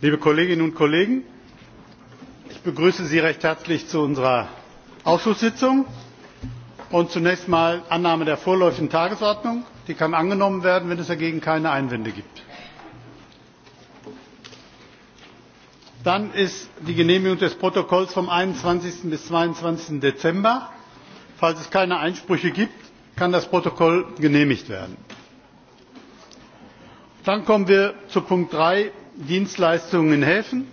liebe kolleginnen und kollegen! ich begrüße sie recht herzlich zu unserer ausschusssitzung und zunächst einmal zur annahme der vorläufigen tagesordnung. die kann angenommen werden wenn es dagegen keine einwände gibt. dann ist die genehmigung des protokolls vom. einundzwanzig bis. zweiundzwanzig dezember falls es keine einsprüche gibt kann das protokoll genehmigt werden. dann kommen wir zu ziffer drei dienstleistungen helfen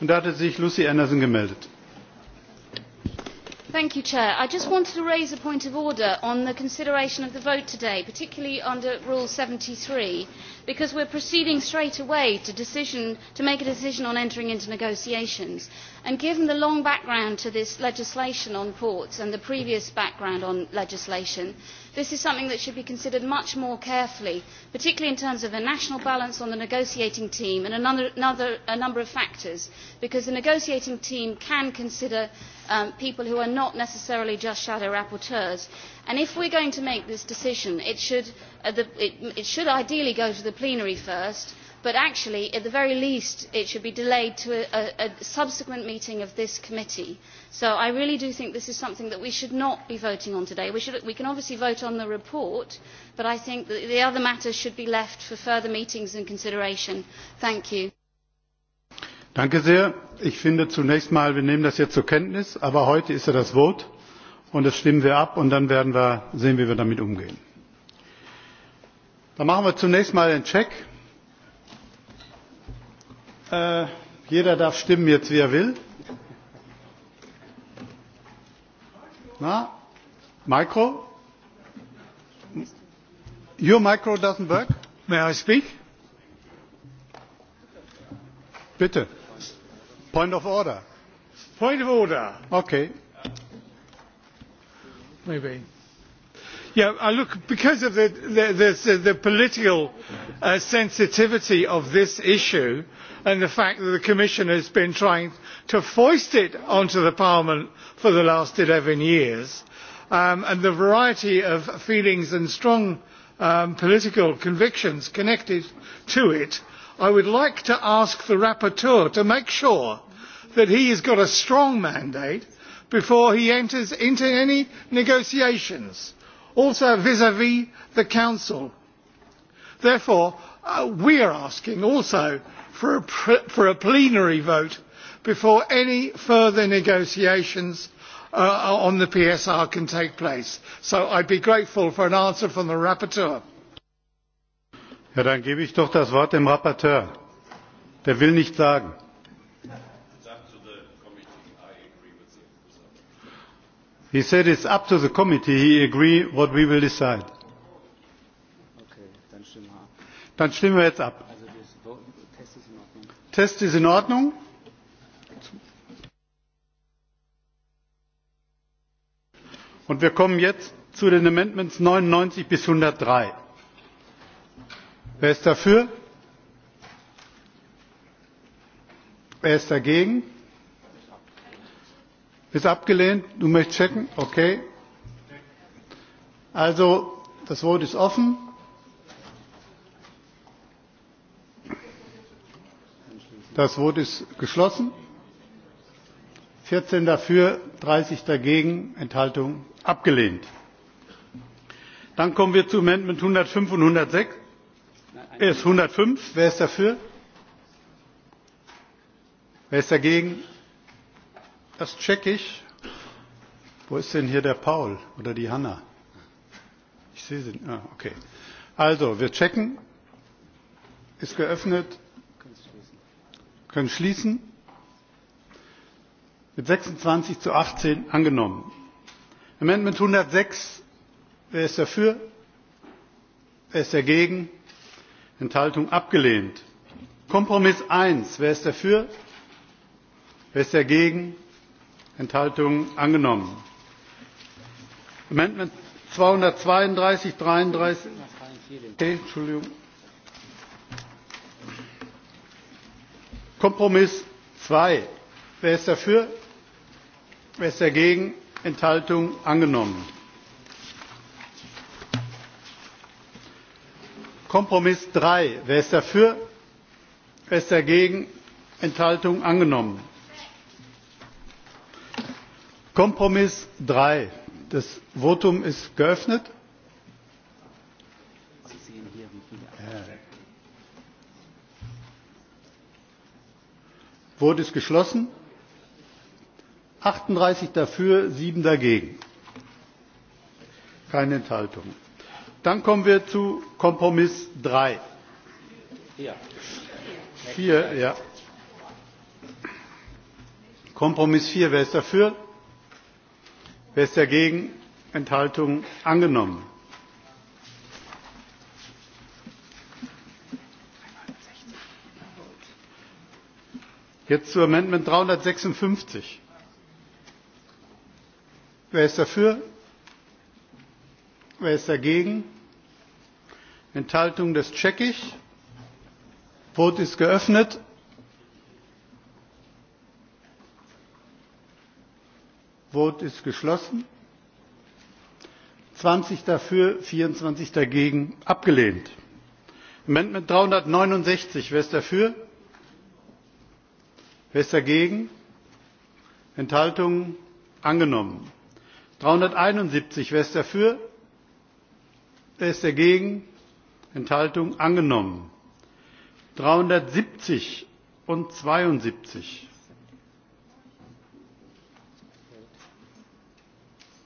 und da hatte sich lucy anderson gemeldet. I just wanted to raise a point of order on the consideration of the vote today, particularly under Rule seventy three because we are proceeding straight away to make a decision on entering into negotiations given the long background to this legislation on ports and the previous background on legislation, this is something that should be considered much more carefully, particularly in terms of a national balance on the negotiating team and another, another, a number of factors, because the negotiating team can consider um, people who are not necessarily just shadow rapporteurs. And if we're going to make this decision, it should, uh, the, it, it should ideally go to the plenary first, but actually at the very least it should be delayed to a, a, subsequent meeting of this committee. so i really do think this is something that we should not be voting on today. we, should, we can obviously vote on the report but i think that the other matters should be left for further meetings and consideration. thank you. Danke sehr. Ich finde zunächst mal, wir nehmen das jetzt zur Kenntnis, aber heute ist ja das Vote und das stimmen wir ab und dann werden wir sehen, wie wir damit umgehen. Dann machen wir zunächst mal den Check. Äh, jeder darf stimmen jetzt, wie er will. Na? Micro? Your micro doesn't work? May I speak? Bitte. Point of order. Point of order. Okay. Maybe. Uh, because of the, the, the, the political uh, sensitivity of this issue and the fact that the Commission has been trying to foist it onto the Parliament for the last 11 years, um, and the variety of feelings and strong um, political convictions connected to it, I would like to ask the rapporteur to make sure that he has got a strong mandate before he enters into any negotiations also vis vis the council. therefore uh, we are asking also for a, for a plenary vote before any further negotiations uh, on the psr can take place. so i would be grateful for an answer from the rapporteur. Ja, dann gebe ich doch das Wort dem Rapporteur. Der will nicht sagen. he said it is up to the committee he agrees what we will decide. dann stimmen wir jetzt ab. test ist in ordnung. und wir kommen jetzt zu den amendments 99 bis. 103. wer ist dafür? wer ist dagegen? wird abgelehnt? Du möchtest checken? Okay. Also, das Wort ist offen. Das Wort ist geschlossen. 14 dafür, 30 dagegen, Enthaltung abgelehnt. Dann kommen wir zu Amendment 105 und 106. Er ist 105. Wer ist dafür? Wer ist dagegen? Das check ich. Wo ist denn hier der Paul oder die Hanna? Ich sehe sie. Ah, okay. Also, wir checken. Ist geöffnet. Können schließen. Mit 26 zu 18 angenommen. Amendment 106. Wer ist dafür? Wer ist dagegen? Enthaltung abgelehnt. Kompromiss 1. Wer ist dafür? Wer ist dagegen? enthaltungen angenommen; änderungsantrag zweihundertzweiunddreißig kompromiss zwei wer ist dafür? wer ist dagegen? enthaltungen angenommen; kompromiss drei wer ist dafür? wer ist dagegen? enthaltungen angenommen; kompromiss drei das votum ist geöffnet. vote ist geschlossen. achtunddreißig dafür sieben dagegen keine enthaltungen. dann kommen wir zu kompromiss drei vier ja. kompromiss vier wer ist dafür? wer ist dagegen? Enthaltung? angenommen. jetzt zu Amendment 356. wer ist dafür? wer ist dagegen? Enthaltung? das checke ich. vote ist geöffnet. vote ist geschlossen 20 dafür 24 dagegen abgelehnt; änderungsantrag 369 wer ist dafür? wer ist dagegen? enthaltungen? angenommen; dreihunderteinundsiebzig wer ist dafür? wer ist dagegen? enthaltungen? angenommen; dreihundertsiebzig und zweiundsiebzig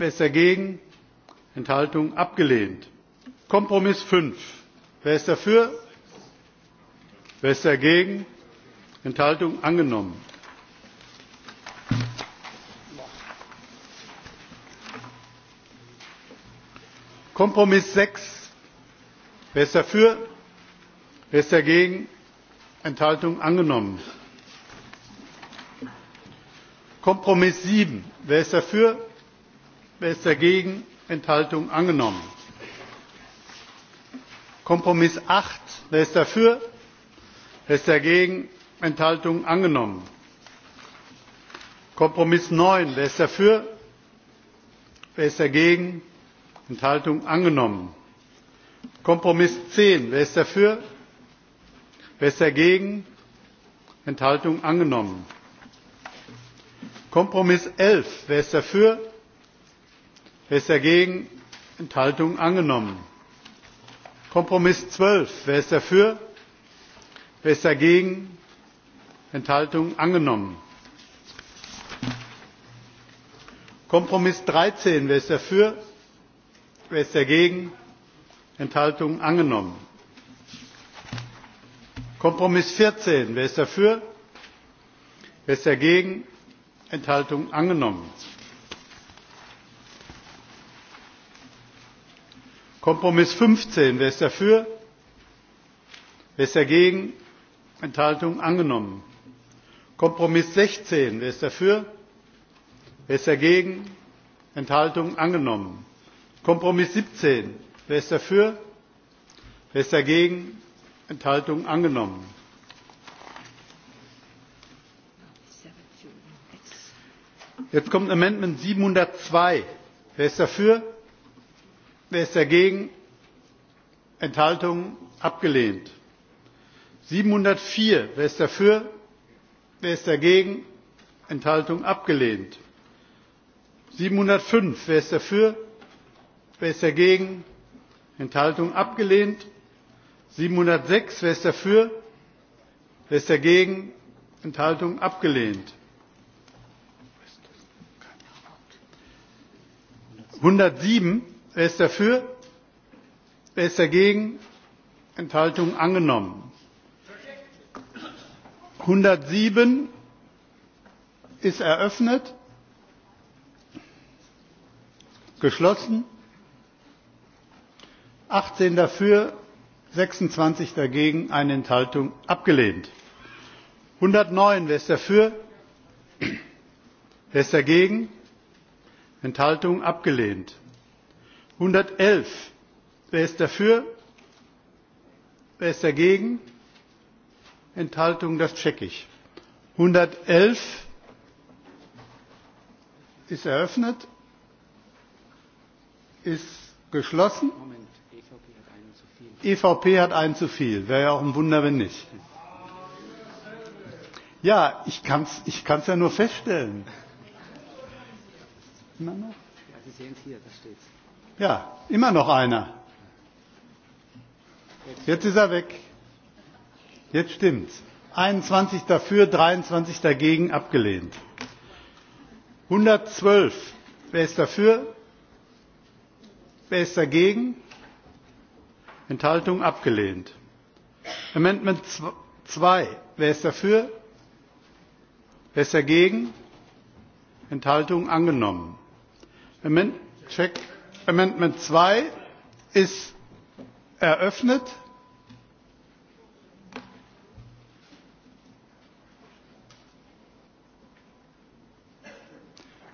wer ist dagegen? enthaltungen abgelehnt. kompromiss fünf wer ist dafür? wer ist dagegen? enthaltungen angenommen. kompromiss sechs wer ist dafür? wer ist dagegen? enthaltungen angenommen. kompromiss sieben wer ist dafür? wer ist dagegen? enthaltung angenommen. kompromiss 8. wer ist dafür? wer ist dagegen? enthaltung angenommen. kompromiss 9. wer ist dafür? wer ist dagegen? enthaltung angenommen. kompromiss 10. wer ist dafür? wer ist dagegen? enthaltung angenommen. kompromiss 11. wer ist dafür? Wer ist dagegen? wer ist dagegen? enthaltung angenommen. kompromiss zwölf wer ist dafür? wer ist dagegen? enthaltung angenommen. kompromiss dreizehn wer ist dafür? wer ist dagegen? enthaltung angenommen. kompromiss vierzehn wer ist dafür? wer ist dagegen? enthaltung angenommen. kompromiss fünfzehn wer ist dafür? wer ist dagegen? enthaltung angenommen. kompromiss sechzehn wer ist dafür? wer ist dagegen? enthaltung angenommen. kompromiss siebzehn wer ist dafür? wer ist dagegen? enthaltung angenommen. jetzt kommt amendment siebenhundertzwei wer ist dafür? wer ist dagegen? enthaltungen abgelehnt. siebenhundertvier wer ist dafür? wer ist dagegen? enthaltungen abgelehnt. siebenhundertfünf wer ist dafür? wer ist dagegen? enthaltungen abgelehnt. siebenhundertsechs wer ist dafür? wer ist dagegen? enthaltungen abgelehnt. 107 Wer ist dafür? Wer ist dagegen? Enthaltung angenommen. 107 ist eröffnet. Geschlossen. 18 dafür, 26 dagegen, eine Enthaltung abgelehnt. 109, wer ist dafür? Wer ist dagegen? Enthaltung abgelehnt einhundertelf wer ist dafür? wer ist dagegen? enthaltungen? das checke ich. einhundertelf ist eröffnet ist geschlossen. Moment, evp e hat einen zu viel. wäre ja auch ein wunder wenn nicht. ja ich kann es ich kann's ja nur feststellen. Ja, Sie sehen es hier, da steht es. Ja, immer noch einer. Jetzt ist er weg. Jetzt stimmt's. 21 dafür, 23 dagegen, abgelehnt. 112. Wer ist dafür? Wer ist dagegen? Enthaltung abgelehnt. Amendment 2. Wer ist dafür? Wer ist dagegen? Enthaltung angenommen. Amendment Check Amendment 2 ist eröffnet.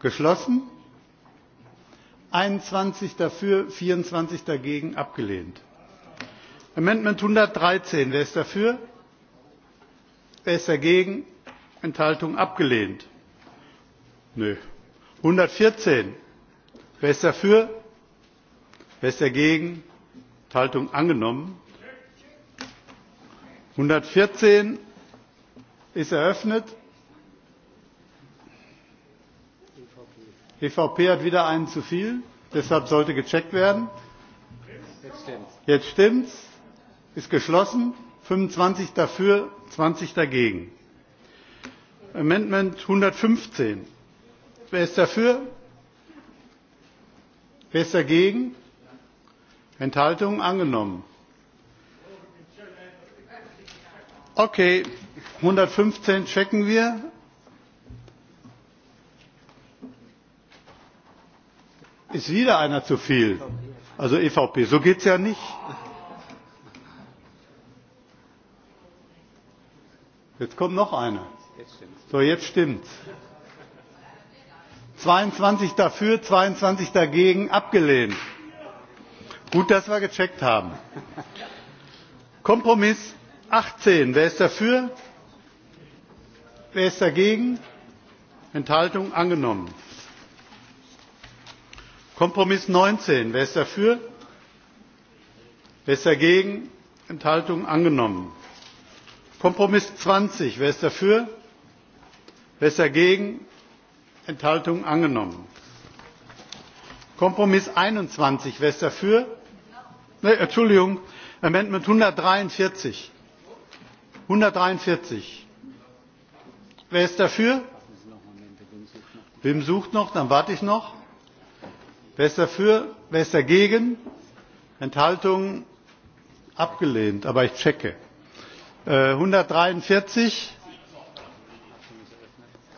geschlossen einundzwanzig dafür vierundzwanzig dagegen abgelehnt; änderungsantrag einhundertdreizehn wer ist dafür? wer ist dagegen? enthaltung abgelehnt; einhundertvierzehn wer ist dafür? wer ist dagegen? enthaltung angenommen. 114 ist eröffnet. evp hat wieder einen zu viel deshalb sollte gecheckt werden. jetzt stimmt's. ist geschlossen. 25 dafür 20 dagegen. amendment 115. wer ist dafür? wer ist dagegen? enthaltungen angenommen; okay 115 checken wir. ist wieder einer zu viel also evp so geht's ja nicht. jetzt kommt noch einer. so jetzt stimmt's. 22 dafür 22 dagegen abgelehnt. Gut, dass wir gecheckt haben. Kompromiss achtzehn Wer ist dafür? Wer ist dagegen? Enthaltung angenommen. Kompromiss neunzehn Wer ist dafür? Wer ist dagegen? Enthaltung angenommen. Kompromiss zwanzig Wer ist dafür? Wer ist dagegen? Enthaltung angenommen kompromiss einundzwanzig wer ist dafür? entschuldigung änderungsantrag einhundertdreiundvierzig einhundertdreiundvierzig wer ist dafür? wim sucht noch dann warte ich noch. wer ist dafür? wer ist dagegen? enthaltungen? abgelehnt aber ich checke. einhundertdreiundvierzig äh,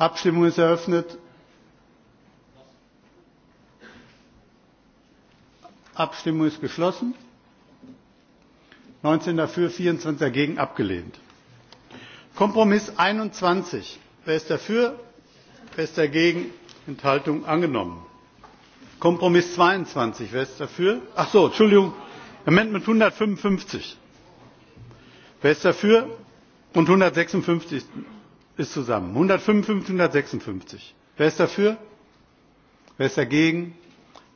abstimmung ist eröffnet. Abstimmung ist geschlossen. 19 dafür, 24 dagegen abgelehnt. Kompromiss 21. Wer ist dafür? Wer ist dagegen? Enthaltung angenommen. Kompromiss 22. Wer ist dafür? Ach so, Entschuldigung. Amendment 155. Wer ist dafür? Und 156 ist zusammen. 155, 156. Wer ist dafür? Wer ist dagegen?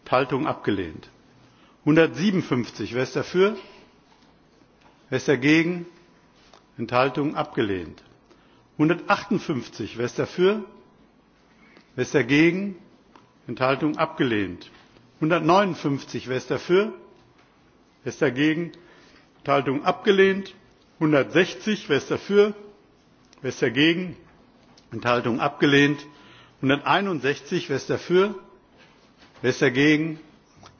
Enthaltung abgelehnt einhundertsiebenundfünfzig wer ist dafür? wer ist dagegen? enthaltungen abgelehnt. einhundertachtundfünfzig wer ist dafür? wer ist dagegen? enthaltungen abgelehnt. einhundertneunundfünfzig wer ist dafür? wer ist dagegen? enthaltungen abgelehnt. einhundertsechzig wer ist dafür? wer ist dagegen? enthaltung abgelehnt. einhunderteinundsechzig wer ist dafür? wer ist dagegen?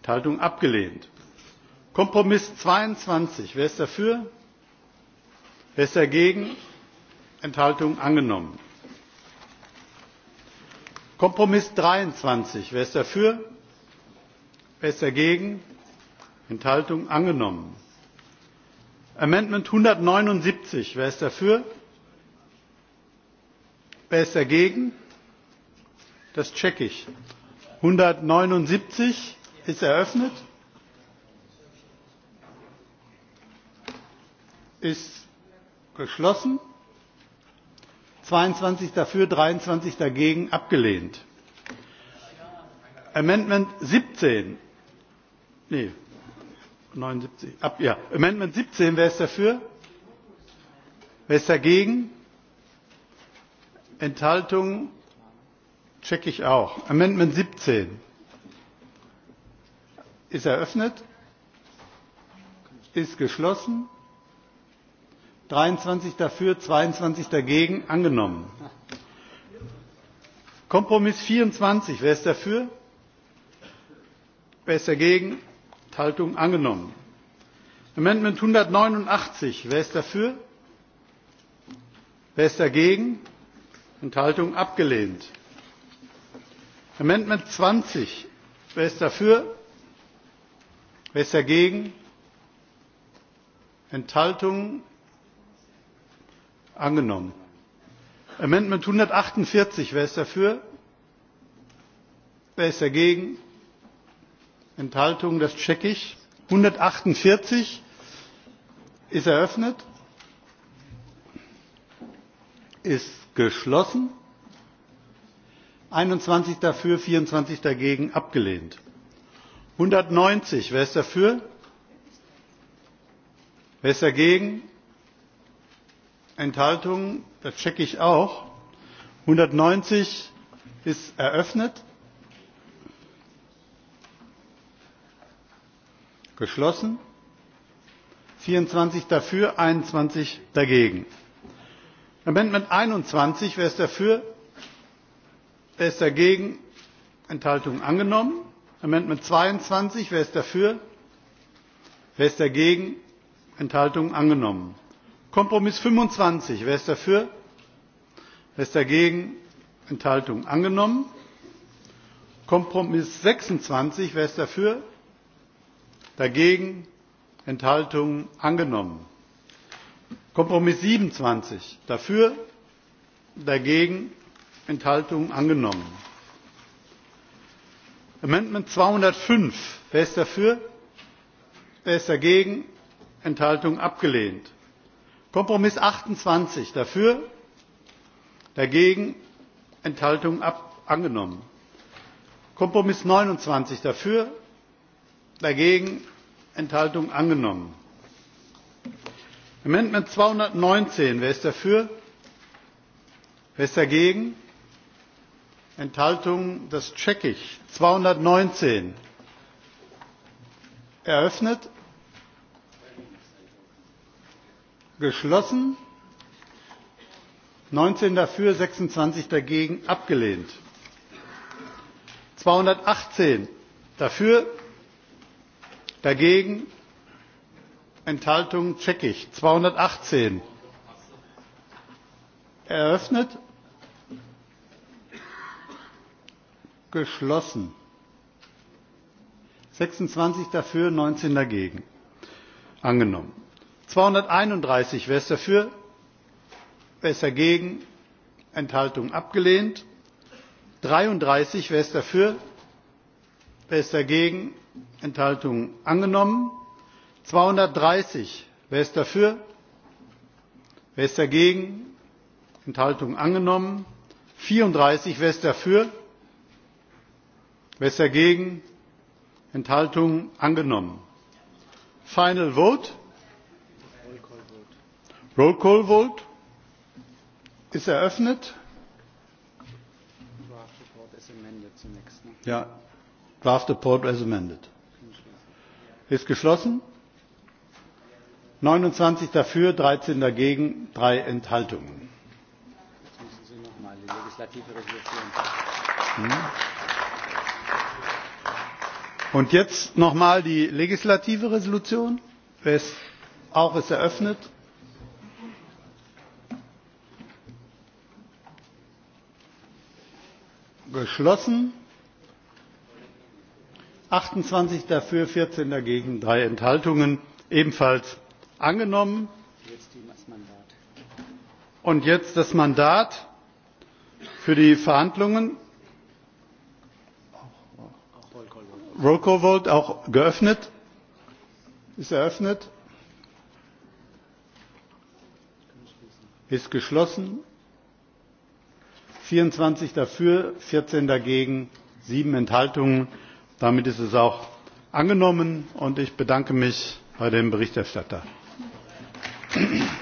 enthaltung abgelehnt. kompromiss zweiundzwanzig wer ist dafür? wer ist dagegen? enthaltung angenommen. kompromiss dreiundzwanzig wer ist dafür? wer ist dagegen? enthaltung angenommen. amendment einhundertneunundsiebzig wer ist dafür? wer ist dagegen? das checke ich. einhundertneunundsiebzig ist er eröffnet. Ist geschlossen. 22 dafür, 23 dagegen abgelehnt. Amendment 17. Nee, 79. Ab, ja. Amendment 17, wer ist dafür? Wer ist dagegen? Enthaltung checke ich auch. Amendment 17 ist eröffnet ist geschlossen dreiundzwanzig dafür zweiundzwanzig dagegen angenommen. kompromiss vierundzwanzig wer ist dafür? wer ist dagegen? Enthaltung angenommen. amendment einhundertneunundachtzig wer ist dafür? wer ist dagegen? Enthaltung abgelehnt. amendment zwanzig wer ist dafür? Wer ist dagegen? Enthaltung. Angenommen. Amendment 148. Wer ist dafür? Wer ist dagegen? Enthaltung. Das checke ich. 148 ist eröffnet. Ist geschlossen. 21 dafür, 24 dagegen abgelehnt einhundertneunzig wer ist dafür? wer ist dagegen? enthaltungen? das checke ich auch. einhundertneunzig ist eröffnet. geschlossen. vierundzwanzig dafür einundzwanzig dagegen. änderungsantrag einundzwanzig wer ist dafür? wer ist dagegen? enthaltungen angenommen Amendment 22. Wer ist dafür? Wer ist dagegen? Enthaltungen angenommen. Kompromiss 25. Wer ist dafür? Wer ist dagegen? Enthaltungen angenommen. Kompromiss 26. Wer ist dafür? Dagegen? Enthaltungen angenommen. Kompromiss 27. Dafür? Dagegen? Enthaltungen angenommen Amendment 205. Wer ist dafür? Wer ist dagegen? Enthaltung abgelehnt. Kompromiss 28. Dafür? Dagegen? Enthaltung ab angenommen. Kompromiss 29. Dafür? Dagegen? Enthaltung angenommen. Amendment 219. Wer ist dafür? Wer ist dagegen? Enthaltung, das checke ich zweihundertneunzehn eröffnet geschlossen neunzehn dafür sechsundzwanzig dagegen abgelehnt; zweihundertachtzehn dafür dagegen Enthaltung, checke ich zweihundertachtzehn eröffnet geschlossen. 26 dafür, 19 dagegen. Angenommen. 231, wer ist dafür? Wer ist dagegen? Enthaltung abgelehnt. 33, wer ist dafür? Wer ist dagegen? Enthaltung angenommen. 230, wer ist dafür? Wer ist dagegen? Enthaltung angenommen. 34, wer ist dafür? wer ist dagegen? Enthaltung angenommen. final vote roll call vote ist eröffnet. Draft report is amended zunächst. Ne? Ja, draft report is amended. Ist geschlossen. 29 dafür, 13 dagegen, 3 Enthaltungen. Jetzt müssen Sie noch mal die legislative Resolution. Hm und jetzt noch mal die legislative entschließung wer es auch ist eröffnet. geschlossen. achtundzwanzig dafür vierzehn dagegen drei enthaltungen ebenfalls angenommen. und jetzt das mandat für die verhandlungen. Roll Call Vote auch geöffnet? Ist eröffnet? Ist geschlossen. 24 dafür, 14 dagegen, 7 Enthaltungen. Damit ist es auch angenommen und ich bedanke mich bei dem Berichterstatter. Applaus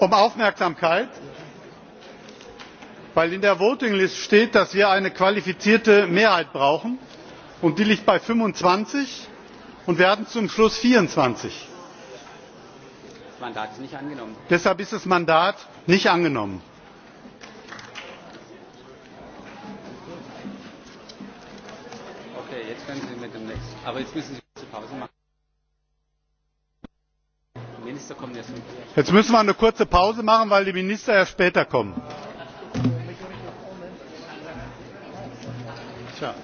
um aufmerksamkeit weil in der abstimmungsliste steht dass wir eine qualifizierte mehrheit brauchen und die liegt bei fünfundzwanzig und wir hatten zum schluss. vierundzwanzig deshalb ist das mandat nicht angenommen jetzt müssen wir eine kurze pause machen weil die minister ja später kommen. Tja.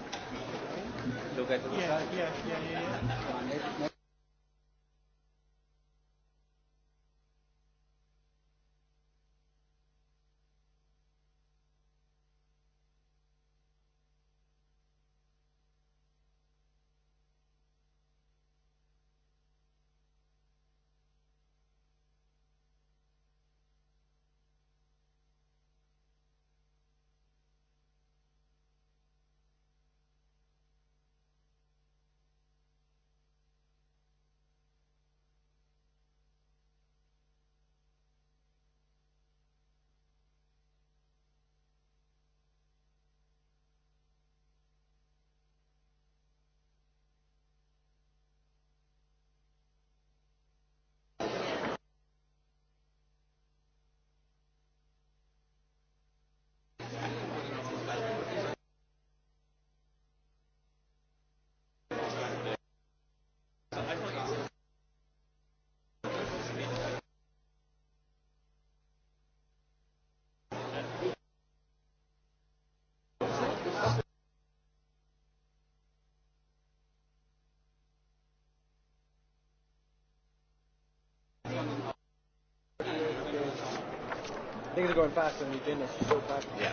things are going faster than we've been. It's so fast. Yeah.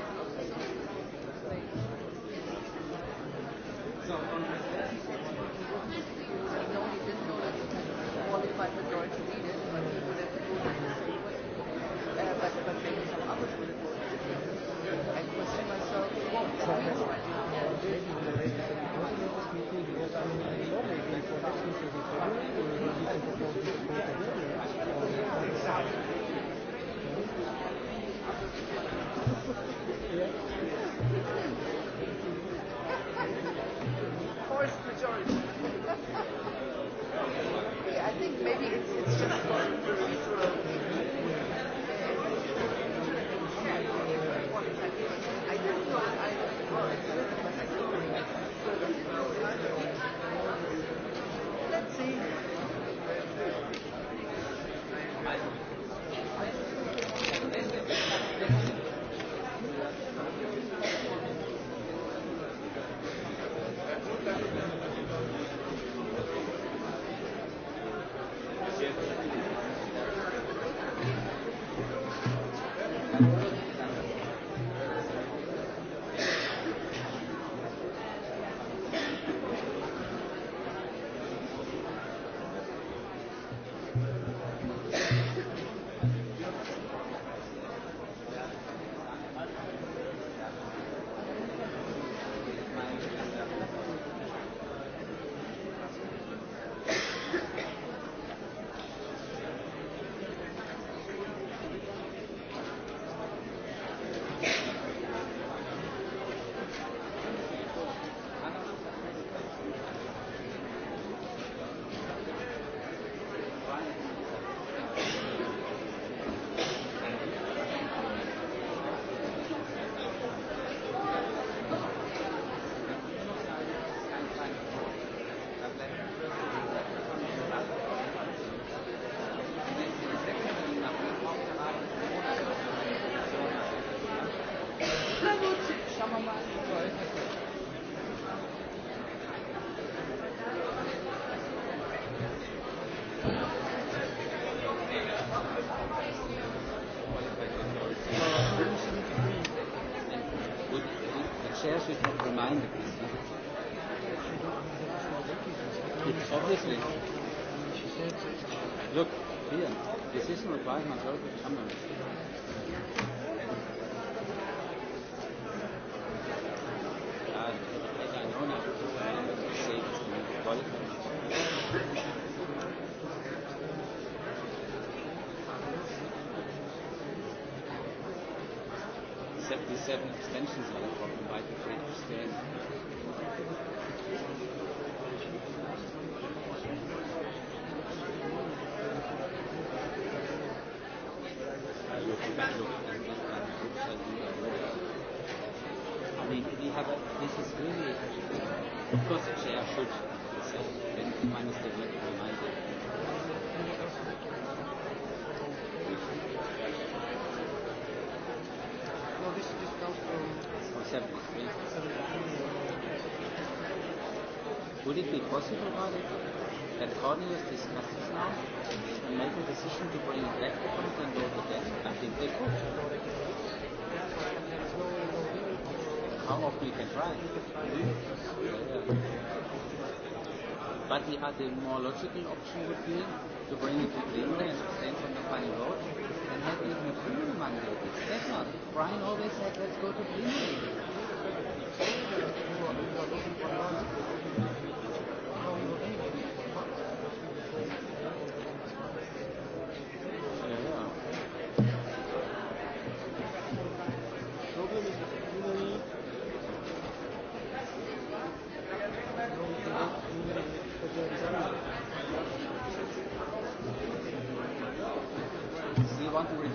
za pan Seven abstentions are the problem. Why did they abstain? I mean, we have a, this is really, of course, a chair should, so, minus the Would it be possible, Roger, that Cornelius discusses now and make a decision to bring it back to committee and vote again? I think they could. How often you can try? But the, other more logical option would be to bring it to the and stand on the final vote have even a full mandate. That's not. Brian always said, let's go to plenary.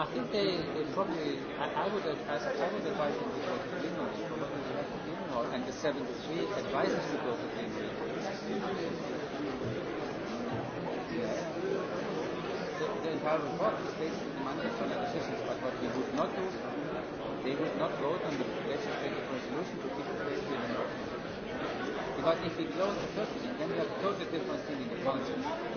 I think they, they probably, I, I would advise, I would advise them to go to Greenwald, probably they have to Greenwald, and the 73 advises to go to Greenwald. Yeah. The, the entire report is based on the money of the decisions, but what we would not do, they would not vote on the legislative resolution to keep the place here in Because if we close the first thing, then we have a totally different thing in the council. Uh,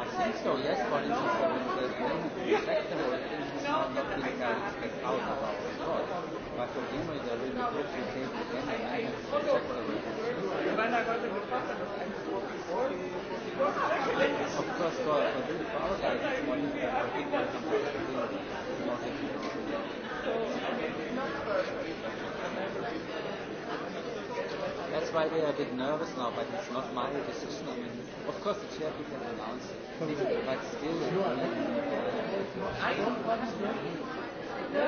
I think so, yes, but it's also the detectable things not being carried out of our thought. But for him, it's a really good to take the game and I have to things. Of course, for, for the paradise, one is that particular complexity is not a good That's why we are a bit nervous now, but it's not my decision. I mean, of course, the chair people announce from the Max Steel. No, I don't want to. No!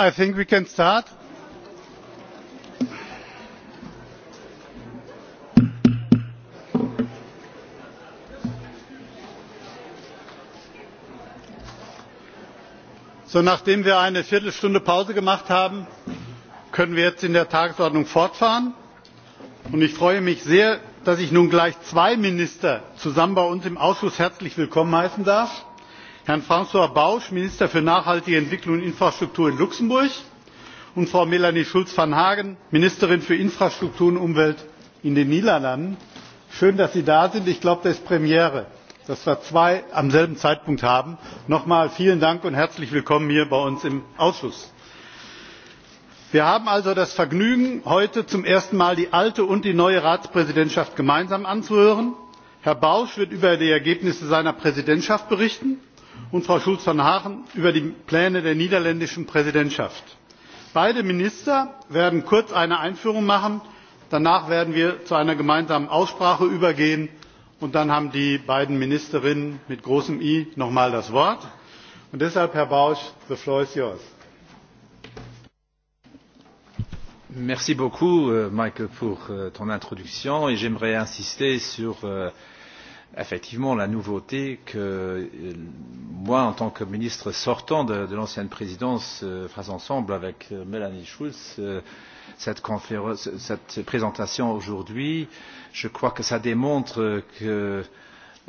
I think we can start. So, nachdem wir eine Viertelstunde Pause gemacht haben, können wir jetzt in der Tagesordnung fortfahren. Und ich freue mich sehr, dass ich nun gleich zwei Minister zusammen bei uns im Ausschuss herzlich willkommen heißen darf herrn franois bausch minister für nachhaltige entwicklung und infrastruktur in luxemburg und frau melanie schulz van hagen ministerin für infrastruktur und umwelt in den niederlanden. schön dass sie da sind. ich glaube das ist premiere dass wir zwei am selben zeitpunkt haben. nochmal vielen dank und herzlich willkommen hier bei uns im ausschuss. wir haben also das vergnügen heute zum ersten mal die alte und die neue ratspräsidentschaft gemeinsam anzuhören. herr bausch wird über die ergebnisse seiner präsidentschaft berichten und frau schulz von hagen über die pläne der niederländischen präsidentschaft. beide minister werden kurz eine einführung machen danach werden wir zu einer gemeinsamen aussprache übergehen und dann haben die beiden ministerinnen mit großem i noch einmal das wort. Und deshalb herr bausch the floor is yours. merci beaucoup euh, michael pour euh, ton introduction et j'aimerais insister sur euh, effectivement la nouveauté que euh, moi en tant que ministre sortant de, de l'ancienne présidence euh, fasse ensemble avec euh, Mélanie Schulz cette, cette présentation aujourd'hui je crois que ça démontre que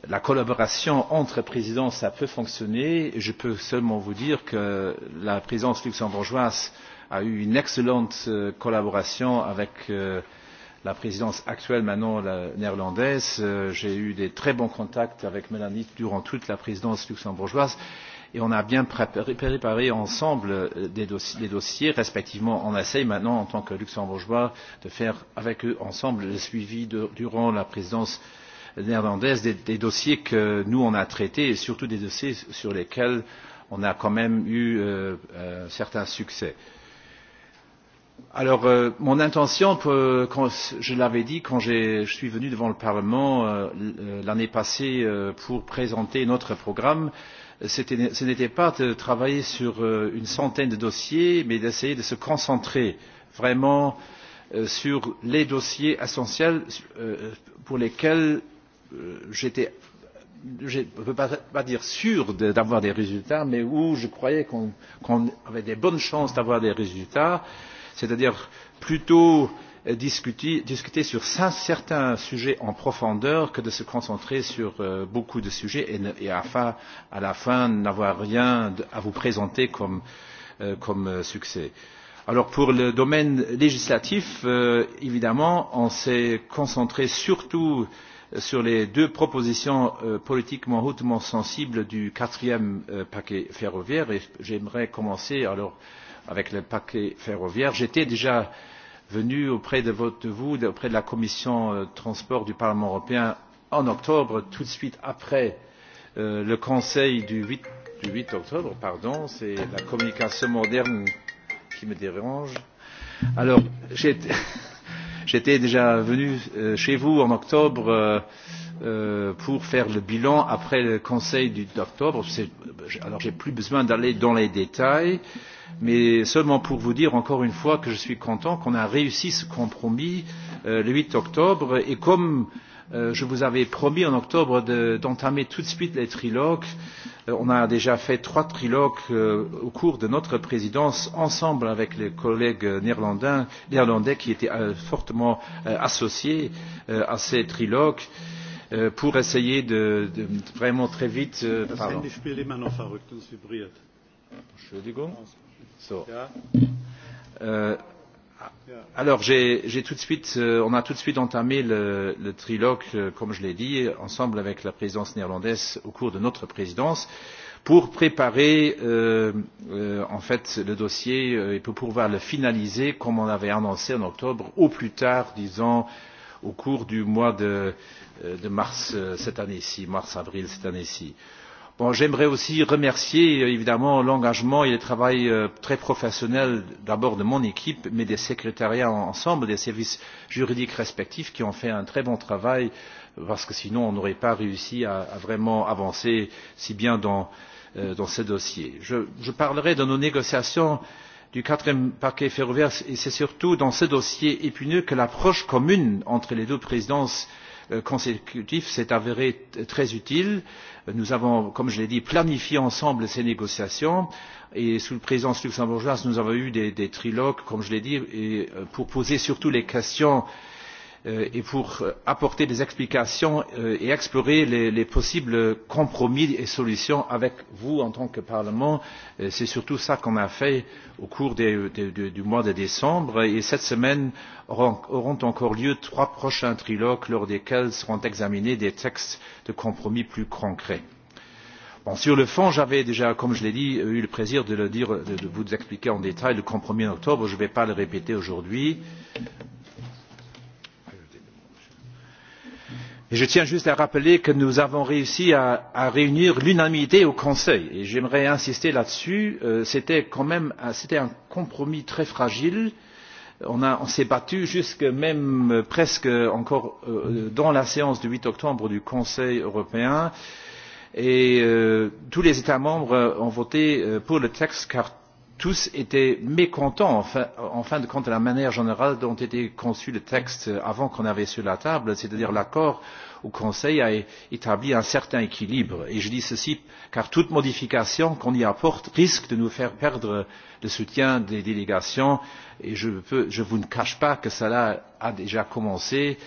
la collaboration entre présidences ça peut fonctionner et je peux seulement vous dire que la présidence luxembourgeoise a eu une excellente collaboration avec euh, la présidence actuelle maintenant la néerlandaise euh, j'ai eu de très bons contacts avec mélanie durant toute la présidence luxembourgeoise et on a bien préparé, préparé ensemble euh, des dossiers, les dossiers respectivement on essaie maintenant en tant que luxembourgeois de faire avec eux ensemble le suivi de, durant la présidence néerlandaise des, des dossiers que nous on a traités et surtout des dossiers sur lesquels on a quand même eu euh, euh, certains succès. Euh, Alors, euh, mon intention, euh, quand, je l'avais dit quand je suis venu devant le Parlement euh, euh, l'année passée euh, pour présenter notre programme, ce n'était pas de travailler sur euh, une centaine de dossiers, mais d'essayer de se concentrer vraiment euh, sur les dossiers essentiels euh, pour lesquels euh, j'étais je ne peux pas, pas dire sûr d'avoir de, des résultats, mais où je croyais qu'on qu avait des bonnes chances d'avoir des résultats c'est à dire plutôt euh, discuter, discuter sur certains sujets en profondeur que de se concentrer sur euh, beaucoup de sujets et, ne, et afin, à la fin n'avoir rien à vous présenter comme, euh, comme euh, succès. Alors pour le domaine législatif, euh, évidemment, on s'est concentré surtout euh, sur les deux propositions euh, politiquement hautement sensibles du quatrième euh, paquet ferroviaire et j'aimerais commencer alors euh, avec le paquet ferroviaire. J'étais déjà venu auprès de, vous, auprès de la commission des euh, transports du Parlement européen en octobre, tout de suite après euh, le Conseil du 8, du 8 octobre, pardon, c'est la communication moderne qui me dérange. Alors, j'étais déjà venu euh, chez vous en octobre euh, euh pour faire le bilan après le Conseil d'octobre. Euh, alors, j'ai plus besoin d'aller dans les détails. Euh, mais seulement pour vous dire encore une fois que je suis content qu'on ait réussi ce compromis euh, le 8 octobre et comme euh, je vous avais promis en octobre d'entamer de, tout de suite les trilogues euh, on a déjà fait trois trilogues euh, au cours de notre présidence ensemble avec les collègues néerlandais, néerlandais qui étaient euh, fortement euh, associés euh, à ces trilogues euh, pour essayer de, de vraiment très vite. Euh, So. Ja. Euh, alors, ai tout de suite, euh, on a tout de suite entamé le, le trilogue, euh, comme je l'ai dit, ensemble avec la présidence néerlandaise au cours de notre présidence, pour préparer euh, euh, en fait le dossier euh, et pour pouvoir le finaliser comme on avait annoncé en octobre, au plus tard, disons, au cours du mois de, euh, de mars euh, cette année-ci, mars-avril cette année-ci. Euh, J'aimerais aussi remercier évidemment l'engagement et le travail euh, très professionnel d'abord de mon équipe, mais des secrétariats ensemble, des services juridiques respectifs qui ont fait un très bon travail, parce que sinon on n'aurait pas réussi à, vraiment avancer si bien dans, euh, ce dossier. Je, parlerai de nos négociations du quatrième paquet ferroviaire et c'est surtout dans ce dossier épineux que l'approche commune entre les deux présidences Euh, consécutif s'est avéré très utile. nous avons comme je l'ai dit planifié ensemble ces négociations et sous la présidence luxembourgeoise nous avons eu des, trilogues comme je l'ai dit euh, pour poser surtout les questions Euh, et pour euh, apporter des explications euh, et explorer les, possibles compromis et solutions avec vous en tant que parlement. c'est surtout cela que nous avons fait au cours du mois de décembre et cette semaine auront, encore lieu trois prochains trilogues lors desquels seront examinés des textes de compromis plus concrets. sur le fond j'avais déjà comme je l'ai dit eu le plaisir de, de vous expliquer en détail le compromis en octobre je ne vais pas le répéter aujourd'hui. je tiens juste à rappeler que nous avons réussi à, à réunir l'unanimité au conseil et j'aimerais insister là dessus euh, c'était quand même un compromis très fragile on, on s'est battu jusque même euh, presque encore euh, dans la séance du huit octobre du conseil européen et euh, tous les états membres ont voté euh, pour le texte car tous étaient mécontents en fin, de compte de la manière générale dont était conçu le texte avant qu'on l'ait sur la table c'est à dire l'accord au conseil a établi un certain équilibre et je dis ceci car toute modification qu'on y apporte risque de nous faire perdre le soutien des délégations et je, peux, je vous ne cache pas que cela a déjà commencé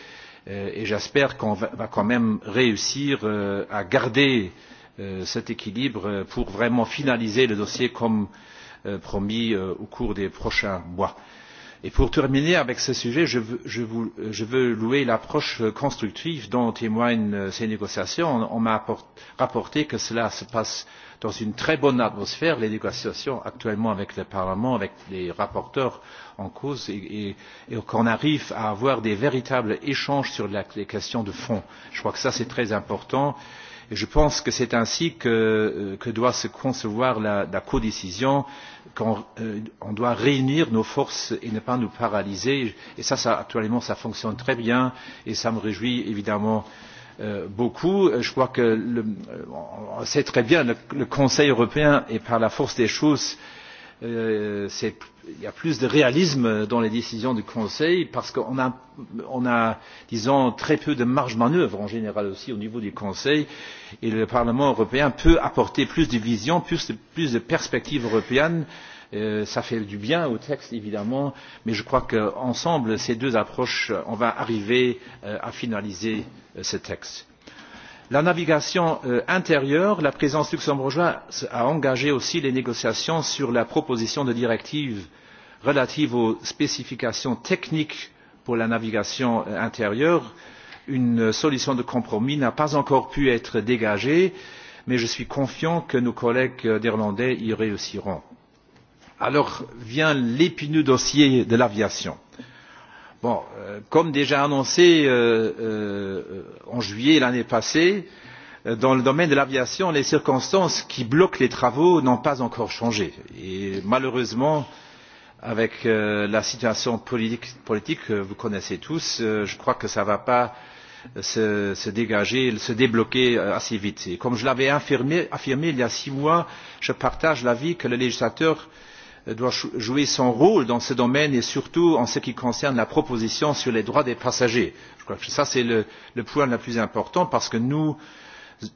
euh, et j'espère qu'on va quand même réussir euh, à garder euh, cet équilibre pour vraiment finaliser le dossier comme euh, Euh, promis euh, au cours des prochains mois. pour terminer avec ce sujet je veux, euh, louer l'approche constructive dont témoignent ces négociations. on, m'a rapporté que cela se passe dans une très bonne atmosphère les négociations actuellement avec le parlement avec les rapporteurs en cause et, et, et qu'on arrive à avoir de véritables échanges sur les questions de fond. je crois que c'est très important et Et je pense que c'est ainsi que, euh, que doit se concevoir la, la codécision qu'on euh, on doit réunir nos forces et ne pas nous paralyser et ça, ça actuellement ça fonctionne très bien et ça me réjouit évidemment euh, beaucoup. Je crois que le, euh, on sait très bien le, le Conseil européen est par la force des choses euh, Euh, il y a plus de réalisme dans les décisions du Conseil parce qu'on a, on a, disons, très peu de marge de manœuvre en général aussi au niveau du Conseil et le Parlement européen peut apporter plus de vision, plus de, plus de perspectives européennes. Euh, ça fait du bien au texte évidemment, mais je crois qu'ensemble, ces deux approches, on va arriver euh, à finaliser euh, ce texte la navigation euh, intérieure la présidence luxembourgeoise a engagé aussi les négociations sur la proposition de directive relative aux spécifications techniques pour la navigation euh, intérieure. une solution de compromis n'a pas encore pu être dégagée mais je suis confiant que nos collègues euh, néerlandais y réussiront. alors vient l'épineux dossier de l'aviation Bon, euh, comme déjà annoncé euh, euh, en juillet l'année passée, euh, dans le domaine de l'aviation, les circonstances qui bloquent les travaux n'ont pas encore changé. Et malheureusement, avec euh, la situation politique, politique que vous connaissez tous, euh, je crois que ça ne va pas se, se dégager, se débloquer euh, assez vite. Et comme je l'avais affirmé, affirmé il y a six mois, je partage l'avis que le législateur euh, doit jouer son rôle dans ce domaine et surtout en ce qui concerne la proposition sur les droits des passagers. je crois que c'est le, le point le plus important parce que nous,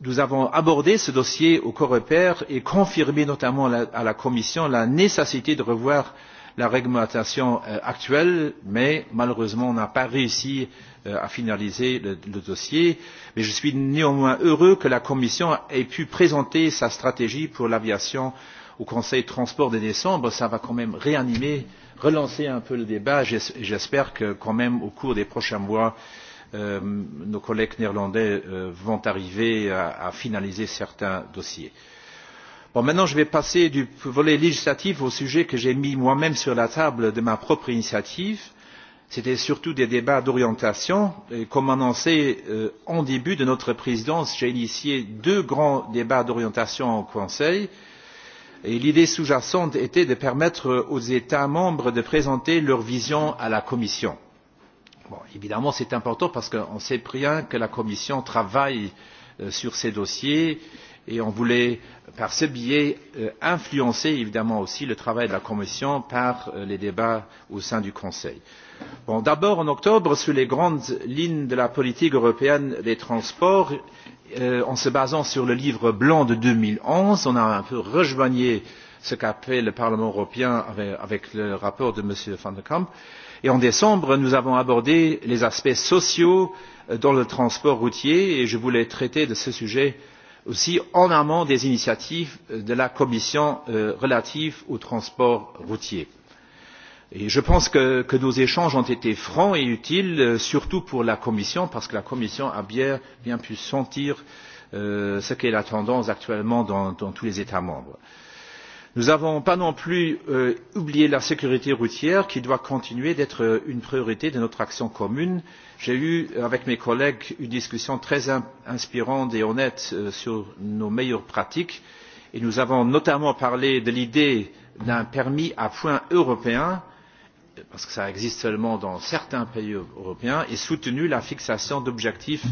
nous avons abordé ce dossier au coreper et confirmé notamment la, à la commission la nécessité de revoir la réglementation euh, actuelle mais malheureusement on n'a pas réussi euh, à finaliser le, le dossier mais je suis néanmoins heureux que la commission ait pu présenter sa stratégie pour l'aviation en au Conseil de transport de décembre, ça va quand même réanimer, relancer un peu le débat. J'espère que quand même au cours des prochains mois, euh, nos collègues néerlandais euh, vont arriver à, à finaliser certains dossiers. Bon, maintenant, je vais passer du volet législatif au sujet que j'ai mis moi-même sur la table de ma propre initiative. C'était surtout des débats d'orientation. Comme annoncé euh, en début de notre présidence, j'ai initié deux grands débats d'orientation au Conseil. Euh, et l'idée sous jacente était de permettre aux états membres de présenter leur vision à la commission. Bon, évidemment c'est important parce qu'on sait bien que la commission travaille euh, sur ces dossiers et on voulait par ce biais euh, influencer évidemment aussi le travail de la commission par euh, les débats au sein du conseil. Bon, d'abord en octobre sur les grandes lignes de la politique européenne des transports euh, en se basant sur le livre blanc de 2011, on a un peu rejoigné ce qu'a fait le parlement européen avec, avec le rapport de m. van der Kamp. et en décembre nous avons abordé les aspects sociaux euh, dans le transport routier et je voulais traiter de ce sujet aussi en amont des initiatives euh, de la commission euh, relatives au transport routier je pense que, que nos échanges ont été francs et utiles, euh, surtout pour la Commission, parce que la Commission a bien, bien pu sentir euh, ce qu'est la tendance actuellement dans, dans tous les États membres. Nous n'avons pas non plus euh, oublié la sécurité routière qui doit continuer d'être euh, une priorité de notre action commune. J'ai eu euh, avec mes collègues une discussion très in inspirante et honnête euh, sur nos meilleures pratiques et nous avons notamment parlé de l'idée d'un permis à points européen euh, parce que ça existe seulement dans certains pays européens, et soutenu la fixation d'objectifs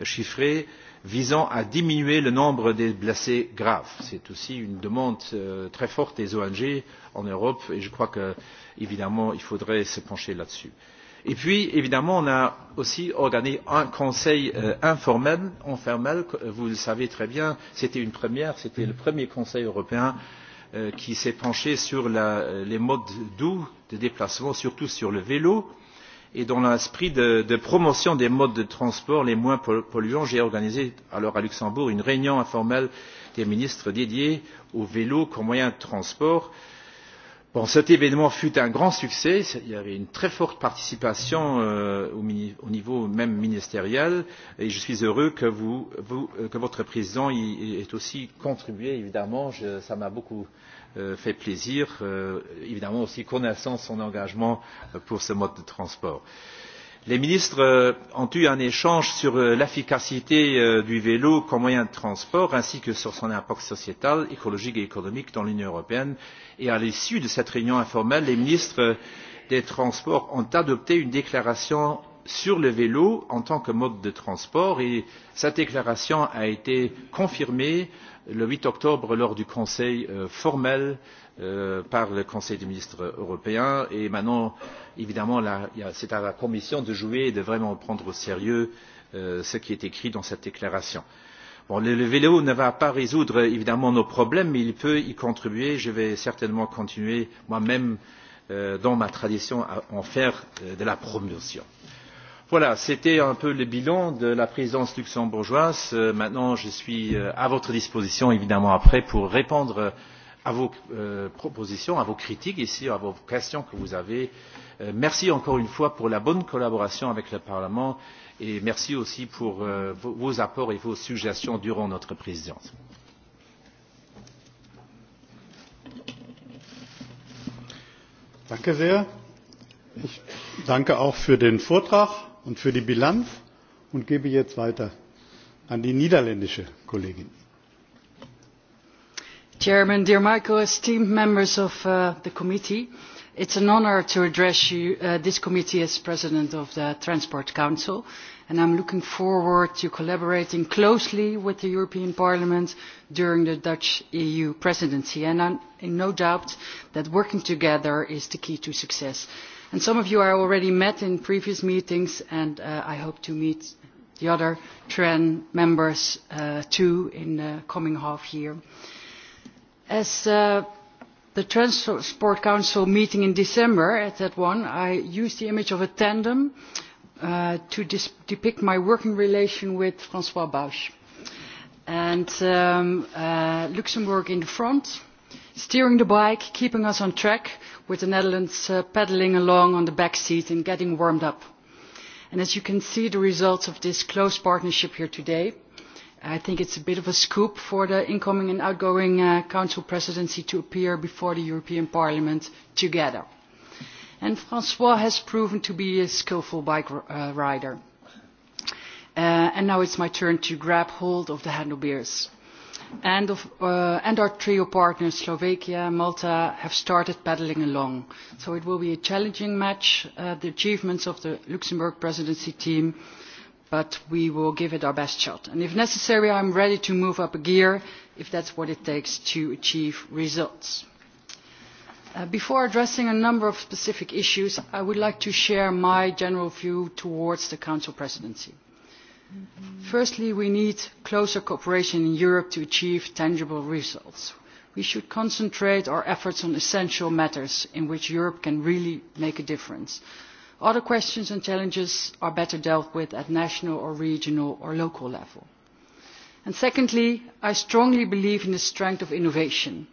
euh, chiffrés visant à diminuer le nombre des blessés graves. C'est aussi une demande euh, très forte des ONG en Europe, et je crois qu'évidemment il faudrait se pencher là-dessus. Et puis, évidemment, on a aussi organisé un conseil euh, informel, informel, euh, vous le savez très bien, c'était une première, c'était le premier conseil européen euh, Euh, qui s'est penché sur la, les modes doux de déplacement, surtout sur le vélo. Et dans l'esprit de, de promotion des modes de transport les moins polluants, j'ai organisé alors à Luxembourg une réunion informelle des ministres dédiée au vélo comme moyen de transport. Euh, Bon, cet événement fut un grand succès. Il y avait une très forte participation euh, au, au niveau même ministériel et je suis heureux que, vous, vous, euh, que votre président y ait aussi contribué. Évidemment, je, ça m'a beaucoup euh, fait plaisir. Euh, évidemment aussi connaissant son engagement euh, pour ce mode de transport. Euh, les ministres euh, ont eu un échange sur euh, l'efficacité euh, du vélo comme moyen de transport ainsi que sur son impact sociétal écologique et économique dans l'union européenne et à l'issue de cette réunion informelle les ministres des transports ont adopté une déclaration sur le vélo en tant que mode de transport et cette déclaration a été confirmée le huit octobre lors du conseil formel euh, Euh, par le conseil des ministres européen et maintenant évidemment c'est à la commission de jouer et de vraiment prendre au sérieux euh, ce qui est écrit dans cette déclaration. Bon, le, le vélo ne va pas résoudre évidemment nos problèmes mais il peut y contribuer. je vais certainement continuer moi même euh, dans ma tradition à en faire de la promotion. voilà c'était un peu le bilan de la présidence luxembourgeoise. maintenant je suis à votre disposition évidemment après pour répondre à à vos euh, propositions, à vos critiques ici, à vos questions que vous avez. Euh, merci encore une fois pour la bonne collaboration avec le Parlement et merci aussi pour euh, vos, vos apports et vos suggestions durant notre présidence. Danke sehr. Ich danke auch für den Vortrag und für die Bilanz und gebe jetzt weiter an die niederländische Kollegin. Chairman, dear Michael, esteemed members of uh, the committee, an to address uh, this committee as President of the Transport Council, and I'm looking forward to collaborating closely with the European Parliament during the Dutch EU presidency. And in no doubt that working together is the key to success. some of you I already met in previous meetings, and uh, I hope to meet the other members too in the coming half year as uh, the transport council meeting in december at that one i used the image of a tandem uh, to depict my working relation with franois bauch and um, uh, luxembourg in the front steering the bike keeping us on track with the netherlands pedalling along on the back seat and getting warmed up. as you can see the results of this close partnership here today i think it's a bit of a scoop for the incoming and outgoing uh, Council presidency to appear before the European Parliament together. And Francois has proven to be a skillful bike uh, rider. Uh, and now it's my turn to grab hold of the handlebars. And, of, uh, and our trio partners, Slovakia, Malta, have started pedalling along. So it will be a challenging match. Uh, the achievements of the Luxembourg presidency team but we will give it our best shot. And if necessary, I'm ready to move up a gear if that's what it takes to achieve results. Uh, before addressing a number of specific issues, I would like to share my general view towards the Council presidency. Mm -hmm. Firstly, we need closer cooperation in Europe to achieve tangible results. We should concentrate our efforts on essential matters in which Europe can really make a difference Other questions and challenges are better dealt with at national or regional or local level. And secondly, I strongly believe in the strength of innovation.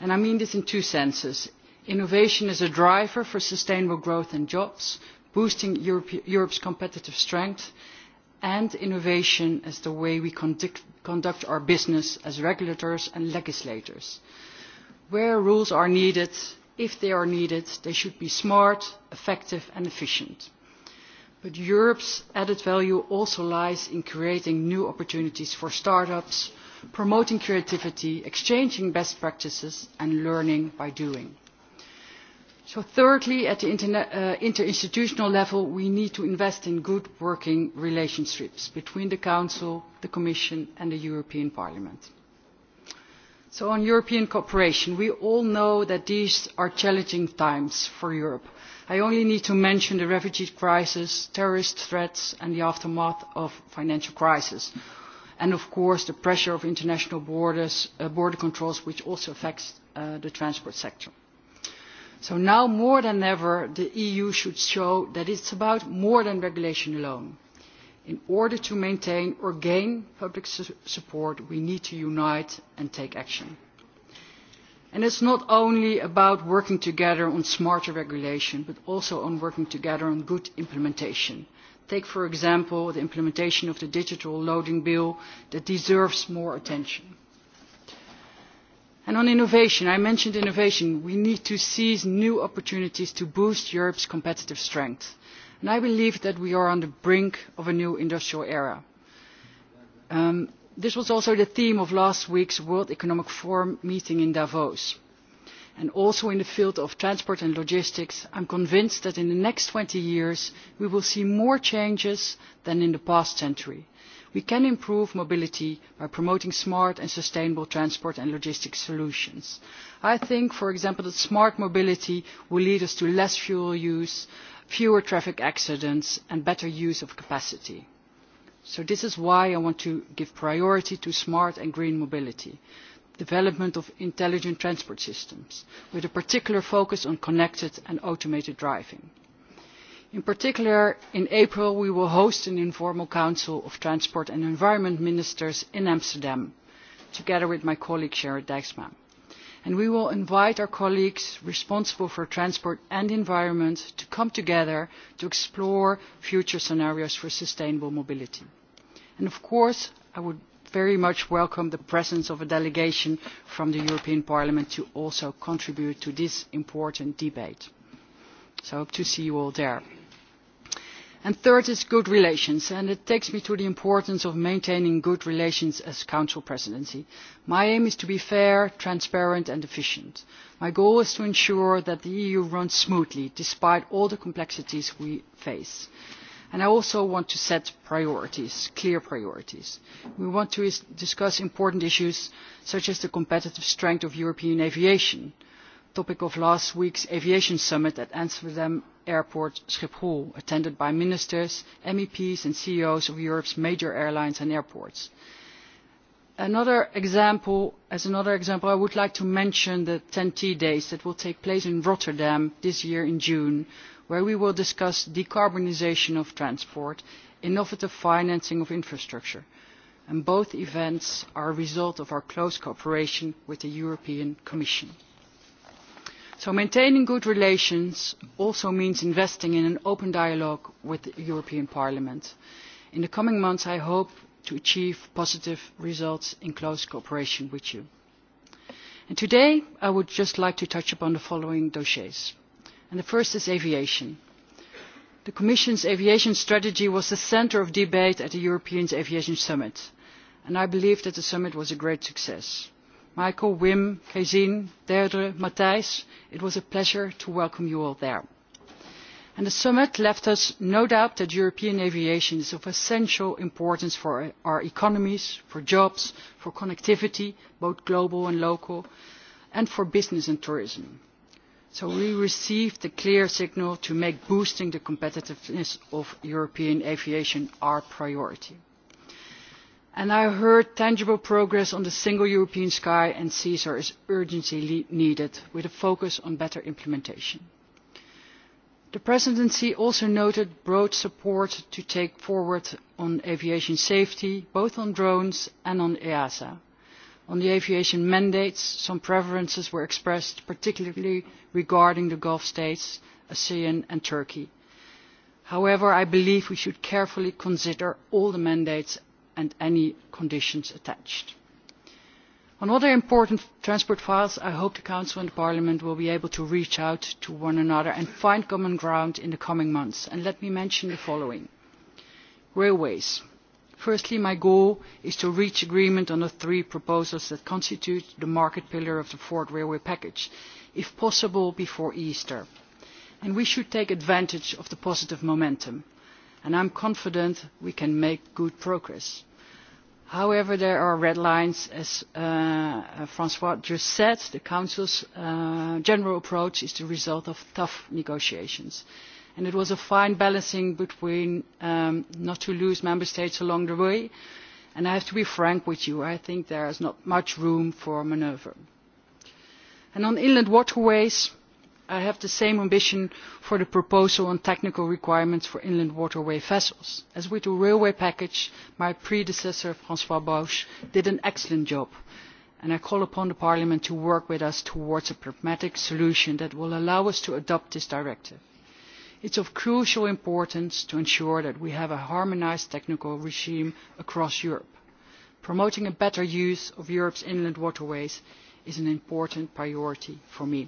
And I mean this in two senses. Innovation is a driver for sustainable growth and jobs, boosting Europe, Europe's competitive strength, and innovation as the way we conduct, conduct our business as regulators and legislators. Where rules are needed, if they are needed they should be smart effective and efficient but europe's added value also lies in creating new opportunities for start ups promoting creativity exchanging best practices and learning by doing. so thirdly at the uh, interinstitutional level we need to invest in good working relationships between the council the commission and the european parliament So on European cooperation, we all know that these are challenging times for Europe. I only need to mention the refugee crisis, terrorist threats and the aftermath of financial crisis. And of course the pressure of international borders, uh, border controls which also affects uh, the transport sector. So now more than ever the EU should show that it's about more than regulation alone in order to maintain or gain public su support, we need to unite and take action. And it's not only about working together on smarter regulation, but also on working together on good implementation. Take, for example, the implementation of the digital loading bill that deserves more attention. And on innovation, I mentioned innovation. We need to seize new opportunities to boost Europe's competitive strength and i believe that we are on the brink of a new industrial era. Um, this was also the theme of last week's world economic forum meeting in davos and also in the field of transport and logistics i am convinced that in the next twenty years we will see more changes than in the past century. we can improve mobility by promoting smart and sustainable transport and logistics solutions. i think for example that smart mobility will lead us to less fuel use fewer traffic accidents and better use of capacity. So this is why I want to give priority to smart and green mobility, development of intelligent transport systems, with a particular focus on connected and automated driving. In particular, in April we will host an informal council of transport and environment ministers in Amsterdam, together with my colleague Sherrit Dijksma and we will invite our colleagues responsible for transport and environment to come together to explore future scenarios for sustainable mobility. And of course, I would very much welcome the presence of a delegation from the European Parliament to also contribute to this important debate. So I hope to see you all there. And third is good relations and it takes me to the importance of maintaining good relations as the council presidency. my aim is to be fair transparent and efficient. my goal is to ensure that the eu runs smoothly despite all the complexities we face. And i also want to set priorities clear priorities. we want to discuss important issues such as the competitive strength of european aviation the topic of last week's aviation summit at amsterdam airport schiphol attended by ministers meps and ceos of europe's major airlines and airports. Another example, as another example i would like to mention the ten t days that will take place in rotterdam this year in june where we will discuss decarbonisation of transport and innovative financing of infrastructure and both events are a result of our close cooperation with the european commission so maintaining good relations also means investing in an open dialogue with the european parliament. in the coming months i hope to achieve positive results in close cooperation with you. And today i would just like to touch upon the following dossiers. And the first is aviation. the commission's aviation strategy was the centre of debate at the european aviation summit and i believe that the summit was a great success Michael, Wim, Gezien, Deirdre, Matthijs, it was a pleasure to welcome you all there. the summit left us no doubt that European aviation is of essential importance for our economies, for jobs, for connectivity, both global and local, and for business and tourism. So we received a clear signal to make boosting the competitiveness of European aviation our priority and i heard tangible progress on the single european sky and seas' is urgently needed with a focus on better implementation. the presidency also noted broad support to take forward on aviation safety both on drones and on easa. on the aviation mandates some preferences were expressed particularly regarding the gulf states asean and turkey. however i believe we should carefully consider all the mandates and any conditions attached. on other important transport files i hope the council and parliament will be able to reach out to one another and find common ground in the coming months and let me mention the following railways firstly my goal is to reach agreement on the three proposals that constitute the market pillar of the fourth railway package if possible before easter and we should take advantage of the positive momentum and I'm confident we can make good progress. However, there are red lines, as uh, uh just said. The Council's uh, general approach is the result of tough negotiations. And it was a fine balancing between um, not to lose member states along the way. And I have to be frank with you, I think there is not much room for manoeuvre. on inland waterways, i have the same ambition for the proposal on technical requirements for inland waterway vessels. as with the railway package my predecessor franois bauche did an excellent job and i call upon parliament to work with us towards a pragmatic solution that will allow us to adopt this directive. it is of crucial importance to ensure that we have a harmonised technical regime across europe. promoting a better use of europe's inland waterways is an important priority for me.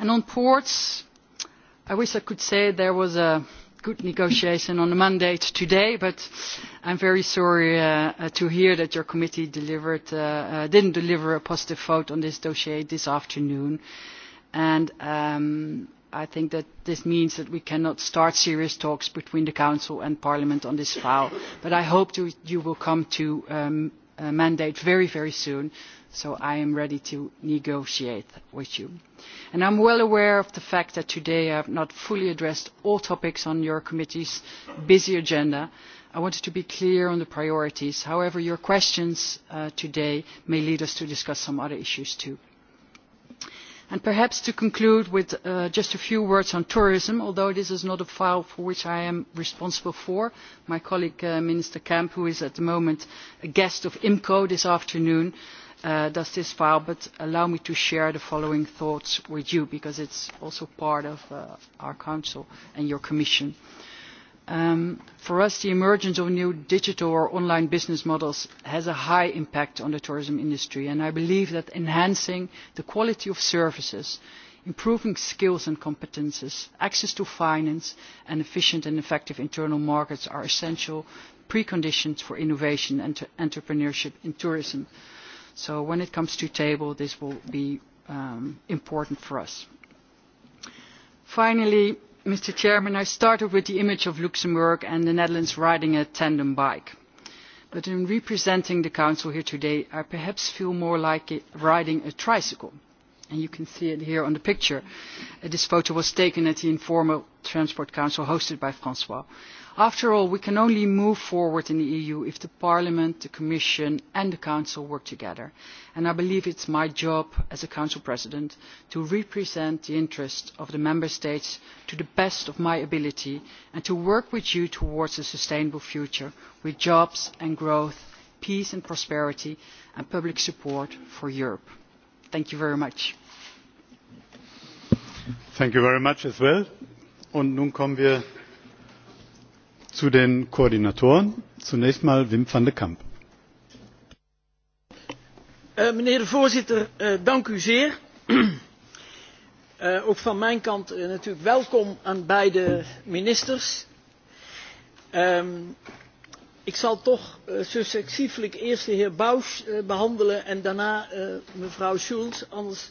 And on ports, I wish I could say there was a good negotiation on the mandate today, but I'm very sorry uh, uh, to hear that your committee delivered, uh, uh, didn't deliver a positive vote on this dossier this afternoon. And um, I think that this means that we cannot start serious talks between the Council and Parliament on this file. But I hope to, you will come to um, Uh, mandate very, very soon, so I am ready to negotiate with you. And I'm well aware of the fact that today I have not fully addressed all topics on your committee's busy agenda. I wanted to be clear on the priorities. However, your questions uh, today may lead us to discuss some other issues too. And perhaps to conclude with uh, just a few words on tourism although this is not a file for which i am responsible my colleague uh, minister kamp who is at the moment a guest of imco this afternoon uh, does this file but allow me to share the following thoughts with you because it is also part of our council and your commission. firstly Um, for us, the emergence of new digital or online business models has a high impact on the tourism industry, and I believe that enhancing the quality of services, improving skills and competences, access to finance, and efficient and effective internal markets are essential preconditions for innovation and entrepreneurship in tourism. So when it comes to table, this will be um, important for us. Finally, Mr. president I started with the image of Luxembourg and the Netherlands riding a tandem bike. But in representing the Council here today, I perhaps feel more like riding a tricycle. And you can see it here on the picture. Uh, this photo was taken at the informal Transport Council hosted by Francois after all we can only move forward in the eu if the parliament the commission and the council work together and i believe it is my job as a council president to represent the interests of the member states to the best of my ability and to work with you towards a sustainable future with jobs and growth peace and prosperity and public support for europe. thank you very much. thank you very much as well zu den Koordinatoren. Zunächst mal Wim van de Kamp. Uh, meneer de voorzitter, uh, dank u zeer. Uh, ook van mijn kant uh, natuurlijk welkom aan beide ministers. Uh, ik zal toch successievelijk eerst de heer Bouws behandelen en daarna mevrouw Schulz, anders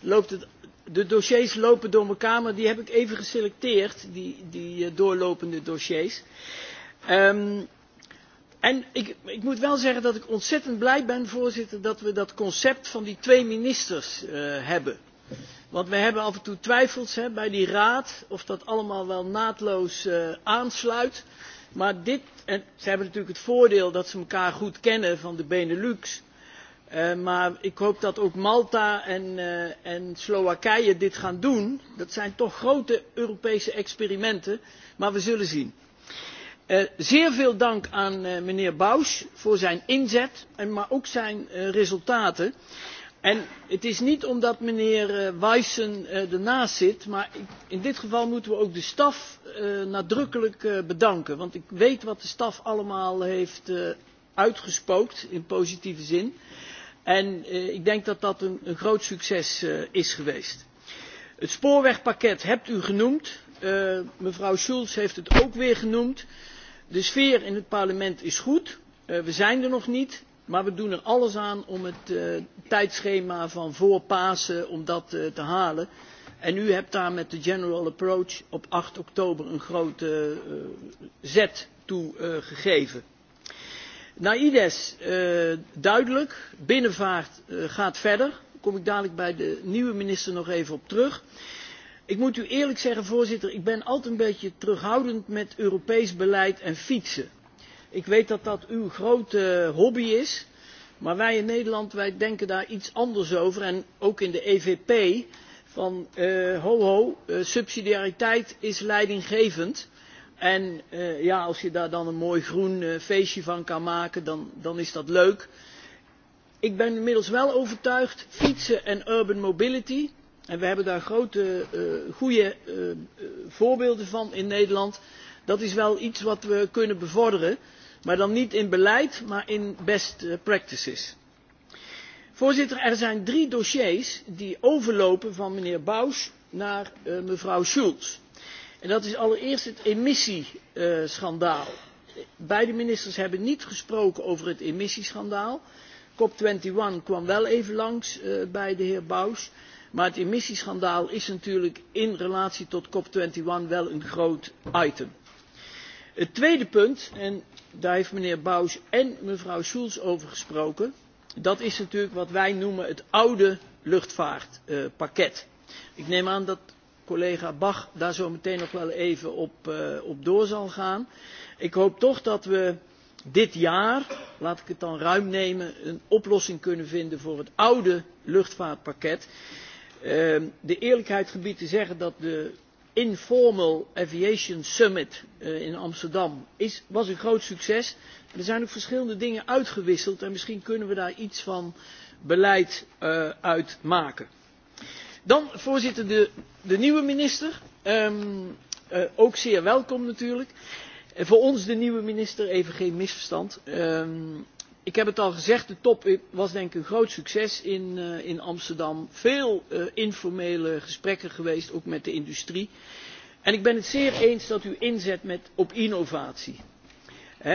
loopt het de dossiers lopen door mijn kamer. die heb ik even geselecteerd, die, die uh, doorlopende dossiers. Um, en ik, ik moet wel zeggen dat ik ontzettend blij ben, voorzitter, dat we dat concept van die twee ministers uh, hebben. Want we hebben af en toe twijfels hè, bij die raad of dat allemaal wel naadloos uh, aansluit. Maar dit, en ze hebben natuurlijk het voordeel dat ze elkaar goed kennen van de Benelux. Uh, Eh, maar ik hoop dat ook Malta eh, en, Slowakije dit gaan doen. Dat zijn toch grote Europese experimenten, maar we zullen zien. Eh, zeer veel dank aan mijnheer Bausch voor zijn inzet, maar ook zijn resultaten. En het is niet omdat mijnheer Wijssen ernaast zit, maar in dit geval moeten we ook de staf nadrukkelijk bedanken. Want ik weet wat de staf allemaal heeft uitgespookt in positieve zin. En eh, ik denk dat dat een, groot succes eh, is geweest. Het spoorwegpakket hebt u genoemd. Eh, mevrouw Schulz heeft het ook weer genoemd. De sfeer in het parlement is goed. we zijn er nog niet. Maar we doen er alles aan om het tijdschema van voor Pasen om dat te halen. En u hebt daar met de General Approach op 8 oktober een grote uh, zet toe uh, gegeven naides eh, duidelijk binnenvaart eh, gaat verder daar kom ik dadelijk bij de nieuwe minister nog even op terug. ik moet u eerlijk zeggen voorzitter ik ben altijd een beetje terughoudend met europees beleid en fietsen. ik weet dat dat uw grote eh, hobby is maar wij in nederland denken daar iets anders over en ook in de evp van ho ho subsidiariteit is leidinggevend. En uh, ja, als je daar dan een mooi groen uh, feestje van kan maken, dan, dan is dat leuk. Ik ben inmiddels wel overtuigd, fietsen en urban mobility, en we hebben daar grote, uh, goede uh, voorbeelden van in Nederland, dat is wel iets wat we kunnen bevorderen. Maar dan niet in beleid, maar in best practices. Voorzitter, er zijn drie dossiers die overlopen van meneer Bouws naar uh, mevrouw Schulz En dat is allereerst het emissieschandaal. Beide ministers hebben niet gesproken over het emissieschandaal. COP21 kwam wel even langs uh, bij de heer Bouws. Maar het emissieschandaal is natuurlijk in relatie tot COP21 wel een groot item. Het tweede punt, en daar heeft meneer Bouws en mevrouw Schulz over gesproken, dat is natuurlijk wat wij noemen het oude luchtvaartpakket. Uh, Ik neem aan dat collega Bach daar zo meteen nog wel even eh, op, door zal gaan. Ik hoop toch dat we dit jaar, laat ik het dan ruim nemen, een oplossing kunnen vinden voor het oude luchtvaartpakket. Ehm, de eerlijkheid gebiedt te zeggen dat de informal aviation summit eh, in Amsterdam is, was een groot succes. was. Er zijn ook verschillende dingen uitgewisseld en misschien kunnen we daar iets van beleid eh, uit maken dan voorzitter de, nieuwe minister ehm, eh, ook zeer welkom natuurlijk. Eh, voor ons de nieuwe minister even geen misverstand. Ehm, ik heb het al gezegd de top was denk ik een groot succes in, uh, in amsterdam. veel informele gesprekken geweest ook met de industrie. en ik ben het zeer eens dat u inzet op innovatie.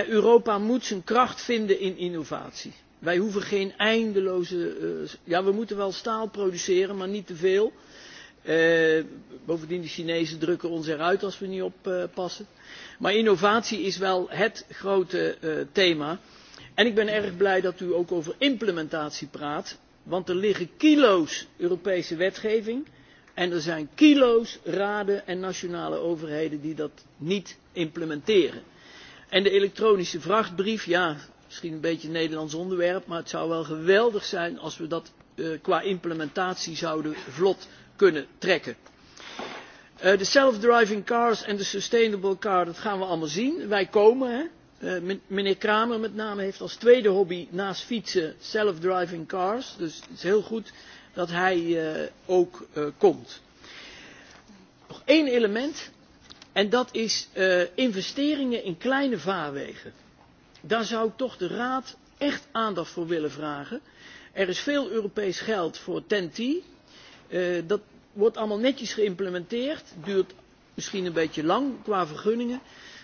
europa moet zijn kracht vinden in innovatie Wij hoeven geen eindeloze... Uh, ja, we moeten wel staal produceren, maar niet te veel. Uh, bovendien, de Chinezen drukken ons eruit als we niet oppassen. Eh, uh, maar innovatie is wel het grote uh, thema. En ik ben erg blij dat u ook over implementatie praat. Want er liggen kilo's Europese wetgeving. En er zijn kilo's raden en nationale overheden die dat niet implementeren. En de elektronische vrachtbrief, ja, Misschien een beetje een Nederlands onderwerp, maar het zou wel geweldig zijn als we dat uh, qua implementatie zouden vlot kunnen trekken. Eh, de uh, self-driving cars en de sustainable car, dat gaan we allemaal zien. Wij komen, hè? Uh, meneer Kramer met name heeft als tweede hobby naast fietsen self-driving cars. Dus het is heel goed dat hij uh, ook uh, komt. Nog één element en dat is uh, investeringen in kleine vaarwegen daar zou ik toch de Raad echt aandacht voor willen vragen. Er is veel Europees geld voor TEN-T. Uh, eh, dat wordt allemaal netjes geïmplementeerd, duurt misschien een beetje lang qua vergunningen.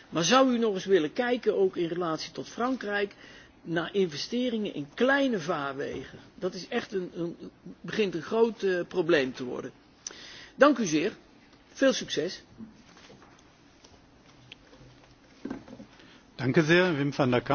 Maar zou u nog eens willen kijken, ook in relatie tot Frankrijk, naar investeringen in kleine vaarwegen? Dat is echt een, een, begint een groot uh, probleem te worden. Dank u zeer. Veel succes. Herr präsident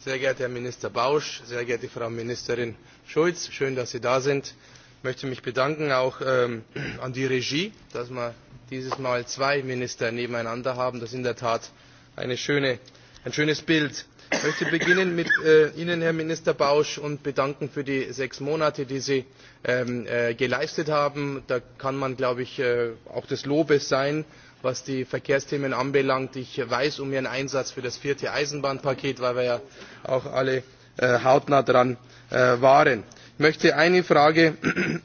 sehr geehrter Herr Minister Bausch, sehr geehrte Frau Ministerin Schulz. Schön, dass Sie da sind. Ich möchte mich bedanken auch ähm, an die Regie, dass wir dieses Mal zwei Minister nebeneinander haben. Das ist in der Tat ein schönes Bild Ich möchte beginnen mit äh, Ihnen, Herr Minister Bausch, und bedanken für die sechs Monate, die Sie ähm, äh, geleistet haben. Da kann man, glaube ich, äh, auch des Lobes sein, was die Verkehrsthemen anbelangt. Ich weiß um Ihren Einsatz für das vierte Eisenbahnpaket, weil wir ja auch alle äh, hautnah dran äh, waren. Ich möchte eine Frage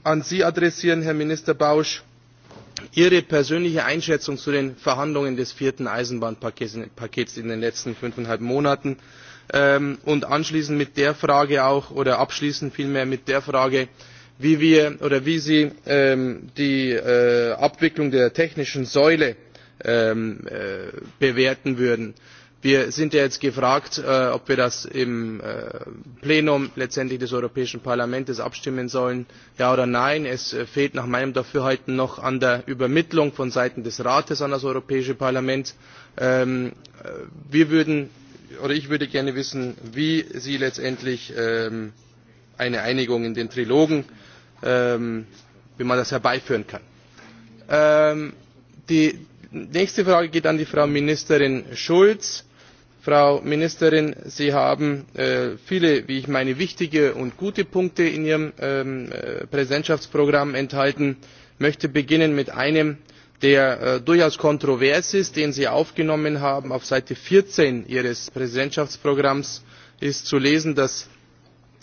an Sie adressieren, Herr Minister Bausch ihre persönliche einschätzung zu den verhandlungen des vierten eisenbahnpakets in den letzten fünfeinhalb monaten ähm, und anschließend mit der frage oder abschließend vielmehr mit der frage wie wie sie ähm, die äh, abwicklung der technischen säule ähm, äh, bewerten würden wir sind ja jetzt gefragt äh, ob wir das im äh, plenum letztendlich des europäischen parlaments abstimmen sollen ja oder nein. es äh, fehlt nach meinem dafürhalten noch an der übermittlung von seiten des rates an das europäische parlament. Ähm, wir würden oder ich würde gerne wissen wie sie letztendlich ähm, eine einigung in den trilogen ähm, wie man das herbeiführen kann. die nächste frage geht an frau ministerin schulz frau ministerin sie haben äh, viele wie ich meine wichtige und gute punkte in ihrem ähm, äh, präsidentschaftsprogramm enthalten. ich möchte beginnen mit einem der äh, durchaus kontrovers ist den sie aufgenommen haben. auf seite vierzehn ihres präsidentschaftsprogramms ist zu lesen dass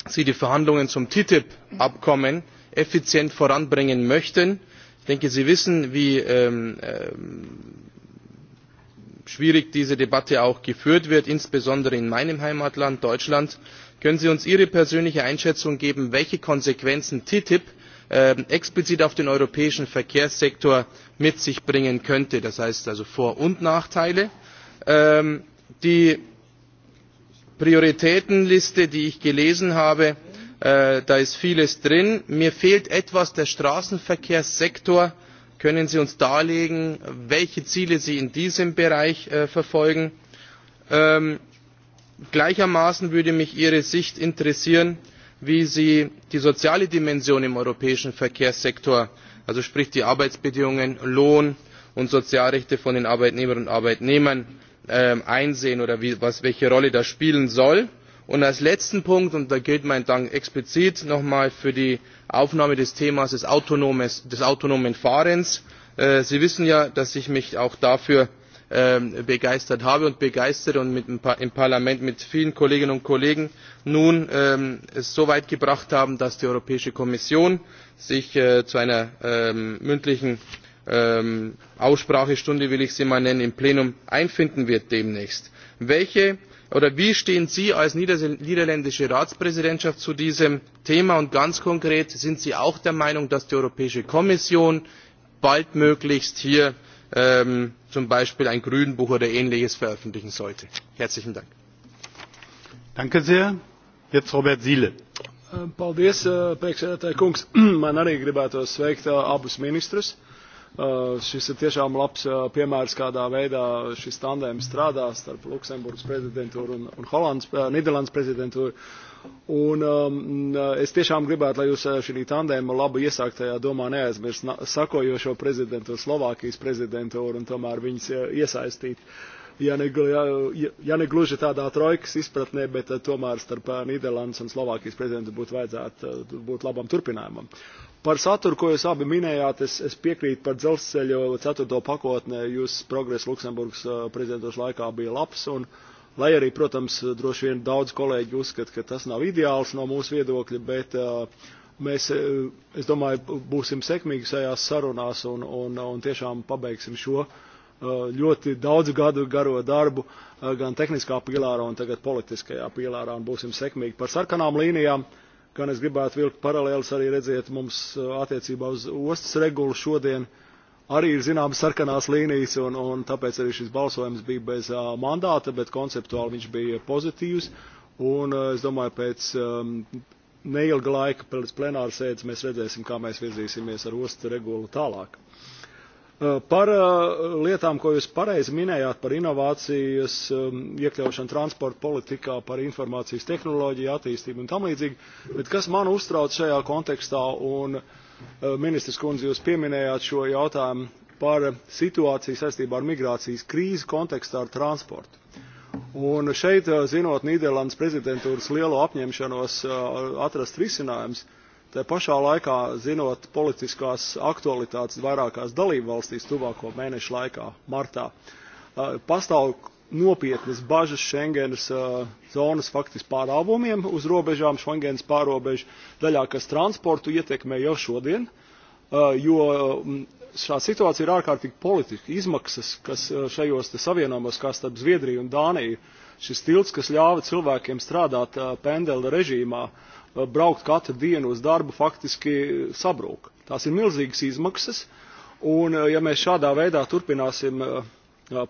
sie die verhandlungen zum ttip abkommen effizient voranbringen möchten. ich denke sie wissen wie ähm, ähm, schwierig diese debatte auch geführt wird insbesondere in meinem heimatland deutschland können sie uns ihre persönliche einschätzung geben welche konsequenzen ttip ähm, explizit auf den europäischen verkehrssektor mit sich bringen könnte das heißt also vor und nachteile? Ähm, die prioritätenliste die ich gelesen habe äh, da ist vieles drin. mir fehlt etwas der straßenverkehrssektor können sie uns darlegen welche ziele sie in diesem bereich äh, verfolgen? Ähm, gleichermaßen würde mich ihre sicht interessieren wie sie die soziale dimension im europäischen verkehrssektor also sprich die arbeitsbedingungen lohn und sozialrechte von den arbeitnehmerinnen und arbeitnehmern ähm, einsehen oder wie, was, welche rolle das spielen soll. und als letzten punkt und da gilt mein dank explizit nochmal für die aufnahme des themas des, autonomen fahrens. Äh, sie wissen ja dass ich mich auch dafür ähm, begeistert habe und begeistere und im parlament mit vielen kolleginnen und kollegen nun ähm, es so weit gebracht haben dass die europäische kommission sich äh, zu einer ähm, mündlichen aussprachestunde will ich sie mal nennen im plenum einfinden wird demnächst. welche oder wie stehen sie als niederländische ratspräsidentschaft zu diesem thema und ganz konkret sind sie auch der meinung dass die europäische kommission baldmöglichst hier ähm, zum beispiel ein grünbuch oder ähnliches veröffentlichen sollte? herzlichen dank. Eh, Eh, šis ir tiešām labs eh, piemērs, kādā veidā šis tandēms strādā starp Luksemburgas prezidentūru un, un Holandas, eh, Nīderlandes prezidentūru. Un um, es tiešām gribētu, lai jūs šī tandēma labu iesāktajā domā neaizmirst sakojošo prezidentu, Slovākijas prezidentūru un tomēr viņas iesaistīt. Ja ne, ja, ja ne gluži tādā trojkas izpratnē, bet tomēr starp Nīderlandes un Slovākijas prezidentu būtu vajadzētu būt labam turpinājumam. Par saturu, ko jūs abi minējāt, es, es piekrītu par dzelzceļa ceturto pakotnē. Jūs progress Luksemburgas prezidentos laikā bija labs, un lai arī, protams, droši vien daudz kolēģi uzskata, ka tas nav ideāls no mūsu viedokļa, bet mēs, es domāju, būsim sekmīgi šajās sarunās un, un, un tiešām pabeigsim šo ļoti daudzu gadu garo darbu gan tehniskā pīlārā un tagad politiskajā pīlārā un būsim sekmīgi par sarkanām līnijām gan es gribētu vilkt paralēlus arī redzēt mums eh, attiecībā uz ostas regulu šodien arī ir zināmas sarkanās līnijas, un, un tāpēc arī šis balsojums bija bez uh, mandāta, bet konceptuāli viņš bija pozitīvs. Un uh, es domāju, pēc um, neilga laika, pēc plenāra sēdes, mēs redzēsim, kā mēs virzīsimies ar ostas regulu tālāk. Par lietām, ko jūs pareizi minējāt par inovācijas iekļaušanu transporta politikā, par informācijas tehnoloģiju attīstību un tam līdzīgi, bet kas man uztrauc šajā kontekstā un ministrs kundze jūs pieminējāt šo jautājumu par situāciju saistībā ar migrācijas krīzi kontekstā ar transportu. Un šeit, zinot Nīderlandes prezidentūras lielo apņemšanos atrast risinājumus, te pašā laikā zinot politiskās aktualitātes vairākās dalībvalstīs tuvāko mēnešu laikā, martā, eh, pastāv nopietnas bažas Schengenas eh, zonas faktiski pārāvumiem uz robežām, Schengenas pārobežu daļā, kas transportu ietekmē jau šodien, eh, jo mm, šā situācija ir ārkārtīgi politiska. Izmaksas, kas šajos te savienojumos, kā starp Zviedriju un Dāniju, šis tilts, kas ļāva cilvēkiem strādāt pendela režīmā, Eh, braukt katru dienu uz darbu faktiski sabrūk. Tās ir milzīgas izmaksas, un eh, ja mēs šādā veidā turpināsim eh,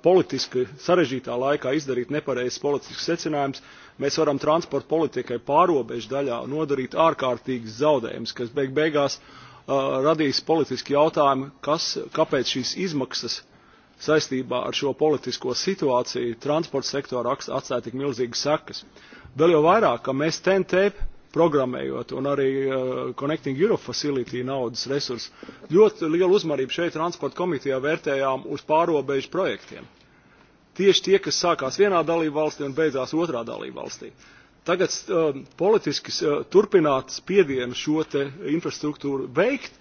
politiski sarežģītā laikā izdarīt nepareizes politiskas secinājumus, mēs varam transporta politikai pārobežu daļā nodarīt ārkārtīgas zaudējumus, kas beig beigās uh, radīs politiski jautājumu, kas, kāpēc šīs izmaksas saistībā ar šo politisko situāciju transporta sektora atstāja tik milzīgas sekas. Vēl jau vairāk, ka mēs TNT programējot un arī uh, Connecting Europe Facility naudas resursus, ļoti lielu uzmanību šeit transporta komitejā vērtējām uz pārobežu projektiem. Tieši tie, kas sākās vienā dalību valstī un beidzās otrā dalību valstī. Tagad uh, politiski uh, turpināt spiedienu šo te infrastruktūru veikt,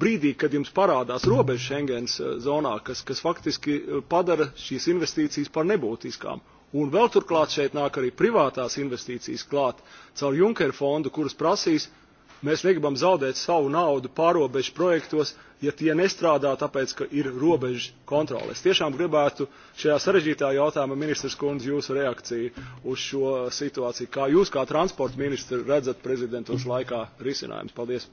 brīdī, kad jums parādās robeža Schengens zonā, kas, kas faktiski padara šīs investīcijas par nebūtiskām Un vēl turklāt šeit nāk arī privātās investīcijas klāt caur Junker fondu, kuras prasīs, mēs negribam zaudēt savu naudu pārobežu projektos, ja tie nestrādā, tāpēc, ka ir robežu kontrole. Es tiešām gribētu šajā sarežģītā jautājumā, ministrs kundze, jūsu reakciju uz šo situāciju. Kā jūs, kā transporta ministri, redzat prezidentūras laikā risinājums? Paldies!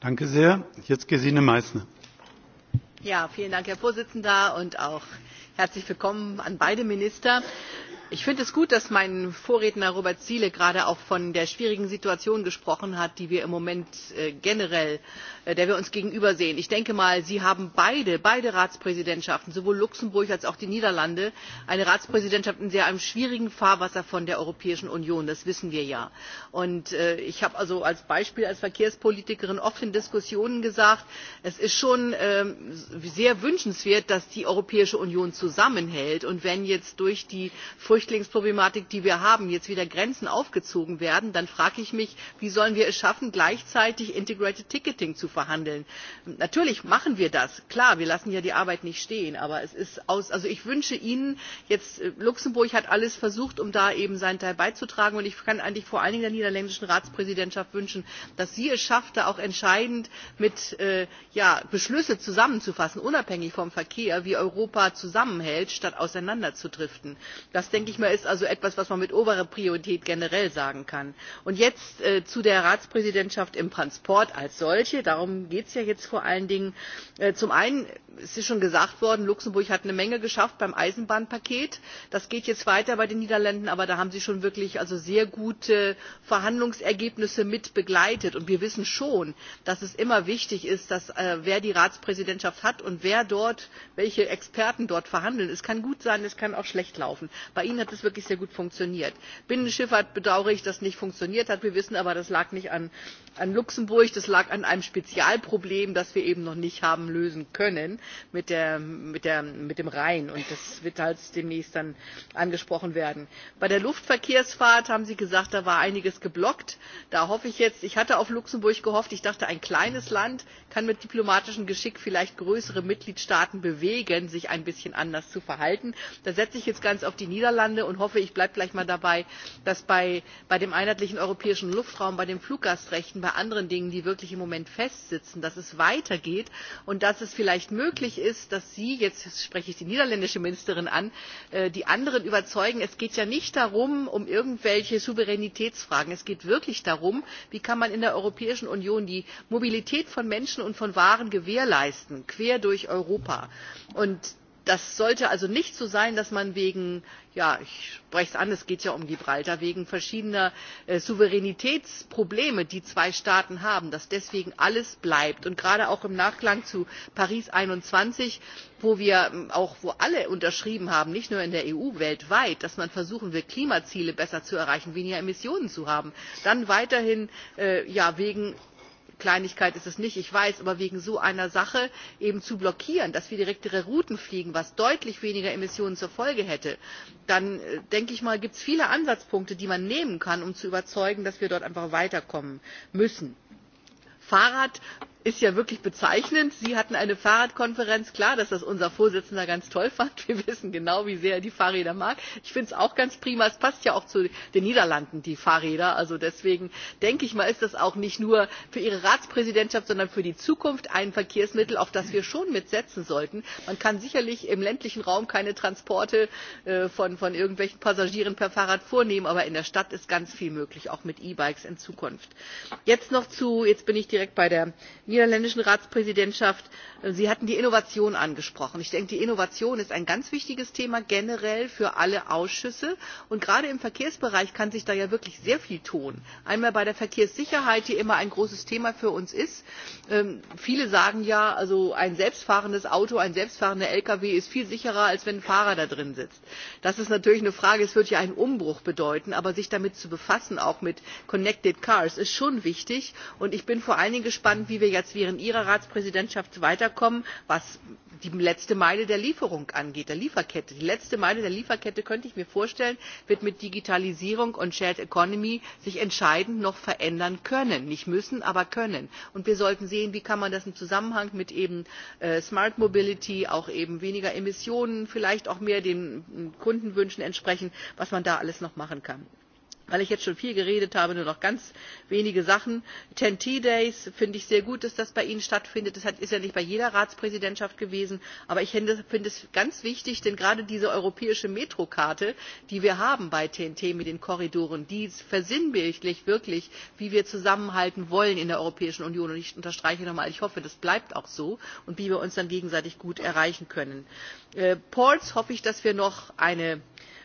Danke sehr. Jetzt Gesine Meissner. Ja, vielen Dank, Herr Präsident, und auch herzlich willkommen an beide Minister ich finde es gut dass mein vorredner robert zle gerade auch von der schwierigen situation gesprochen hat die wir im moment äh, generell äh, der wir uns gegenübersehen. ich denke mal sie haben beide beide ratspräsidentschaften sowohl luxemburg als auch die niederlande eine ratspräsidentschaft in sehr schwierigem fahrwasser von der europäischen union das wissen wir ja. Und äh, ich habe also als beispiel als verkehrspolitikerin oft in diskussionen gesagt es ist schon ähm, sehr wünschenswert dass die europäische union zusammenhält und wenn jetzt durch die flüchtlingsproblematik die wir haben jetzt wieder grenzen aufgezogen werden dann frage ich mich wie sollen wir es schaffen gleichzeitig integrated ticketing zu verhandeln? natürlich machen wir das klar wir lassen ja die arbeit nicht stehen aber es ist aus, also ich wünsche ihnen jetzt äh, luxemburg hat alles versucht um da eben seinen teil beizutragen und ich kann eigentlich vor allen dingen der niederländischen ratspräsidentschaft wünschen dass sie es schafft da auch entscheidend mit äh, ja, beschlüsse zusammenzufassen unabhängig vom verkehr wie europa zusammenhält statt auseinanderzudriften. das denke ich mal ist also etwas was man mit oberer priorität generell sagen kann. und jetzt äh, zu der ratspräsidentschaft im transport als solche darum geht es ja jetzt vor allen dingen. Äh, zum einen es ist schon gesagt worden luxemburg hat eine menge geschafft beim eisenbahnpaket. das geht jetzt weiter bei den niederlanden aber da haben sie schon wirklich also sehr gute verhandlungsergebnisse mit begleitet. und wir wissen schon dass es immer wichtig ist dass äh, wer die ratspräsidentschaft hat und wer dort welche experten dort verhandeln es kann gut sein es kann auch schlecht laufen hat das wirklich sehr gut funktioniert. bei der binnenschifffahrt bedauere ich dass das nicht funktioniert hat. wir wissen aber das lag nicht an, an luxemburg das lag an einem spezialproblem das wir eben noch nicht haben lösen können mit, der, mit, der, mit dem rhein und das wird halt demnächst dann angesprochen werden. bei der luftverkehrsfahrt haben sie gesagt da war einiges geblockt. da hoffe ich jetzt ich hatte auf luxemburg gehofft ich dachte ein kleines land kann mit diplomatischem geschick vielleicht größere mitgliedstaaten bewegen sich ein bisschen anders zu verhalten. da setze ich jetzt ganz auf die niederlande zustande und hoffe ich bleibe gleich mal dabei dass bei, bei dem einheitlichen europäischen luftraum bei den fluggastrechten bei anderen dingen die wirklich im moment festsitzen dass es weitergeht und dass es vielleicht möglich ist dass sie jetzt spreche ich die niederländische ministerin an äh, die anderen überzeugen es geht ja nicht darum um irgendwelche souveränitätsfragen es geht wirklich darum wie kann man in der europäischen union die mobilität von menschen und von waren gewährleisten quer durch europa? und das sollte also nicht so sein dass man wegen ja ich spreche es an es geht ja um gibraltar wegen verschiedener äh, souveränitätsprobleme die zwei staaten haben dass deswegen alles bleibt und gerade auch im nachklang zu paris einundzwanzig wo wir ähm, auch wo alle unterschrieben haben nicht nur in der eu weltweit dass man versuchen will klimaziele besser zu erreichen weniger emissionen zu haben dann weiterhin äh, ja wegen kleinigkeit ist es nicht ich weiß aber wegen so einer sache eben zu blockieren dass wir direktere routen fliegen was deutlich weniger emissionen zur folge hätte dann äh, denke ich mal gibt es viele ansatzpunkte die man nehmen kann um zu überzeugen dass wir dort einfach weiterkommen müssen. fahrrad ist ja wirklich bezeichnend. Sie hatten eine Fahrradkonferenz. Klar, dass das unser Vorsitzender ganz toll fand. Wir wissen genau, wie sehr er die Fahrräder mag. Ich finde es auch ganz prima. Es passt ja auch zu den Niederlanden, die Fahrräder. Also deswegen denke ich mal, ist das auch nicht nur für Ihre Ratspräsidentschaft, sondern für die Zukunft ein Verkehrsmittel, auf das wir schon mitsetzen sollten. Man kann sicherlich im ländlichen Raum keine Transporte äh, von, von irgendwelchen Passagieren per Fahrrad vornehmen, aber in der Stadt ist ganz viel möglich, auch mit E-Bikes in Zukunft. Jetzt noch zu, jetzt bin ich direkt bei der niederländischen ratspräsidentschaft äh, sie hatten die innovation angesprochen. ich denke die innovation ist ein ganz wichtiges thema generell für alle ausschüsse und gerade im verkehrsbereich kann sich da ja wirklich sehr viel tun einmal bei der verkehrssicherheit die immer ein großes thema für uns ist ähm, viele sagen ja also ein selbstfahrendes auto ein selbstfahrender lkw ist viel sicherer als wenn ein fahrer da drin sitzt. das ist natürlich eine frage es wird ja einen umbruch bedeuten aber sich damit zu befassen auch mit connected cars ist schon wichtig und ich bin vor allen dingen gespannt wie jetzt während ihrer ratspräsidentschaft weiterkommen was die letzte meile der lieferung angeht der lieferkette. die letzte meile der lieferkette könnte ich mir vorstellen wird sich mit digitalisierung und shared economy entscheidend noch verändern können nicht müssen aber können. und wir sollten sehen wie man das im zusammenhang mit äh, smart mobility auch eben weniger emissionen vielleicht auch mehr den kundenwünschen entsprechend was man da alles noch machen kann weil ich jetzt schon viel geredet habe nur noch ganz wenige sachen ten t days finde ich sehr gut dass das bei ihnen stattfindet das ist ja nicht bei jeder ratspräsidentschaft gewesen aber ich finde es ganz wichtig denn gerade diese europäische metrokarte die wir haben bei ten t mit den korridoren die versinnbildlicht wirklich wie wir zusammenhalten wollen in der europäischen union und ich unterstreiche nochmal ich hoffe das bleibt auch so und wie wir uns dann gegenseitig gut erreichen können. Äh, ports hoffe ich dass wir noch eine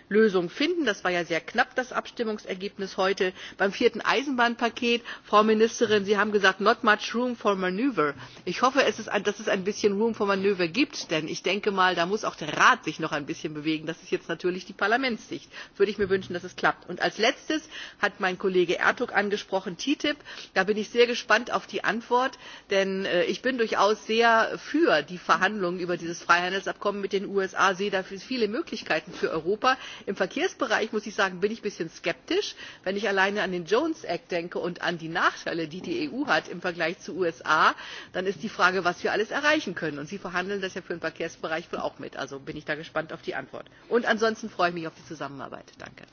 lösung finden. das war ja sehr knapp das abstimmungsergebnis heute beim vierten eisenbahnpaket frau ministerin sie haben gesagt not much room for manoeuvre. ich hoffe dass es ein bisschen room for manoeuvre gibt denn ich denke mal da muss auch der rat sich noch ein bisschen bewegen. das ist jetzt natürlich die parlamentssicht. würde ich mir wünschen dass es klappt. und als letztes hat mein kollege ertug angesprochen ttip. da bin ich sehr gespannt auf die antwort denn äh, ich bin durchaus sehr für die verhandlungen über dieses freihandelsabkommen mit den usa sehe da viele möglichkeiten für europa im verkehrsbereich muss ich sagen bin ich ein bisschen skeptisch wenn ich alleine an den jones act denke und an die nachteile die die eu hat im vergleich zu den usa dann ist die frage was wir alles erreichen können und sie verhandeln das ja für den verkehrsbereich wohl auch mit also bin ich da gespannt auf die antwort. und ansonsten freue ich mich auf die zusammenarbeit. danke.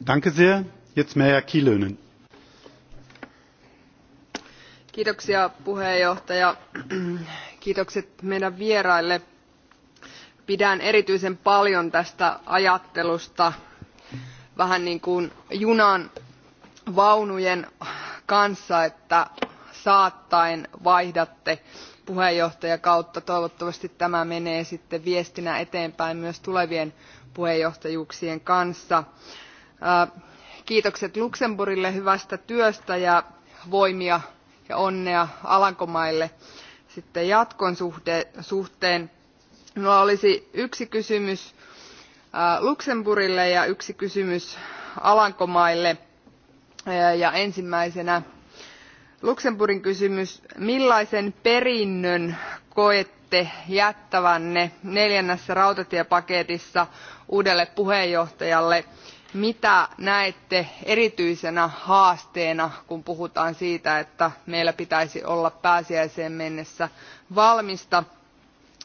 danke sehr. jetzt merja kyllönen. Kiitoksia puheenjohtaja. Kiitokset meidän vieraille pidän erityisen paljon tästä ajattelusta vähän niin kuin junan vaunujen kanssa, että saattaen vaihdatte puheenjohtajakautta. Toivottavasti tämä menee sitten viestinä eteenpäin myös tulevien puheenjohtajuuksien kanssa. Kiitokset Luxemburille hyvästä työstä ja voimia ja onnea Alankomaille sitten jatkon suhteen. Minulla olisi yksi kysymys Luxemburille ja yksi kysymys Alankomaille. Ja ensimmäisenä Luxemburgin kysymys. Millaisen perinnön koette jättävänne neljännessä rautatiepaketissa uudelle puheenjohtajalle? Mitä näette erityisenä haasteena, kun puhutaan siitä, että meillä pitäisi olla pääsiäiseen mennessä valmista?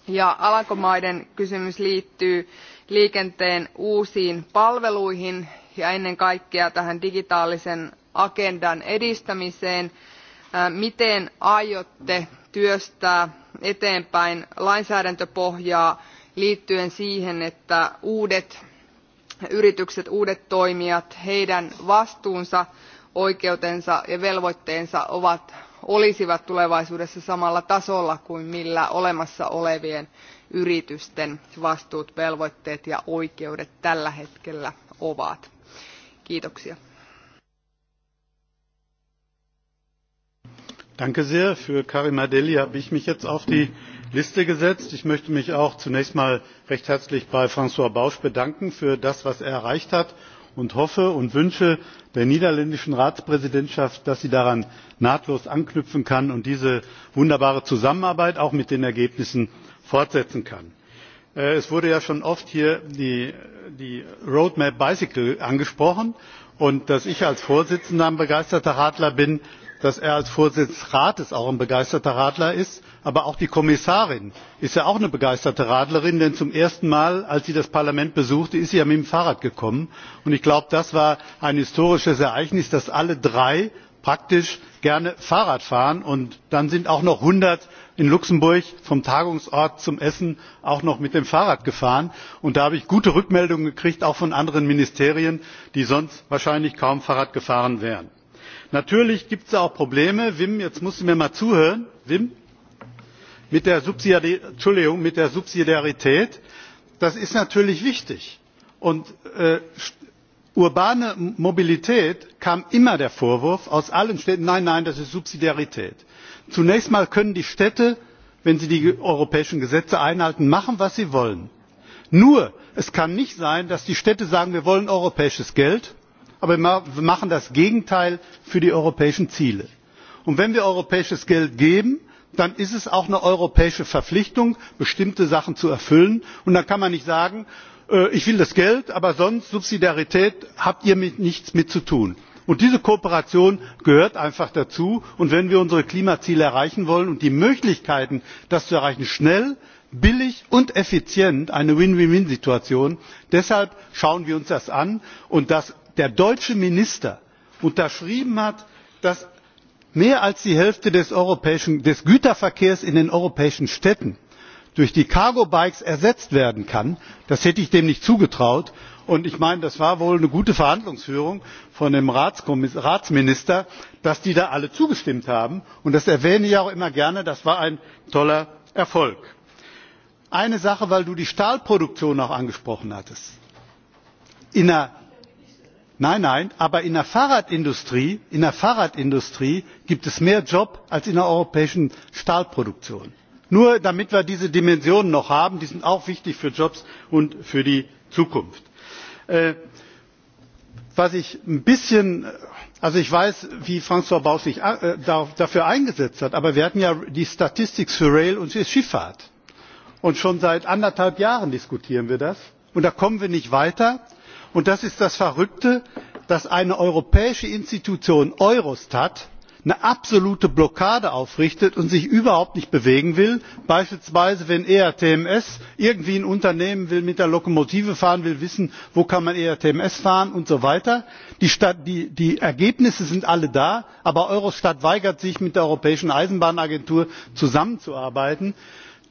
ja alankomaiden kysymys liittyy liikenteen uusiin palveluihin ja ennen kaikkea tähän digitaalisen agendan edistämiseen. miten aiotte työstää eteenpäin lainsäädäntöpohjaa liittyen siihen että uudet yritykset uudet toimijat heidän vastuunsa oikeutensa ja velvoitteensa ovat olisivat tulevaisuudessa samalla tasolla kuin millä olemassa olevien yritysten vastuut, velvoitteet ja oikeudet tällä hetkellä ovat. Kiitoksia. Danke sehr. Für Karima Deli habe ich mich jetzt auf die Liste gesetzt. Ich möchte mich auch zunächst mal recht herzlich bei François Bausch bedanken für das, was er erreicht hat und hoffe und wünsche der niederländischen ratspräsidentschaft dass sie daran nahtlos anknüpfen kann und diese wunderbare zusammenarbeit auch mit den ergebnissen fortsetzen kann. Äh, es wurde ja schon oft hier die roadmap bicycle angesprochen und dass ich als vorsitzender ein begeisterter radler bin dass er als vorsitzender des rates auch ein begeisterter radler ist aber auch die kommissarin ist ja auch eine begeisterte radlerin denn zum ersten mal als sie das parlament besuchte ist sie ja mit dem fahrrad gekommen. Und ich glaube das war ein historisches ereignis dass alle drei praktisch gerne fahrrad fahren und dann sind auch noch einhundert in luxemburg vom tagungsort zum essen auch noch mit dem fahrrad gefahren. Und da habe ich gute rückmeldungen gekriegt auch von anderen ministerien die sonst wahrscheinlich kaum fahrrad gefahren wären natürlich gibt es auch probleme wim jetzt musst du mir mal zuhören mit der, subsidiarität das ist natürlich wichtig und äh, urbane mobilität kam immer der vorwurf aus allen städten nein nein das ist subsidiarität. zunächst einmal können die städte wenn sie die europäischen gesetze einhalten machen was sie wollen. nur es kann nicht sein dass die städte sagen wir wollen europäisches geld aber wir machen das gegenteil für die europäischen ziele. und wenn wir europäisches geld geben dann ist es auch eine europäische verpflichtung bestimmte sachen zu erfüllen und dann kann man nicht sagen äh, ich will das geld aber sonst subsidiarität habt ihr nichts zu tun. und diese kooperation gehört einfach dazu und wenn wir unsere klimaziele erreichen wollen und die möglichkeiten das zu erreichen schnell billig und effizient eine win win win situation deshalb schauen wir uns das an und der deutsche minister unterschrieben hat dass mehr als die hälfte des güterverkehrs in den europäischen städten durch die cargo bikes ersetzt werden kann das hätte ich dem nicht zugetraut. und ich meine das war wohl eine gute verhandlungsführung von dem ratsminister dass die da alle zugestimmt haben und das erwähne ich auch immer gerne das war ein toller erfolg. eine sache weil du die stahlproduktion auch angesprochen hattest in nein nein aber in der fahrradindustrie in der fahrradindustrie gibt es mehr jobs als in der europäischen stahlproduktion. nur damit wir diese dimension noch haben die sind auch wichtig für jobs und für die zukunft. Äh, ich weiß wie franois bauz sich äh, dafür eingesetzt hat aber wir hatten ja die statistics für rail und schifffahrt und schon seit anderthalb jahren diskutieren wir das und da kommen wir nicht weiter und das ist das verrückte dass eine europäische institution eurostat eine absolute blockade aufrichtet und sich überhaupt nicht bewegen will beispielsweise wenn ertms irgendwie ein unternehmen will mit der lokomotive fahren will wissen wo kann man ertms fahren und so weiter. die ergebnisse sind alle da aber eurostat weigert sich mit der europäischen eisenbahnagentur zusammenzuarbeiten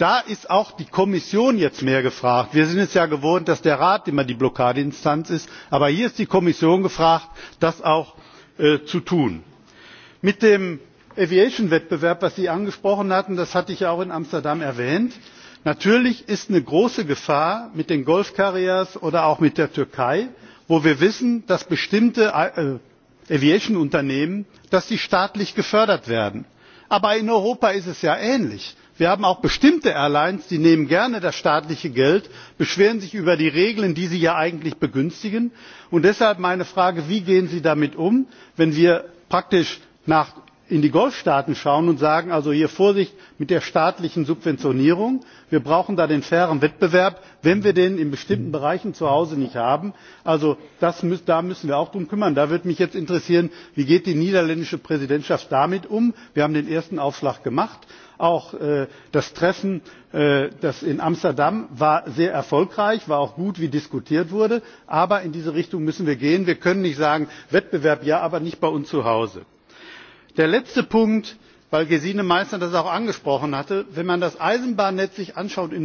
da ist auch die kommission jetzt mehr gefragt. wir sind es ja gewohnt dass der rat immer die blockadeinstanz ist aber hier ist die kommission gefragt das auch äh, zu tun. mit dem aviation wettbewerb den sie angesprochen hatten das hatte ich ja auch in amsterdam erwähnt natürlich ist eine große gefahr mit den gulf carriers oder auch mit der türkei wo wir wissen dass bestimmte äh, äh, aviation unternehmen staatlich gefördert werden. aber in europa ist es ja ähnlich wir haben auch bestimmte airlines die nehmen gerne das staatliche geld beschweren sich über die regeln die sie ja eigentlich begünstigen und deshalb meine frage wie gehen sie damit um wenn wir praktisch in die golfstaaten schauen und sagen also hier vorsicht mit der staatlichen subventionierung wir brauchen da den fairen wettbewerb wenn wir den in bestimmten bereichen zu hause nicht haben? also da müssen wir auch darum kümmern. da würde mich jetzt interessieren wie geht die niederländische präsidentschaft damit um? wir haben den ersten aufschlag gemacht auch äh, das treffen äh, in amsterdam war sehr erfolgreich war auch gut wie diskutiert wurde aber in diese richtung müssen wir gehen. wir können nicht sagen wettbewerb ja aber nicht bei uns zu hause. der letzte punkt weil gesine meissner das auch angesprochen hatte wenn man sich das eisenbahnnetz in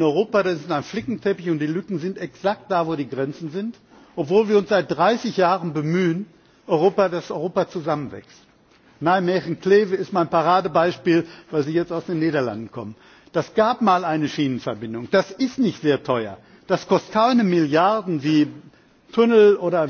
europa anschaut das ist ein flickenteppich und die lücken sind exakt da wo die grenzen sind obwohl wir uns seit dreißig jahren bemühen dass europa zusammenwächst nijmegen kleve ist mein paradebeispiel weil sie jetzt aus den niederlanden kommen. das gab mal eine schienenverbindung das ist nicht sehr teuer das kostet keine milliarden wie tunnel oder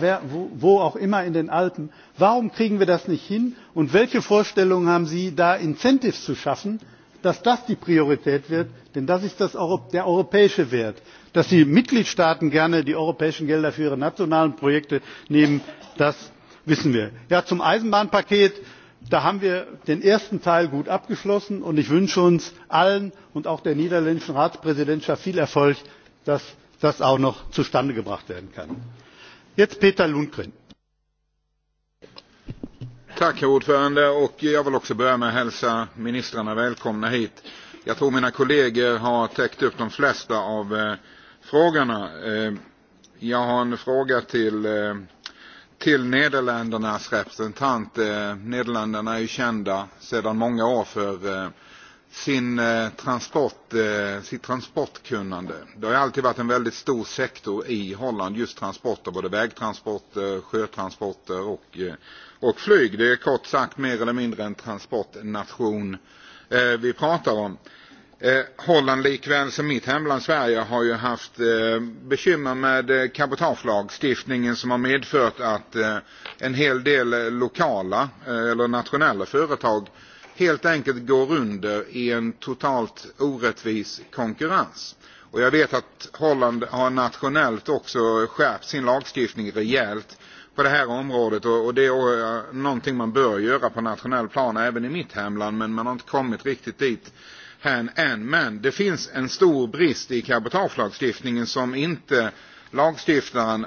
wo, auch immer in den alpen. warum kriegen wir das nicht hin und welche vorstellungen haben sie da incentives zu schaffen dass das die priorität wird denn das ist das, der europäische wert. dass die mitgliedstaaten gerne die europäischen gelder für ihre nationalen projekte nehmen das wissen wir. Ja, zum eisenbahnpaket da haben wir den ersten teil gut abgeschlossen und ich wünsche uns allen und auch der niederländischen ratspräsidentschaft viel erfolg dass das auch noch zustande gebracht werden kann. jetzt peter lundgren. herr ordförande, och jag vill också börja med att hälsa ministrarna välkomna hit. Jag tror mina kollegor har täckt upp de flesta av eh, frågorna. Eh, jag har en fråga till eh, till Nederländernas representant. Eh, Nederländerna är ju kända sedan många år för eh, sin eh, transport, sitt transportkunnande. Det har alltid varit en väldigt stor sektor i Holland, just transporter, både vägtransporter, sjötransporter och, och flyg. Det är kort sagt mer eller mindre en transportnation vi pratar om. Eh, Holland likväl som mitt hemland Sverige har ju haft eh, bekymmer med eh, cabotagelagstiftningen som har medfört att en hel del lokala eller nationella företag helt enkelt går under i en totalt orättvis konkurrens. Och jag vet att Holland har nationellt också skärpt sin lagstiftning rejält på det här området och det är någonting man bör göra på nationell plan även i mitt hemland men man har inte kommit riktigt dit hand än, men det finns en stor brist i cabotagelagstiftningen som inte lagstiftaren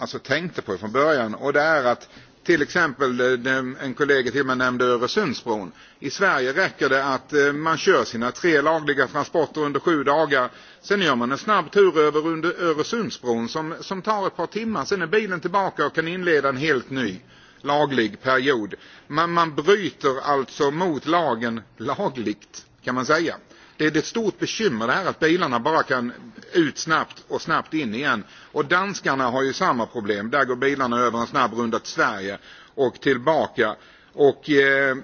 alltså tänkte på från början och det är att till exempel eh, en kollega till mig nämnde Öresundsbron. I Sverige räcker det att eh, man kör sina tre lagliga transporter under sju dagar. Sen gör man en snabb tur över under Öresundsbron som, som tar ett par timmar. Sen är bilen tillbaka och kan inleda en helt ny laglig period. Man, man bryter alltså mot lagen lagligt kan man säga. Det är ett stort bekymmer här att bilarna bara kan ut snabbt och snabbt in igen. Och danskarna har ju samma problem. Där går bilarna över en snabb runda till Sverige och tillbaka. Och eh,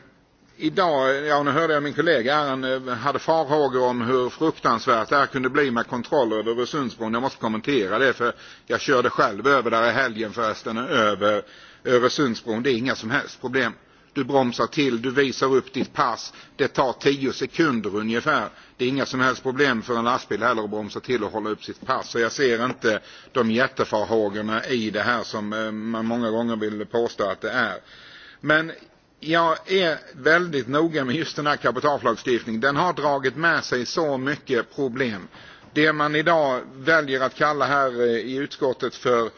idag, ja nu hörde jag min kollega här, han eh, hade farhågor om hur fruktansvärt det här kunde bli med kontroll över Öresundsbron. Jag måste kommentera det för jag körde själv över där i helgen förresten över Öresundsbron. Det är inga som helst problem du bromsar till, du visar upp ditt pass. Det tar tio sekunder ungefär. Det är inga som helst problem för en lastbil heller att bromsa till och hålla upp sitt pass. Så jag ser inte de jättefarhågorna i det här som eh, man många gånger vill påstå att det är. Men jag är väldigt noga med just den här kapitalflagstiftningen. Den har dragit med sig så mycket problem. Det man idag väljer att kalla här eh, i utskottet för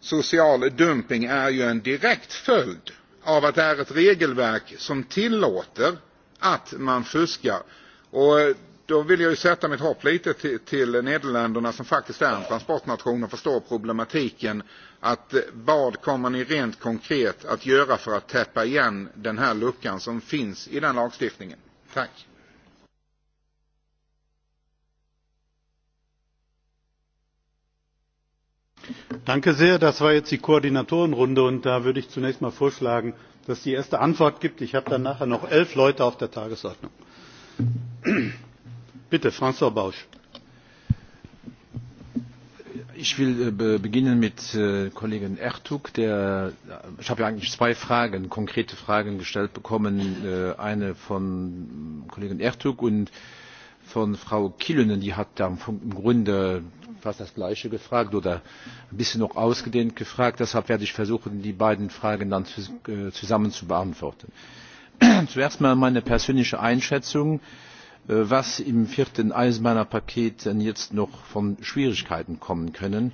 social dumping är ju en direkt följd av att det är ett regelverk som tillåter att man fuskar. Och eh, då vill jag ju sätta mitt hopp lite till, till Nederländerna som faktiskt är en transportnation och förstår problematiken. Att eh, vad kommer ni rent konkret att göra för att täppa igen den här luckan som finns i den lagstiftningen? Tack. Danke sehr. Das war jetzt die Koordinatorenrunde und da würde ich zunächst mal vorschlagen, dass die erste Antwort gibt. Ich habe dann nachher noch elf Leute auf der Tagesordnung. Bitte, franois Bausch. Ich will äh, beginnen mit äh, kollegen Ertug. ich habe ja eigentlich zwei Fragen, konkrete Fragen gestellt bekommen. Äh, eine von kollegen Ertug und von Frau Kilönen, die hat da im Grunde fast das Gleiche gefragt oder ein bisschen noch ausgedehnt gefragt. Deshalb werde ich versuchen, die beiden Fragen dann äh, zusammen zu beantworten. Zuerst mal meine persönliche Einschätzung, äh, was im vierten Eisenbahner Paket denn jetzt noch von Schwierigkeiten kommen können,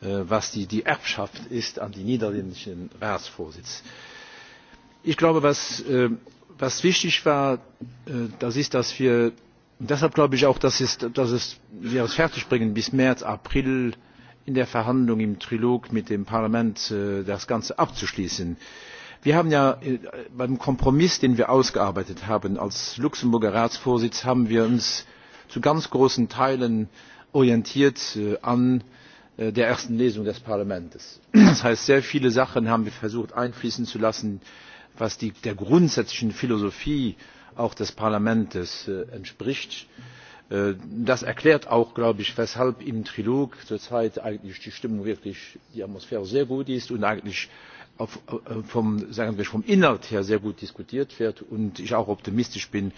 äh, was die, die Erbschaft ist an die niederländischen Ratsvorsitz. Ich glaube, was, was wichtig war, das ist, dass wir deshalb glaube ich auch dass, es, dass es, wir es fertigbringen bis märz april in der verhandlung im trilog mit dem parlament äh, das ganze abzuschließen. wir haben ja äh, beim kompromiss den wir ausgearbeitet haben als luxemburger ratsvorsitz haben wir uns zu ganz großen teilen orientiert äh, an der ersten lesung des parlaments. das heißt sehr viele sachen haben wir versucht einfließen zu lassen was die, der grundsätzlichen philosophie äh, auch des parlaments äh, entspricht. Äh, das erklärt auch glaube ich weshalb im trilog zurzeit eigentlich die stimmung wirklich die atmosphäre sehr gut ist und eigentlich äh, vom, sagen wir, vom inhalt her sehr gut diskutiert wird und ich auch optimistisch bin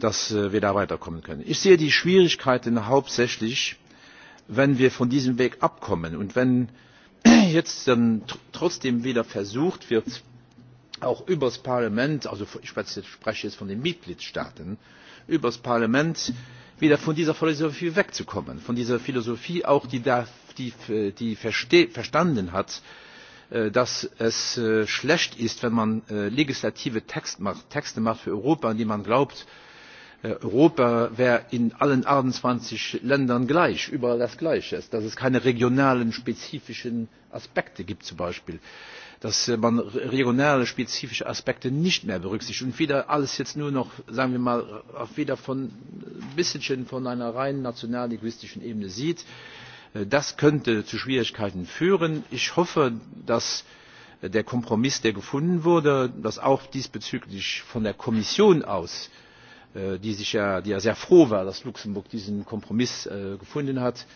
dass wir da weiterkommen können. ich sehe die schwierigkeiten hauptsächlich wenn wir von diesem weg abkommen und wenn jetzt dann trotzdem wieder versucht wird auch über das Parlament, also ich spreche jetzt von den Mitgliedstaaten, über das Parlament wieder von dieser Philosophie wegzukommen, von dieser Philosophie auch, die, da, die, die verste, verstanden hat, äh, dass es äh, schlecht ist, wenn man äh, legislative Text macht, Texte macht für Europa, an die man glaubt, Europa wäre in allen 28 Ländern gleich, überall das Gleiche, dass es keine regionalen spezifischen Aspekte gibt zum Beispiel dass äh, man regionale spezifische Aspekte nicht mehr berücksichtigt und wieder alles jetzt nur noch, sagen wir mal, wieder von ein äh, bisschen von einer rein nationallinguistischen Ebene sieht. Äh, das könnte zu Schwierigkeiten führen. Ich hoffe, dass der Kompromiss, der gefunden wurde, dass auch diesbezüglich von der Kommission aus die, sich ja, die ja sehr froh war, dass Luxemburg diesen Kompromiss gefunden hat,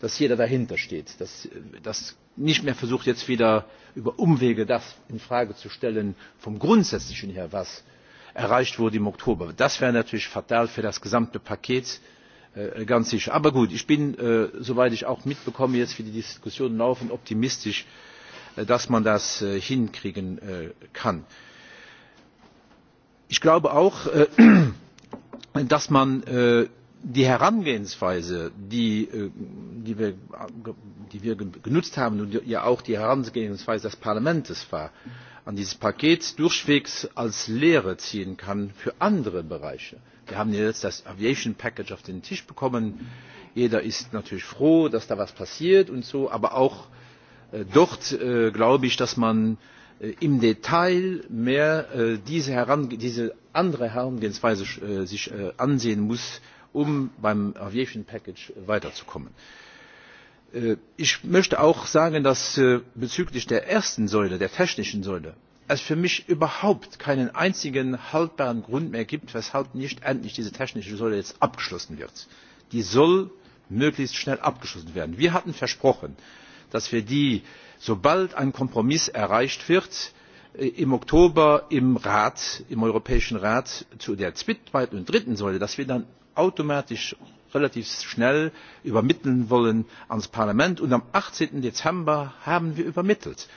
dass jeder dahinter steht, dass, dass nicht mehr versucht jetzt wieder über umwege das in frage zu stellen vom grundsätzlichen her was erreicht wurde im oktober. das wäre natürlich fatal für das gesamte paket äh, äh ganz sicher. aber gut ich bin äh, soweit ich auch mitbekomme jetzt wie die diskussionen laufen optimistisch äh, dass man das äh, hinkriegen äh, kann. ich glaube auch dass man die herangehensweise die, äh, die, wir, die wir genutzt haben und ja auch die herangehensweise des parlaments war an dieses paket durchwegs als lehre ziehen kann für andere bereiche. wir haben jetzt das aviation package auf den tisch bekommen jeder ist natürlich froh dass da etwas passiert und so aber auch äh, dort äh, glaube ich dass man äh, im detail mehr äh, diese, diese andere herangehensweise äh, sich ansehen muss um beim aviation package weiterzukommen. Äh, ich möchte auch sagen dass es äh, bezüglich der ersten säule der technischen säule für mich überhaupt keinen einzigen haltbaren grund mehr gibt weshalb nicht endlich diese technische säule jetzt abgeschlossen wird. die soll möglichst schnell abgeschlossen werden. wir hatten versprochen dass wir sie sobald ein kompromiss erreicht wird äh, im oktober im europäischen rat zu der zweiten und dritten säule automatisch relativ schnell übermitteln wollen an das parlament und am. achtzehn dezember haben wir übermittelt.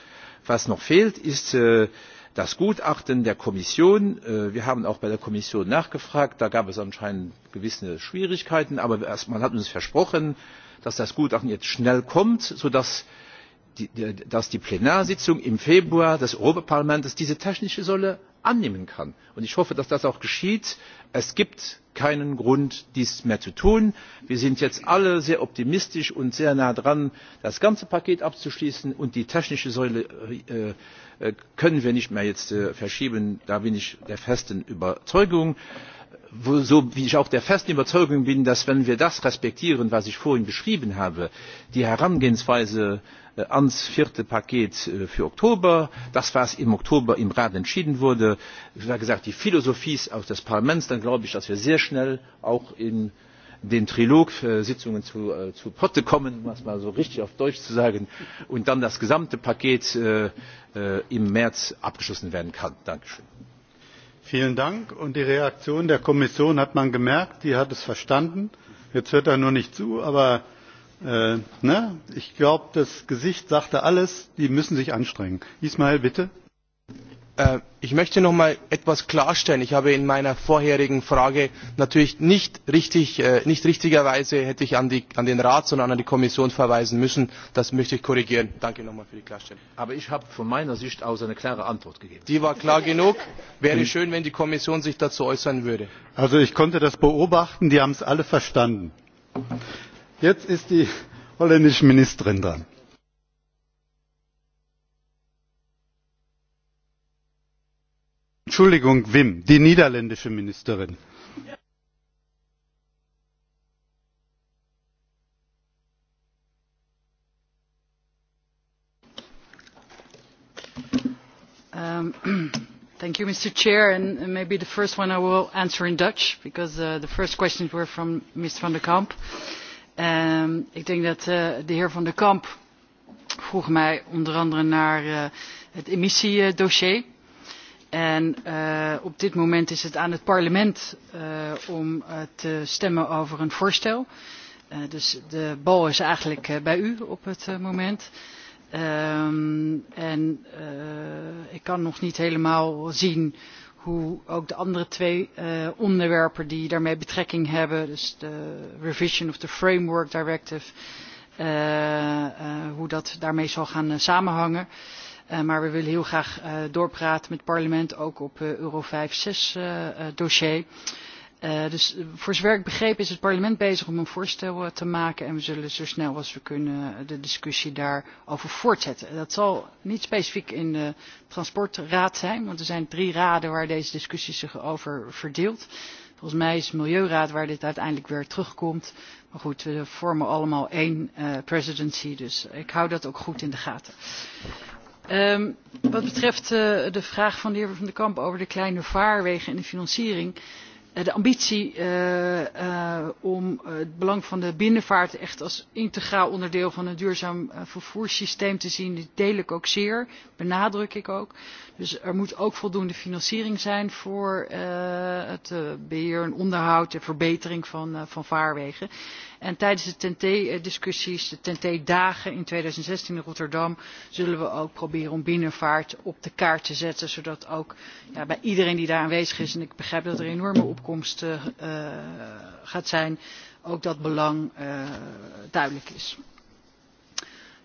was noch fehlt ist äh, das gutachten der kommission äh, wir haben auch bei der kommission nachgefragt da gab es anscheinend gewisse schwierigkeiten aber man hat uns versprochen dass das gutachten jetzt schnell kommt sodass die, dass die plenarsitzung im februar des europäischen parlaments diese technische annehmen kann. Und ich hoffe, dass das auch geschieht. Es gibt keinen Grund, dies mehr zu tun. Wir sind jetzt alle sehr optimistisch und sehr nah dran, das ganze Paket abzuschließen. Und die technische Säule äh, äh, können wir nicht mehr jetzt äh, verschieben. Da bin ich der festen Überzeugung. Wo, so wie ich auch der festen Überzeugung bin, dass wenn wir das respektieren, was ich vorhin beschrieben habe, die Herangehensweise Äh, ans vierte paket äh, für oktober das was im oktober im rat entschieden wurde wie gesagt die philosophie auch des parlaments dann glaube ich dass wir sehr schnell auch in den trilog äh, sitzungen zu, potte kommen um es mal so richtig auf deutsch zu sagen und dann das gesamte paket im märz abgeschlossen werden kann. dankeschön. vielen dank. und die reaktion der kommission hat man gemerkt die hat es verstanden. jetzt hört er nur nicht zu aber Äh, ne? Ich glaube, das Gesicht sagte alles. Die müssen sich anstrengen. Ismail, bitte. Äh, ich möchte noch mal etwas klarstellen. Ich habe in meiner vorherigen Frage natürlich nicht, richtig, äh, nicht richtigerweise hätte ich an, die, an den Rat, sondern an die Kommission verweisen müssen. Das möchte ich korrigieren. Danke nochmal für die Klarstellung. Aber ich habe von meiner Sicht aus eine klare Antwort gegeben. Die war klar genug. Wäre schön, wenn die Kommission sich dazu äußern würde. Also ich konnte das beobachten. Die haben es alle verstanden. Jetzt ist die holländische Ministerin dran. Entschuldigung, Wim, die niederländische Ministerin. Um, thank you, Mr. Chair. And maybe the first one I will answer in Dutch, because uh, the first questions were from Ms. van der Kamp. Uh, Ehm, ik denk dat eh, de heer Van der Kamp vroeg mij onder andere naar eh, het emissiedossier. En eh, op dit moment is het aan het parlement om te stemmen over een voorstel. dus de bal is eigenlijk bij u op het moment. Ehm, en ik kan nog niet helemaal zien hoe ook de andere twee uh, onderwerpen die daarmee betrekking hebben, dus de revision of the framework directive, uh, uh, hoe dat daarmee zal gaan uh, samenhangen. Uh, maar we willen heel graag uh, doorpraten met het parlement, ook op uh, Euro 5-6 uh, uh, dossier. Uh, Uh, dus eh, voor zover ik begreep is het parlement bezig om een voorstel uh, te maken en we zullen zo snel als we kunnen de discussie daarover voortzetten. Dat zal niet specifiek in de transportraad zijn, want er zijn drie raden waar deze discussie zich over verdeelt. Volgens mij is het Milieuraad waar dit uiteindelijk weer terugkomt. Maar goed, we vormen allemaal één uh, presidency, dus ik hou dat ook goed in de gaten. Um, wat betreft uh, de vraag van de heer Van der Kamp over de kleine vaarwegen en de financiering de ambitie eh, eh, om het belang van de binnenvaart echt als integraal onderdeel van een duurzaam eh, vervoerssysteem te zien, die deel ik ook zeer, benadruk ik ook. Dus er moet ook voldoende financiering zijn voor het beheer en onderhoud en verbetering van, van vaarwegen en tijdens de ten t discussies de ten t dagen in tweeduizendzestien in rotterdam zullen we ook proberen om binnenvaart op de kaart te zetten zodat ook bij iedereen die daar aanwezig is en ik begrijp dat er een enorme opkomst uh, gaat zijn ook dat belang uh, duidelijk is.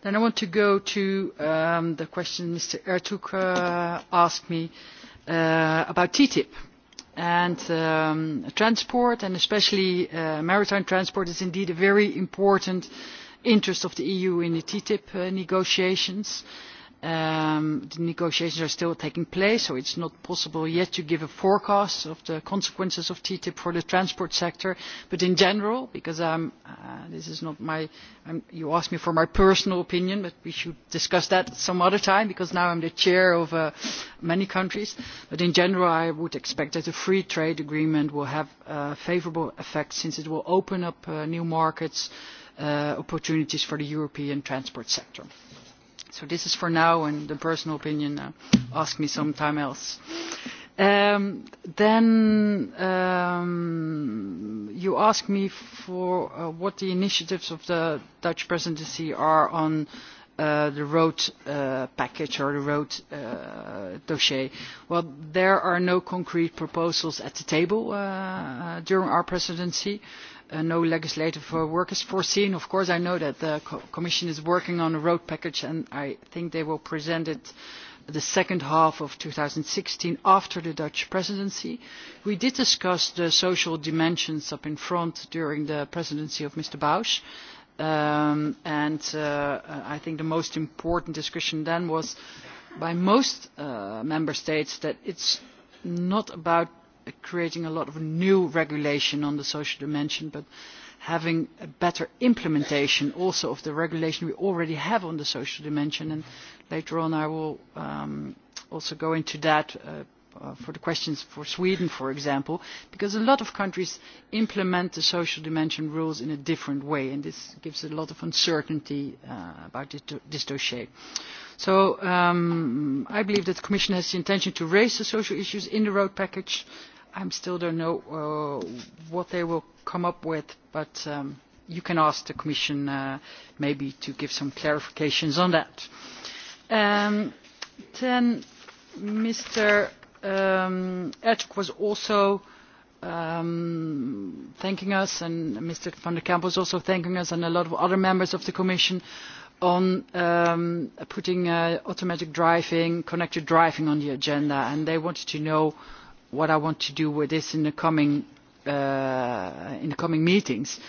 Then I want to go to um, the question Mr. Ertug uh, asked me uh, about TTIP and um, transport and especially uh, maritime transport is indeed a very important interest of the eu in the ttip uh, negotiations. Um, the negotiations are still taking place, so it's not possible yet to give a forecast of the consequences of TTIP for the transport sector. But in general, because um, uh, this is not my, um, you asked me for my personal opinion, but we should discuss that some other time, because now I'm the chair of uh, many countries. But in general, I would expect that a free trade agreement will have a favorable effects since it will open up uh, new markets, uh, opportunities for the European transport sector so this is for now and the personal opinion uh, ask me sometime else um, then um, you ask me for uh, what the initiatives of the Dutch presidency are on uh, the road uh, package or the road uh, dossier. Well, there are no concrete proposals at the table uh, during our presidency. Uh, Uh, no legislative uh, work is foreseen. Of course, I know that the co Commission is working on a road package, and I think they will present it the second half of 2016 after the Dutch presidency. We did discuss the social dimensions up in front during the presidency of Mr. Bausch, um, and uh, I think the most important discussion then was by most uh, member states that it's not about creating a lot of new regulation on the social dimension but having a better implementation also of the regulation we already have on the social dimension and later on i will um, also go into that uh, uh, for the questions for Sweden, for example, because a lot of countries implement the social dimension rules in a different way, and this gives a lot of uncertainty uh, about this, this dossier. So um, I believe that the Commission has the intention to raise the social issues in the road package, i still don't know uh, what they will come up with, but um, you can ask the Commission uh, maybe to give some clarifications on that. Um, then Mr. Um, Ertug was also um, thanking us, and Mr. van der Kamp was also thanking us, and a lot of other members of the Commission on um, putting uh, automatic driving, connected driving on the agenda, and they wanted to know uh, what I want to do with this in the coming, uh, in the coming meetings.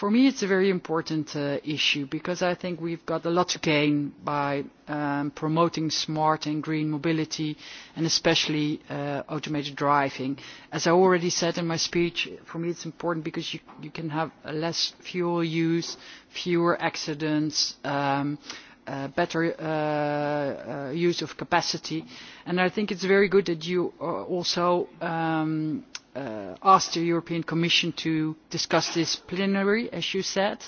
For me, it's a very important uh, issue because I think we've got a lot to gain by um, promoting smart and green mobility and especially uh, automated driving. As I already said in my speech, for me it's important because you, you can have less fuel use, fewer accidents, um, Uh, better uh, uh, use of capacity. And I think it's very good that you also um, asked the European Commission to discuss this plenary, as you said.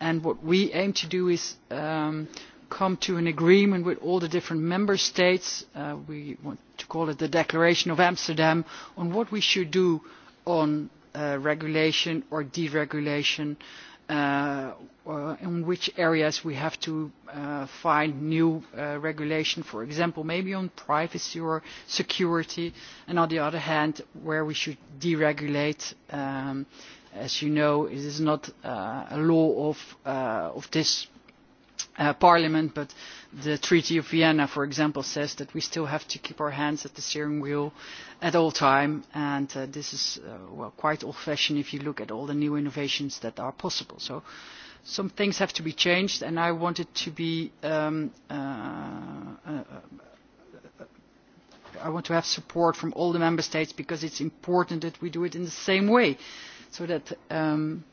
And what we aim to do is um, come to an agreement with all the different member states. we want to call it the Declaration of Amsterdam on what we should do on regulation or deregulation in uh, which areas we have to uh, find new uh, regulation, for example, maybe on privacy or security, and on the other hand, where we should deregulate. Um, as you know, it is not uh, a law of, uh, of this Uh, parliament but the treaty of vienna for example says that we still have to keep our hands at the steering wheel at all time. and uh, this is uh, well, quite old fashioned if you look at all the new innovations that are possible. so some things have to be changed, and I want it to be. Um, uh, uh, uh, I want to have support from all the member states because it's important that we do it in the same way, so that um,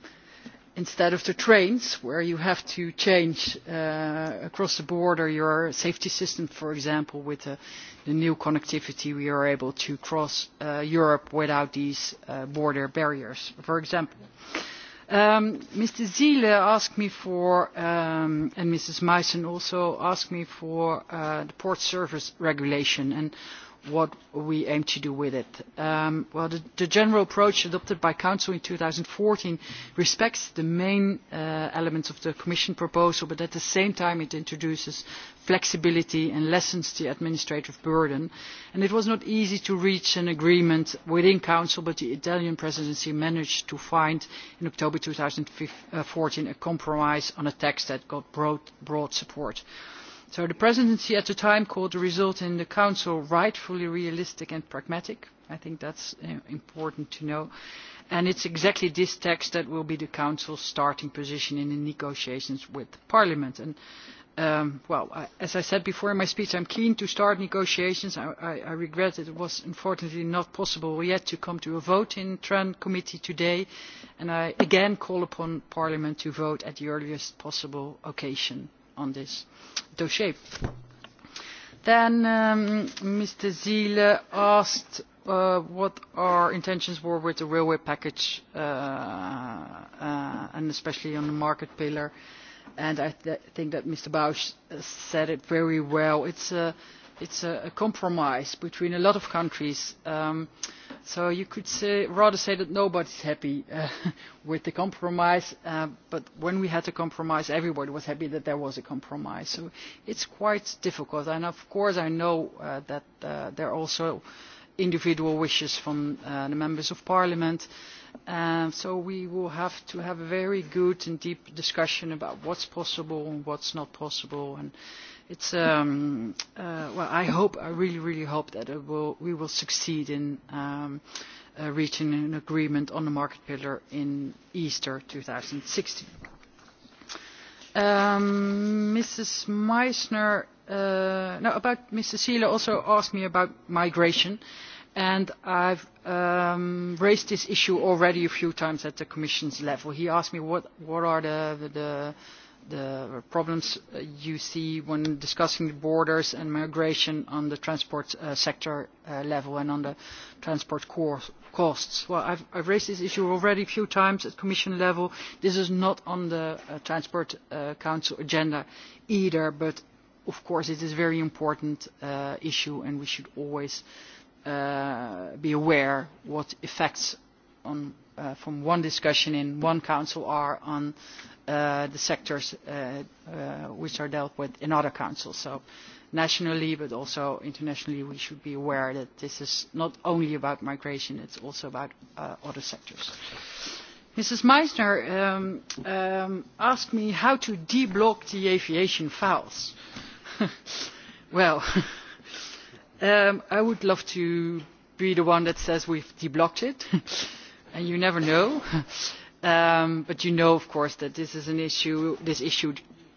instead of the trains, where you have to change uh, across the border your safety system, for example, with the, uh, the new connectivity, we are able to cross uh, Europe without these uh, border barriers, for example. Yeah Um, Mr. Ziele asked me for, um, and Mrs. Meissen also asked me for uh, the port service regulation. And what we aim to do with it. Um, well, the, the general approach adopted by Council in 2014 respects the main uh, elements of the Commission proposal, but at the same time it introduces flexibility and lessens the administrative burden. And it was not easy to reach an agreement within Council, but the Italian presidency managed to find in October 2014 uh, a compromise on a text that got broad, broad support so the presidency at the time called the result in the council rightfully realistic and pragmatic i think that is uh, important to know and it is exactly this text that will be the council's starting position in the negotiations with parliament. Um, as i said before in my speech i am keen to start negotiations. I, regret that it was unfortunately not possible yet to come to a vote in the tran committee today and i again call upon parliament to vote at the earliest possible occasion on this dossier. Then um, Mr. Ziele asked uh, what our intentions were with the railway package, uh, uh, and especially on the market pillar. And I th think that Mr. Bausch said it very well. It's a, it's a compromise between a lot of countries. Um, So you could say, rather say that nobody is happy uh, with the compromise, uh, but when we had a compromise, everybody was happy that there was a compromise. So it's quite difficult. And of course, I know uh, that uh, there are also individual wishes from uh, the members of parliament. Uh, so we will have to have a very good and deep discussion about what's possible and what's not possible. And, uh, it's um, uh, well I hope I really really hope that it will, we will succeed in um, uh, reaching an agreement on the market pillar in Easter 2016. Um, Mrs. Meissner, uh, no, about Mrs. Seele also asked me about migration, and I've um, raised this issue already a few times at the Commission's level. He asked me what, what are the, the the problems uh, you see when discussing borders and migration on the transport uh, sector uh, level and on the transport co costs. Well, I've, I've raised this issue already a few times at Commission level. This is not on the uh, Transport uh, Council agenda either, but of course it is a very important uh, issue and we should always uh, be aware what effects on, uh, from one discussion in one council are on uh, Uh, the sectors uh, uh, which are dealt with in other councils. So nationally but also internationally we should be aware that this is not only about migration, it's also about uh, other sectors. Mrs. Meissner um, um, asked me how to deblock the aviation files. well, um, I would love to be the one that says we've deblocked it, and you never know. Um, but you know, of course, that this is an issue, this issue,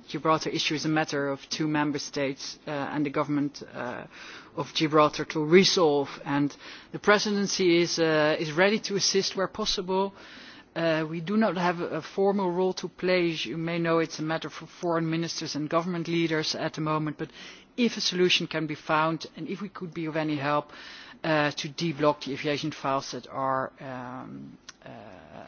Gibraltar issue is a matter of two member states uh, and the government uh, of Gibraltar to resolve. And the presidency is, uh, ready to assist where possible. we do not have a formal role to play. As you may know it is a matter for foreign ministers and government leaders at the moment, but if a solution can be found and if we could be of any help uh, to deblock the aviation files that are um, uh,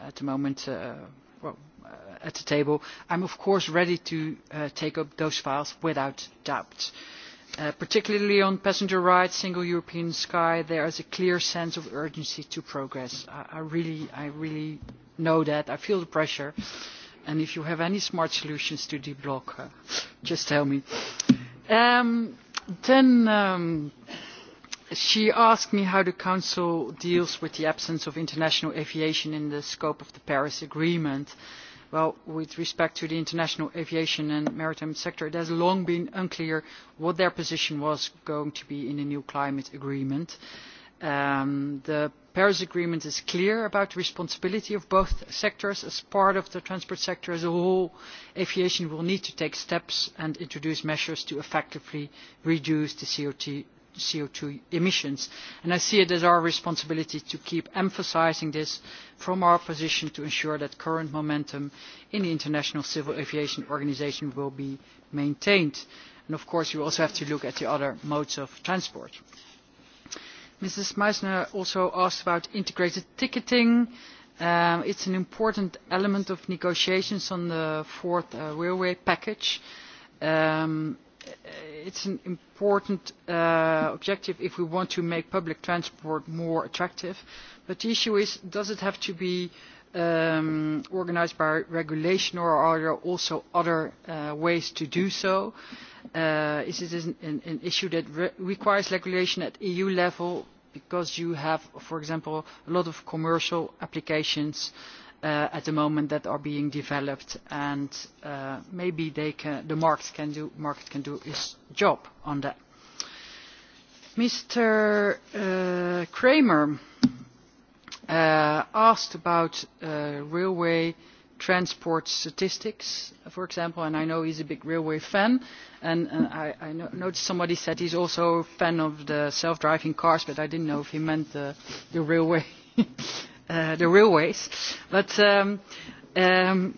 at the moment uh, well, uh, at the table, I'm of course ready to uh, take up those files without doubt. Uh, particularly on passenger rights, single European sky, there is a clear sense of urgency to progress. I, I, really, I really know that. I feel the pressure. And if you have any smart solutions to deblock, uh, just tell me. Um, then um, she asked me how the council deals with the absence of international aviation in the scope of the paris agreement. well with respect to the international aviation and maritime sector it has long been unclear what their position was going to be in the new climate agreement. Um, the paris agreement is clear about the responsibility of both sectors as part of the transport sector as a whole aviation will need to take steps and introduce measures to effectively reduce co two emissions and i see it as our responsibility to keep emphasising this from our position to ensure that current momentum in the international civil aviation organisation will be maintained and of course we also have to look at the other modes of transport. Mrs. Meissner also asked about integrated ticketing. Um, it's an important element of negotiations on the fourth uh, railway package. Um, it's an important uh, objective if we want to make public transport more attractive. But the issue is, does it have to be um, organised by regulation or are there also other uh, ways to do so? Uh, is it an, an, an issue that re requires regulation at EU level because you have, for example, a lot of commercial applications uh, at the moment that are being developed and uh, maybe they can, the market can, do, market can do its job on that. Mr. Uh, Kramer, Uh, asked about uh, railway transport statistics, for example, and I know he's a big railway fan, and, I, no, noticed somebody said he's also a fan of the self-driving cars, but I didn't know if he meant the, uh, railways. But um, um,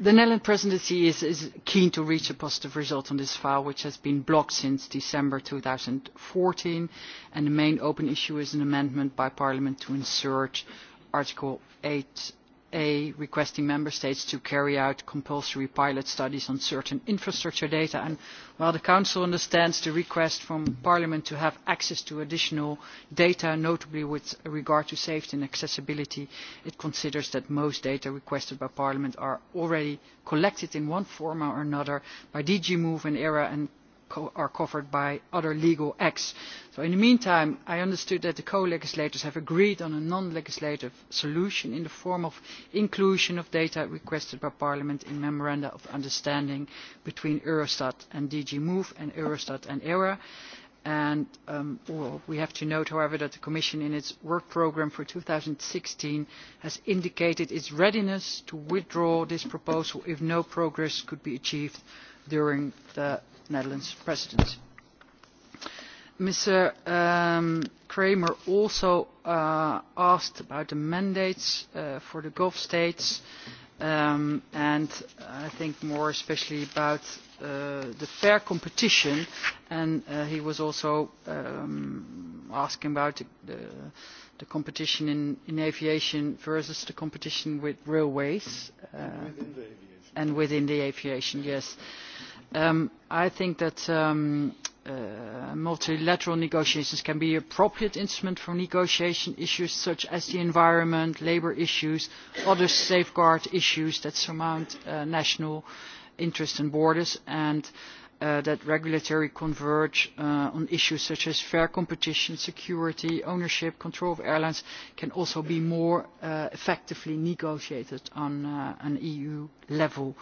the Netherlands presidency is, is keen to reach a positive result on this file, which has been blocked since December 2014, and the main open issue is an amendment by Parliament to insert Article 8 a requesting member states to carry out compulsory pilot studies on certain infrastructure data and while the council understands the request from parliament to have access to additional data notably with regard to safety and accessibility it considers that most data requested by parliament are already collected in one form or another by dg move and era and are covered by other legal acts. in the meantime i understood that the co legislators have agreed on a non legislative solution in the form of inclusion of data requested by parliament in memoranda of understanding between eurostat and dg move and eurostat and era. Um, we have to note however that the commission in its work programme for two thousand and sixteen has indicated its readiness to withdraw this proposal if no progress could be achieved during the netherlands presidency. mr cramer um, also uh, asked about the mandates uh, for the gulf states um, and i think more especially about uh, the fair competition and he was also um, asking about the, competition in, aviation versus the competition with railways and within the aviation, yes. Um, I think that um, uh, multilateral negotiations can be an appropriate instrument for negotiation issues such as the environment, labour issues, other safeguard issues that surmount uh, national interests and borders. And uh, Uh, that regulatory converge uh, on issues such as fair competition security ownership control of airlines can also be more uh, effectively negotiated on an eu level.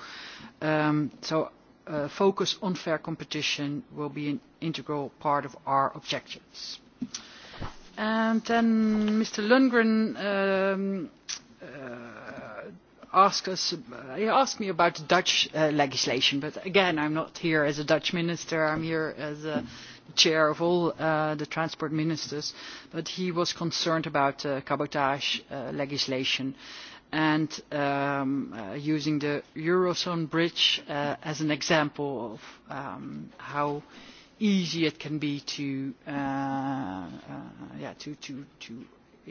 Um, so a focus on fair competition will be an integral part of our objectives. And then mr lundgren um, asked, he uh, asked me about Dutch uh, legislation, but again, i am not here as a Dutch minister. i am here as the chair of all uh, the transport ministers. But he was concerned about cabotage legislation and um, using the Eurozone bridge as an example of um, how easy it can be to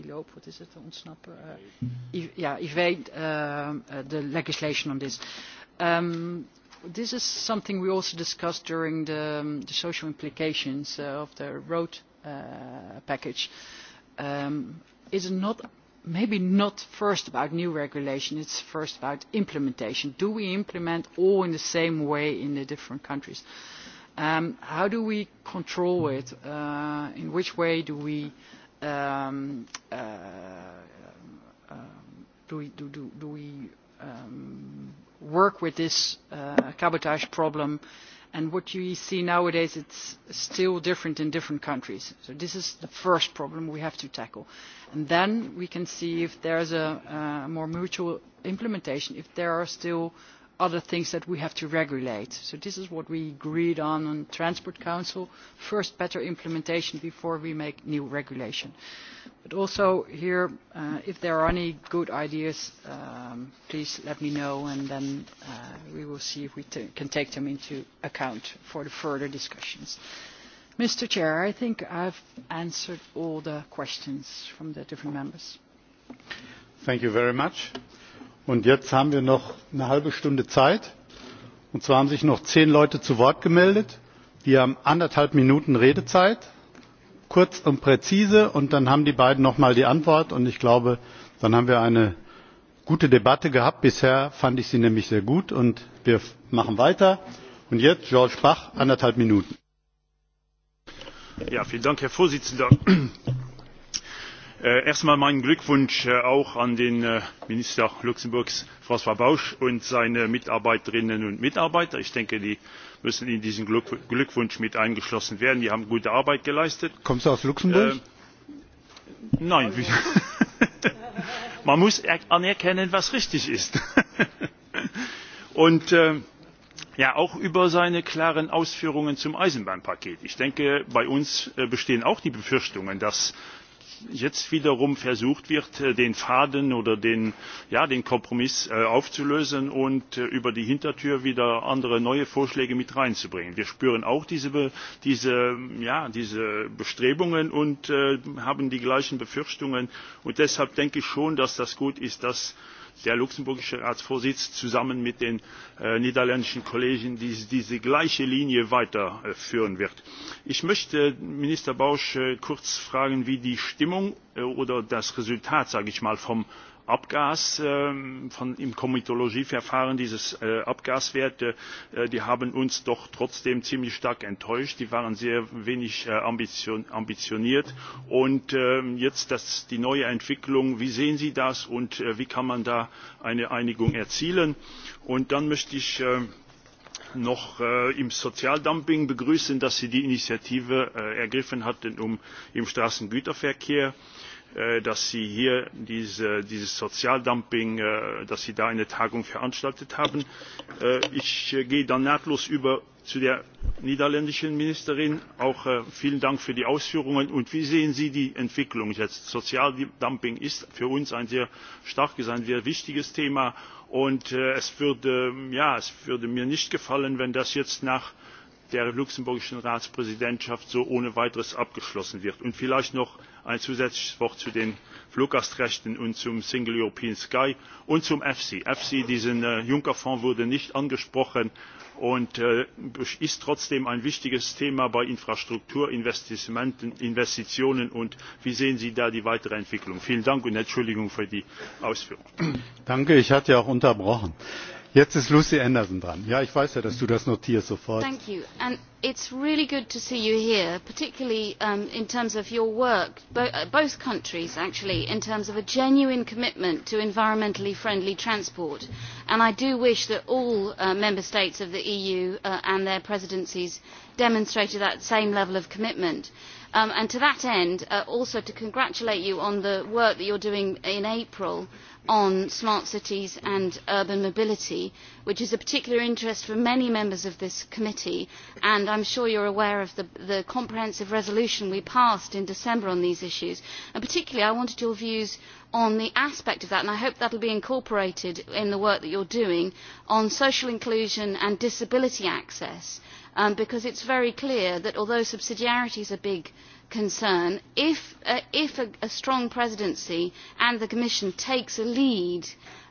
Elope, wat is het, te ontsnappen? Uh, eh, Yves, yeah, Yves, uh, the legislation on this. Um, this is something we also discussed during the, um, the social implications uh, of the road uh, package. Um, is it not maybe not first about new regulation it's first about implementation do we implement all in the same way in the different countries um, how do we control it uh, in which way do we uh, um, uh, um, do we, do, do, do we um, work with this uh, cabotage problem? And what you see nowadays, it's still different in different countries. So this is the first problem we have to tackle. And then we can see if there's a, a uh, more mutual implementation, if there are still other things that we have to regulate. So this is what we agreed on on Transport Council. First, better implementation before we make new regulation. But also here, uh, if there are any good ideas, um, please let me know, and then uh, we will see if we t can take them into account for the further discussions. Mr. Chair, I think I've answered all the questions from the different members. Thank you very much und jetzt haben wir noch eine halbe stunde zeit und zwar haben sich noch zehn leute zu wort gemeldet die haben anderthalb minuten redezeit kurz und präzise und dann haben die beiden noch mal die antwort und ich glaube dann haben wir eine gute debatte gehabt bisher fand ich sie nämlich sehr gut und wir machen weiter und jetzt georges bach anderthalb minuten. Ja, vielen Dank, herr präsident! Äh, erst einmal meinen glückwunsch äh, auch an den äh, minister luxemburgs franois bauz und seine mitarbeiterinnen und mitarbeiter. ich denke die müssen in diesen glückwunsch mit eingeschlossen werden. die haben gute arbeit geleistet. kommst du aus luxemburg? Ähm, nein man muss er-, anerkennen was richtig ist. und ähm, ja, auch über seine klaren ausführungen zum eisenbahnpaket. ich denke bei uns bestehen auch die befürchtungen dass jetzt wiederum versucht wird äh, den faden oder den, ja, den kompromiss äh, aufzulösen und äh, über die hintertür wieder andere neue vorschläge mit reinzubringen. wir spüren auch diese, diese, ja, diese bestrebungen und haben die gleichen befürchtungen und deshalb denke ich schon dass es das gut ist dass der luxemburgische ratsvorsitz zusammen mit den äh, niederländischen kollegen diese gleiche linie weiterführen äh, wird. ich möchte minister bausch äh, kurz fragen wie die stimmung oder das resultat sage ich mal vom Abgas ähm, von, im Komitologieverfahren, dieses äh, Abgaswerte, äh, die haben uns doch trotzdem ziemlich stark enttäuscht. Die waren sehr wenig äh, ambition, ambitioniert. Und ähm, jetzt das, die neue Entwicklung, wie sehen Sie das und wie kann man da eine Einigung erzielen? Und dann möchte ich ähm, noch äh, im Sozialdumping begrüßen, dass sie die Initiative äh, ergriffen hatten, um im Straßengüterverkehr Äh, dass sie hier dieses sozialdumping äh, dass sie da eine tagung veranstaltet haben. Äh, ich gehe dann nahtlos über zu der niederländischen ministerin auch vielen dank für die ausführungen. Und wie sehen sie die entwicklung jetzt? sozialdumping ist für uns ein sehr starkes ein sehr wichtiges thema und es würde, mir nicht gefallen wenn das jetzt der luxemburgischen ratspräsidentschaft so ohne weiteres abgeschlossen wird. und vielleicht noch ein zusätzliches wort zu den fluggastrechten und zum single european sky und zum efsi. dieser äh, juncker fonds wurde nicht angesprochen und äh, ist trotzdem ein wichtiges thema bei infrastrukturinvestitionen. und wie sehen sie da die weitere entwicklung? vielen dank und entschuldigung für die ausführungen. danke ich hatte ja auch unterbrochen. Jetzt ist it's really good to see you here, particularly um, in terms of your work, uh, both countries actually, in terms of a genuine commitment to environmentally friendly transport. And I do wish that all uh, member states of the EU uh, and their presidencies demonstrated that same level of commitment. Um, and to that end, uh, also to congratulate you on the work that you're doing in April on smart cities and urban mobility which is a particular interest for many members of this committee and i am sure you are aware of the, the comprehensive resolution we passed in december on these issues and particularly i wanted your views on the aspect of that and i hope that will be incorporated in the work that you are doing on social inclusion and disability access um, because it is very clear that although subsidiarity is a big concern if, uh, if a, a strong presidency and the commission takes a lead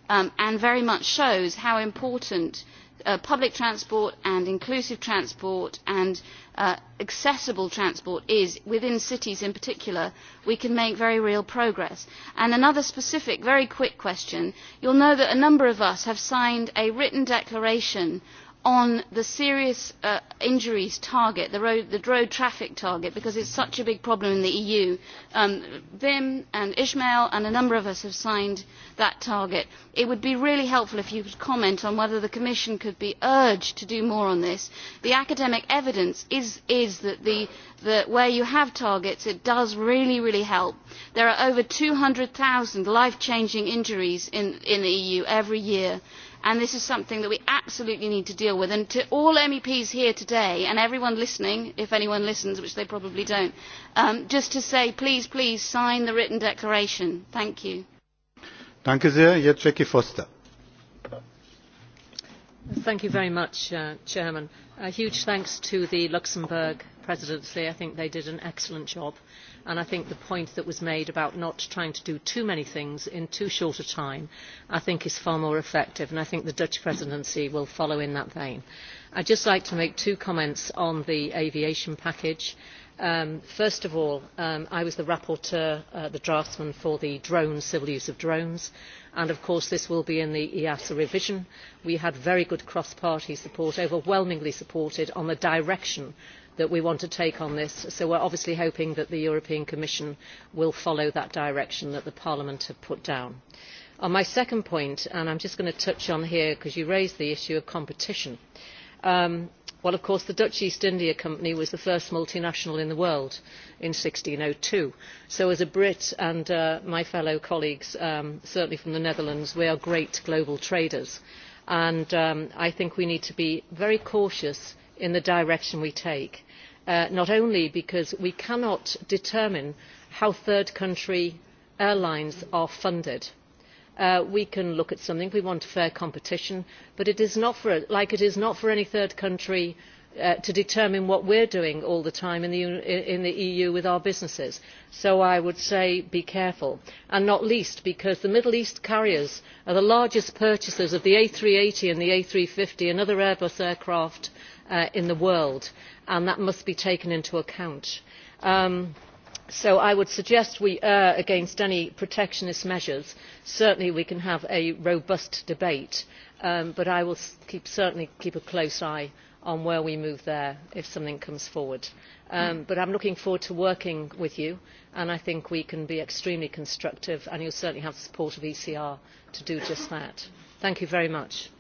um, and very much shows how important uh, public transport and inclusive transport and uh, accessible transport is within cities in particular we can make very real progress. And another specific very quick question you will know that a number of us have signed a written declaration on the serious uh, injuries target, the road, the road traffic target, because it's such a big problem in the EU. Um, Vim and Ishmael and a number of us have signed that target. It would be really helpful if you could comment on whether the Commission could be urged to do more on this. The academic evidence is, is that the, the, where you have targets, it does really, really help. There are over 200,000 life-changing injuries in, in the EU every year and this is something that we absolutely need to deal with. to all meps here today and everyone listening if anyone listens which they probably do not um, just to say please please sign the written declaration. thank you. Danke sehr. Jetzt Jackie Foster. Thank you very much, uh, Chairman. A huge thanks to the Luxembourg presidency. I think they did an excellent job and I think the point that was made about not trying to do too many things in too short a time is far more effective and I think the Dutch presidency will follow in that vein. i would just like to make two comments on the aviation package. Um, first of all, um, I was the rapporteur, uh, the draftsman for the drone, civil use of drones, and of course this will be in the EASA revision. We had very good cross-party support, overwhelmingly supported, on the direction that we want to take on this so we are obviously hoping that the european commission will follow that direction that parliament has put down. on my second point and i am just going to touch on it here because you raised the issue of competition um, of course the dutch east india company was the first multinational in the world in one thousand six hundred oh and two so as a brit and uh, my fellow colleagues um, certainly from the netherlands we are great global traders and um, i think we need to be very cautious in the direction we take Uh, not only because we cannot determine how third country airlines are funded. Uh, we can look at something we want fair competition but it is not for, like it is not for any third country uh, to determine what we are doing all the time in the, eu e with our businesses so i would say be careful and not least because the middle east carriers are the largest purchasers of the a three hundred and eighty and the a three hundred and fifty and other airbus aircraft uh, Uh, in the world and that must be taken into account. Um, so i would suggest we err against any protectionist measures. certainly we can have a robust debate um, but i will certainly keep a close eye on where we move there if something comes forward. Um, but i am looking forward to working with you and i think we can be extremely constructive and you will certainly have the support of the ecr to do just that. thank you very much.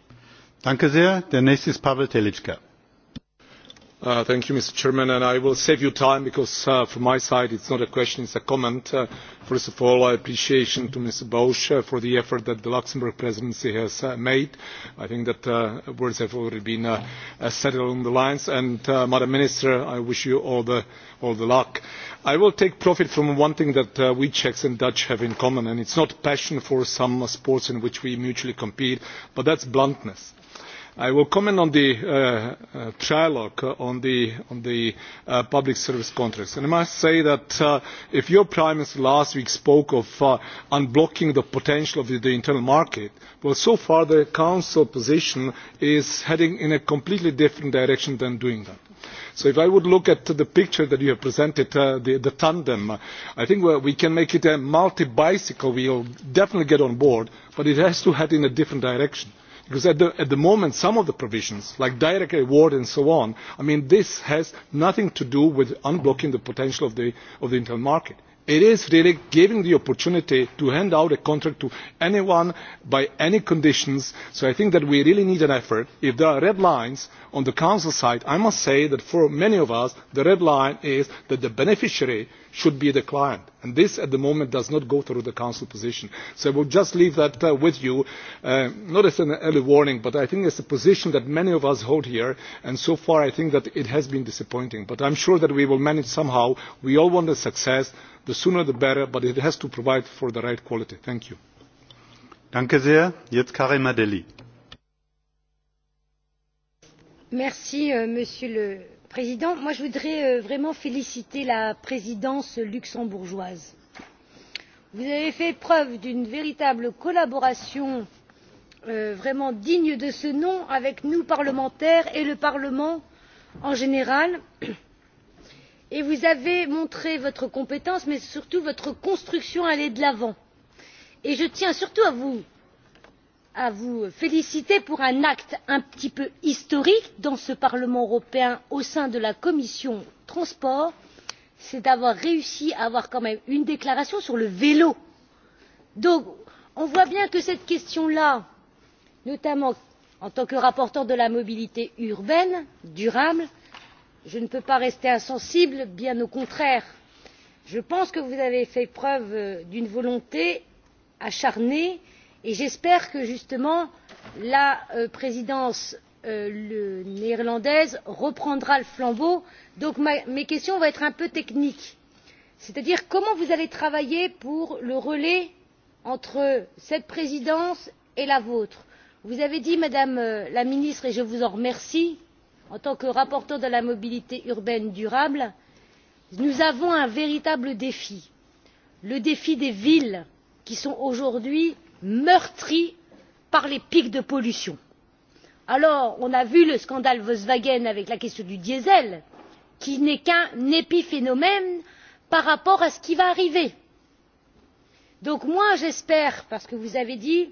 Uh, thank you, Mr. Chairman, and I will save you time because uh, from my side it is not a question, it is a comment. Uh, first of all, appreciation to Mr. bowis for the effort that the Luxembourg presidency has made. I think that words have already been said along those lines. And Madam Minister, I wish you all the, luck. I will take profit from one thing that we Czechs and Dutch have in common, and it is not passion for some sports in which we mutually compete, but that is bluntness i will comment on the uh, uh, trilogue on the, on the uh, public service contracts. And I must say that uh, if your Prime Minister last week spoke of uh, unblocking the potential of the, the internal market, well, so far the Council position is heading in a completely different direction than doing that. So if I would look at the picture that you have presented, uh, the, the tandem, I think we can make it a multi-bicycle. We'll definitely get on board, but it has to head in a different direction because at the, at the moment some of the provisions like direct award and so on i mean this has nothing to do with unblocking the potential of the, of the internal market it is really giving the opportunity to hand out a contract to anyone by any conditions so i think that we really need an effort. if there are red lines on the council side i must say that for many of us the red line is that the beneficiary should be the client and this at the moment does not go through the council position. so i will just leave that uh, with you uh, not as an early warning but i think it is a position that many of us hold here and so far i think that it has been disappointing but i am sure that we will manage somehow. we all want a success the sooner the better but it has to provide for the right quality. thank you. Danke sehr. Jetzt Karim Adeli. Merci, euh, Monsieur le Président. Moi, je voudrais euh, vraiment féliciter la présidence luxembourgeoise. Vous avez fait preuve d'une véritable collaboration euh, vraiment digne de ce nom avec nous parlementaires et le Parlement en général et vous avez montré votre compétence mais surtout votre construction à aller de l'avant. Et je tiens surtout à vous, à vous féliciter pour un acte un petit peu historique dans ce parlement européen au sein de la commission des transports c'est d'avoir réussi à avoir quand même une déclaration sur le vélo. donc on voit bien que cette question là notamment en tant que rapporteure de la mobilité urbaine durable je ne peux pas rester insensible bien au contraire. je pense que vous avez fait preuve euh, d'une volonté acharnée et j'espère que justement la euh, présidence euh, néerlandaise reprendra le flambeau. donc ma, mes questions vont être un peu techniques c'est à dire comment vous allez travailler pour le relais entre cette présidence et la vôtre? vous avez dit madame la ministre et je vous en remercie en tant que rapporteure de la mobilité urbaine durable nous avons un véritable défi le défi des villes qui sont aujourd'hui meurtries par les pics de pollution. Alors, on a vu le scandale volkswagen avec la question du diesel qui n'est qu'un épiphénomène par rapport à ce qui va arriver. donc moi j'espère parce que vous avez dit que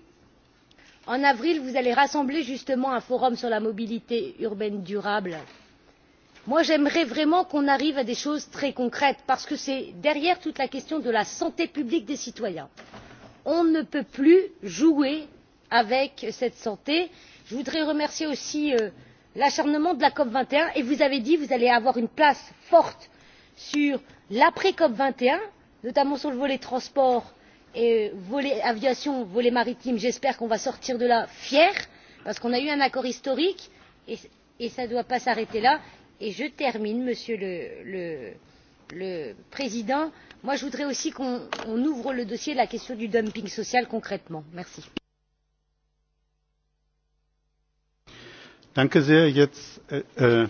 en avril vous allez rassembler justement un forum sur la mobilité urbaine durable. j'aimerais vraiment qu'on arrive à des choses très concrètes parce que c'est derrière toute la question de la santé publique des citoyens. on ne peut plus jouer avec cette santé. je voudrais remercier aussi euh, l'acharnement de la cop vingt et un et vous avez dit que vous alliez avoir une place forte sur l'après cop vingt et un notamment sur le volet transport et volet aviation volet maritime j'espère qu'on va sortir de là fiers parce qu'on a eu un accord historique et, et ça ne doit pas s'arrêter là. Et je termine monsieur le, président je voudrais aussi qu'on ouvre le dossier de la question du dumping social concrètement. merci. Danke sehr. Jetzt äh, äh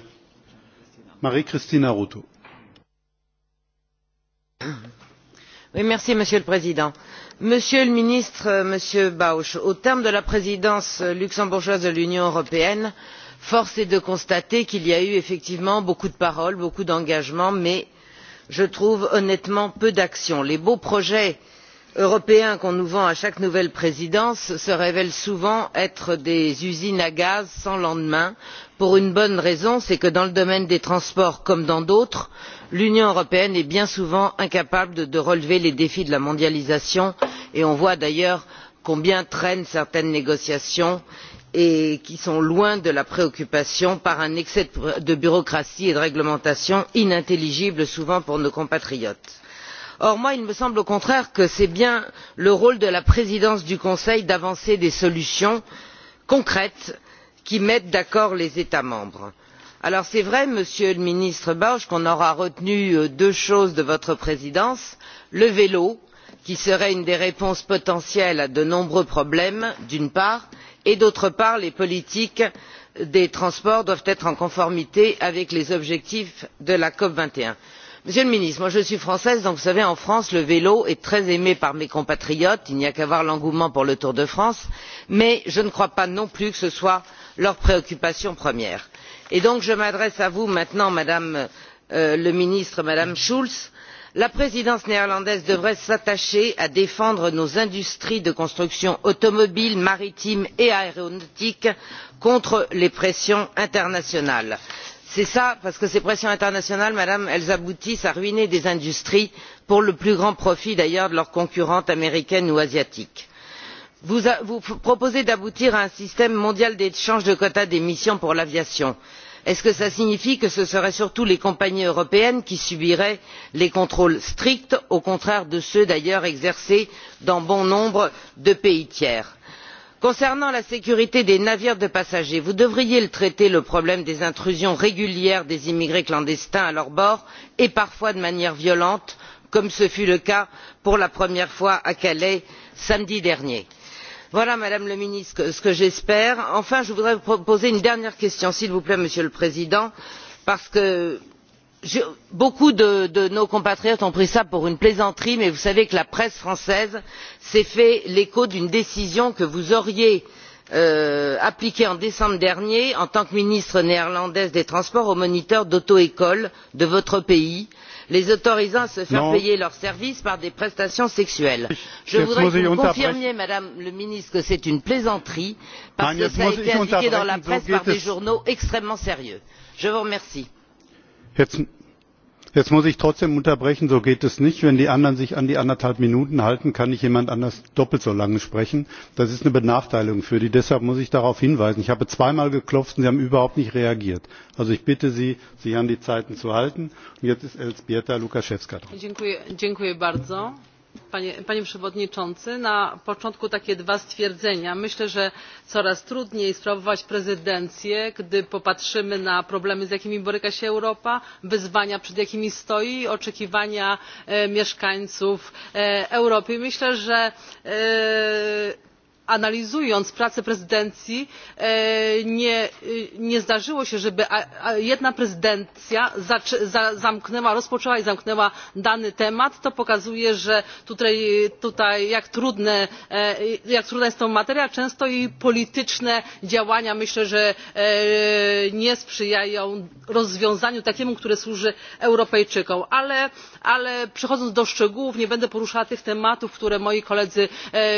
Marie-Christina Rotho monsieur le président monsieur le ministre euh, monsieur bausch au terme de la présidence luxembourgeoise de l'union européenne force est de constater qu'il y a eu effectivement beaucoup de paroles beaucoup d'engagements mais je trouve honnêtement peu d'actions. les beaux projets européens qu'on nous vend à chaque nouvelle présidence se révèlent souvent être des usines à gaz sans lendemain pour une bonne raison c'est que dans le domaine des transports comme dans d'autres l'union européenne est bien souvent incapable de relever les défis de la mondialisation et on voit d'ailleurs combien traînent certaines négociations qui sont loin de la préoccupation par un excès de bureaucratie et de réglementation inintelligible souvent pour nos compatriotes or il me semble au contraire que c'est bien le rôle de la présidence du conseil d'avancer des solutions concrètes qui mettent d'accord les états membres. il est vrai monsieur le ministre borg qu'on aura retenu euh, deux choses de votre présidence le vélo qui serait une des réponses potentielles à de nombreux problèmes d'une part et d'autre part les politiques des transports doivent être en conformité avec les objectifs de la cop vingt et un monsieur le ministre je suis française donc vous savez en france le vélo est très aimé par mes compatriotes il n'y a qu'à voir l'engouement pour le tour de france mais je ne crois pas non plus que ce soit leur préoccupation première. et donc je m'adresse à vous maintenant madame euh, la ministre madame schulz la présidence néerlandaise devrait s'attacher à défendre nos industries de construction automobile maritime et aéronautique contre les pressions internationales c'est cela parce que ces pressions internationales madame elles aboutissent à ruiner des industries pour le plus grand profit d'ailleurs de leurs concurrentes américaines ou asiatiques. vous proposez d'aboutir à un système mondial d'échange de quotas d'émissions pour l'aviation. cela signifie t il que ce seraient surtout les compagnies européennes qui subiraient les contrôles stricts au contraire de ceux d'ailleurs exercés dans bon nombre de pays tiers? concernant la sécurité des navires de passagers vous devriez traiter le problème des intrusions régulières des immigrés clandestins à leur bord et parfois de manière violente comme ce fut le cas pour la première fois à calais samedi dernier. voilà madame la ministre ce que j'espère. enfin je voudrais vous poser une dernière question s'il vous plaît monsieur le président parce que beaucoup de, nos compatriotes ont pris cela pour une plaisanterie mais vous savez que la presse française s'est fait l'écho d'une décision que vous auriez euh, appliquée en décembre dernier en tant que ministre néerlandaise des transports aux moniteurs d'auto écoles de votre pays les autorisant à se faire payer leurs services par des prestations sexuelles. je voudrais que vous confirmiez madame la ministre que c'est une plaisanterie parce que cela a été indiqué dans la presse par des journaux extrêmement sérieux. je vous remercie jetzt, muss ich trotzdem unterbrechen so geht es nicht. wenn die anderen sich an die anderthalb minuten halten kann nicht jemand anders doppelt so lange sprechen. das ist eine benachteiligung für die. deshalb muss ich darauf hinweisen. ich habe zweimal geklopft und sie haben überhaupt nicht reagiert. also ich bitte sie sich an die zeiten zu halten. und jetzt ist elżbieta lukaschewska dran. Panie, przewodniczący! na początku takie dwa stwierdzenia myślę że coraz trudniej sprawować prezydencję gdy popatrzymy na problemy z jakimi boryka się europa wyzwania przed jakimi stoi i oczekiwania e, mieszkańców e, europy. myślę że e, analizując pracę prezydencji e, nie, zdarzyło się żeby jedna prezydencja zamknęła rozpoczęła i zamknęła dany temat to pokazuje że tutaj, e, jak, trudna jest to materia często i polityczne działania myślę że e, nie sprzyjają rozwiązaniu takiemu które służy europejczykom ale, ale przechodząc do szczegółów nie będę poruszała tych tematów które moi koledzy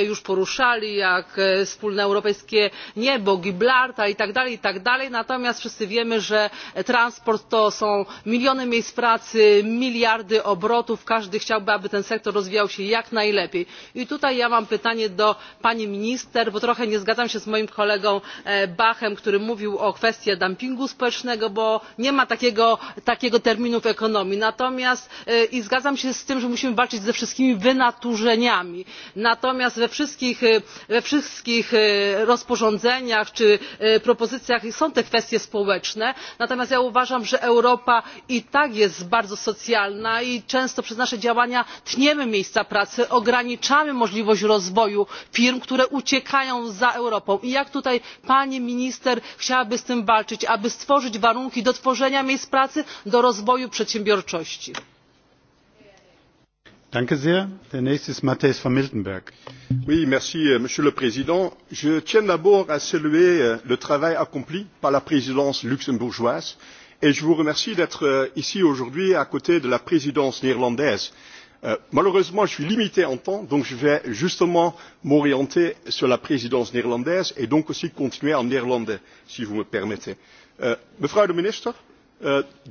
już poruszali ja jak e, wspólne europejskie niebo gibraltar itd. itd. natomiast wszyscy wiemy że transport to są miliony miejsc pracy miliardy obrotów każdy chciałby aby ten sektor rozwijał się jak najlepiej. i tutaj ja mam pytanie do pani minister bo trochę nie zgadzam się z moim kolegą e, bachem który mówił o kwestii dumpingu społecznego bo nie ma takiego, takiego terminu w ekonomii natomiast e, i zgadzam się z tym że musimy walczyć ze wszystkimi wynaturzeniami natomiast we wszystkich, we wszystkich e, rozporządzeniach czy e, propozycjach są te kwestie społeczne natomiast ja uważam że europa i tak jest bardzo socjalna i często przez nasze działania tniemy miejsca pracy ograniczamy możliwość rozwoju firm które uciekają za europą i jak tutaj pani minister chciałaby z tym walczyć aby stworzyć warunki do tworzenia miejsc pracy do rozwoju przedsiębiorczości? Euh, monsieur le président je tiens d'abord à saluer euh, le travail accompli par la présidence luxembourgeoise et je vous remercie d'être euh, ici aujourd'hui à côté de la présidence néerlandaise. malheureusement je suis limité en temps donc je vais justement m'orienter sur la présidence néerlandaise et donc aussi continuer en néerlandais si vous me permettez. mevrouw de minister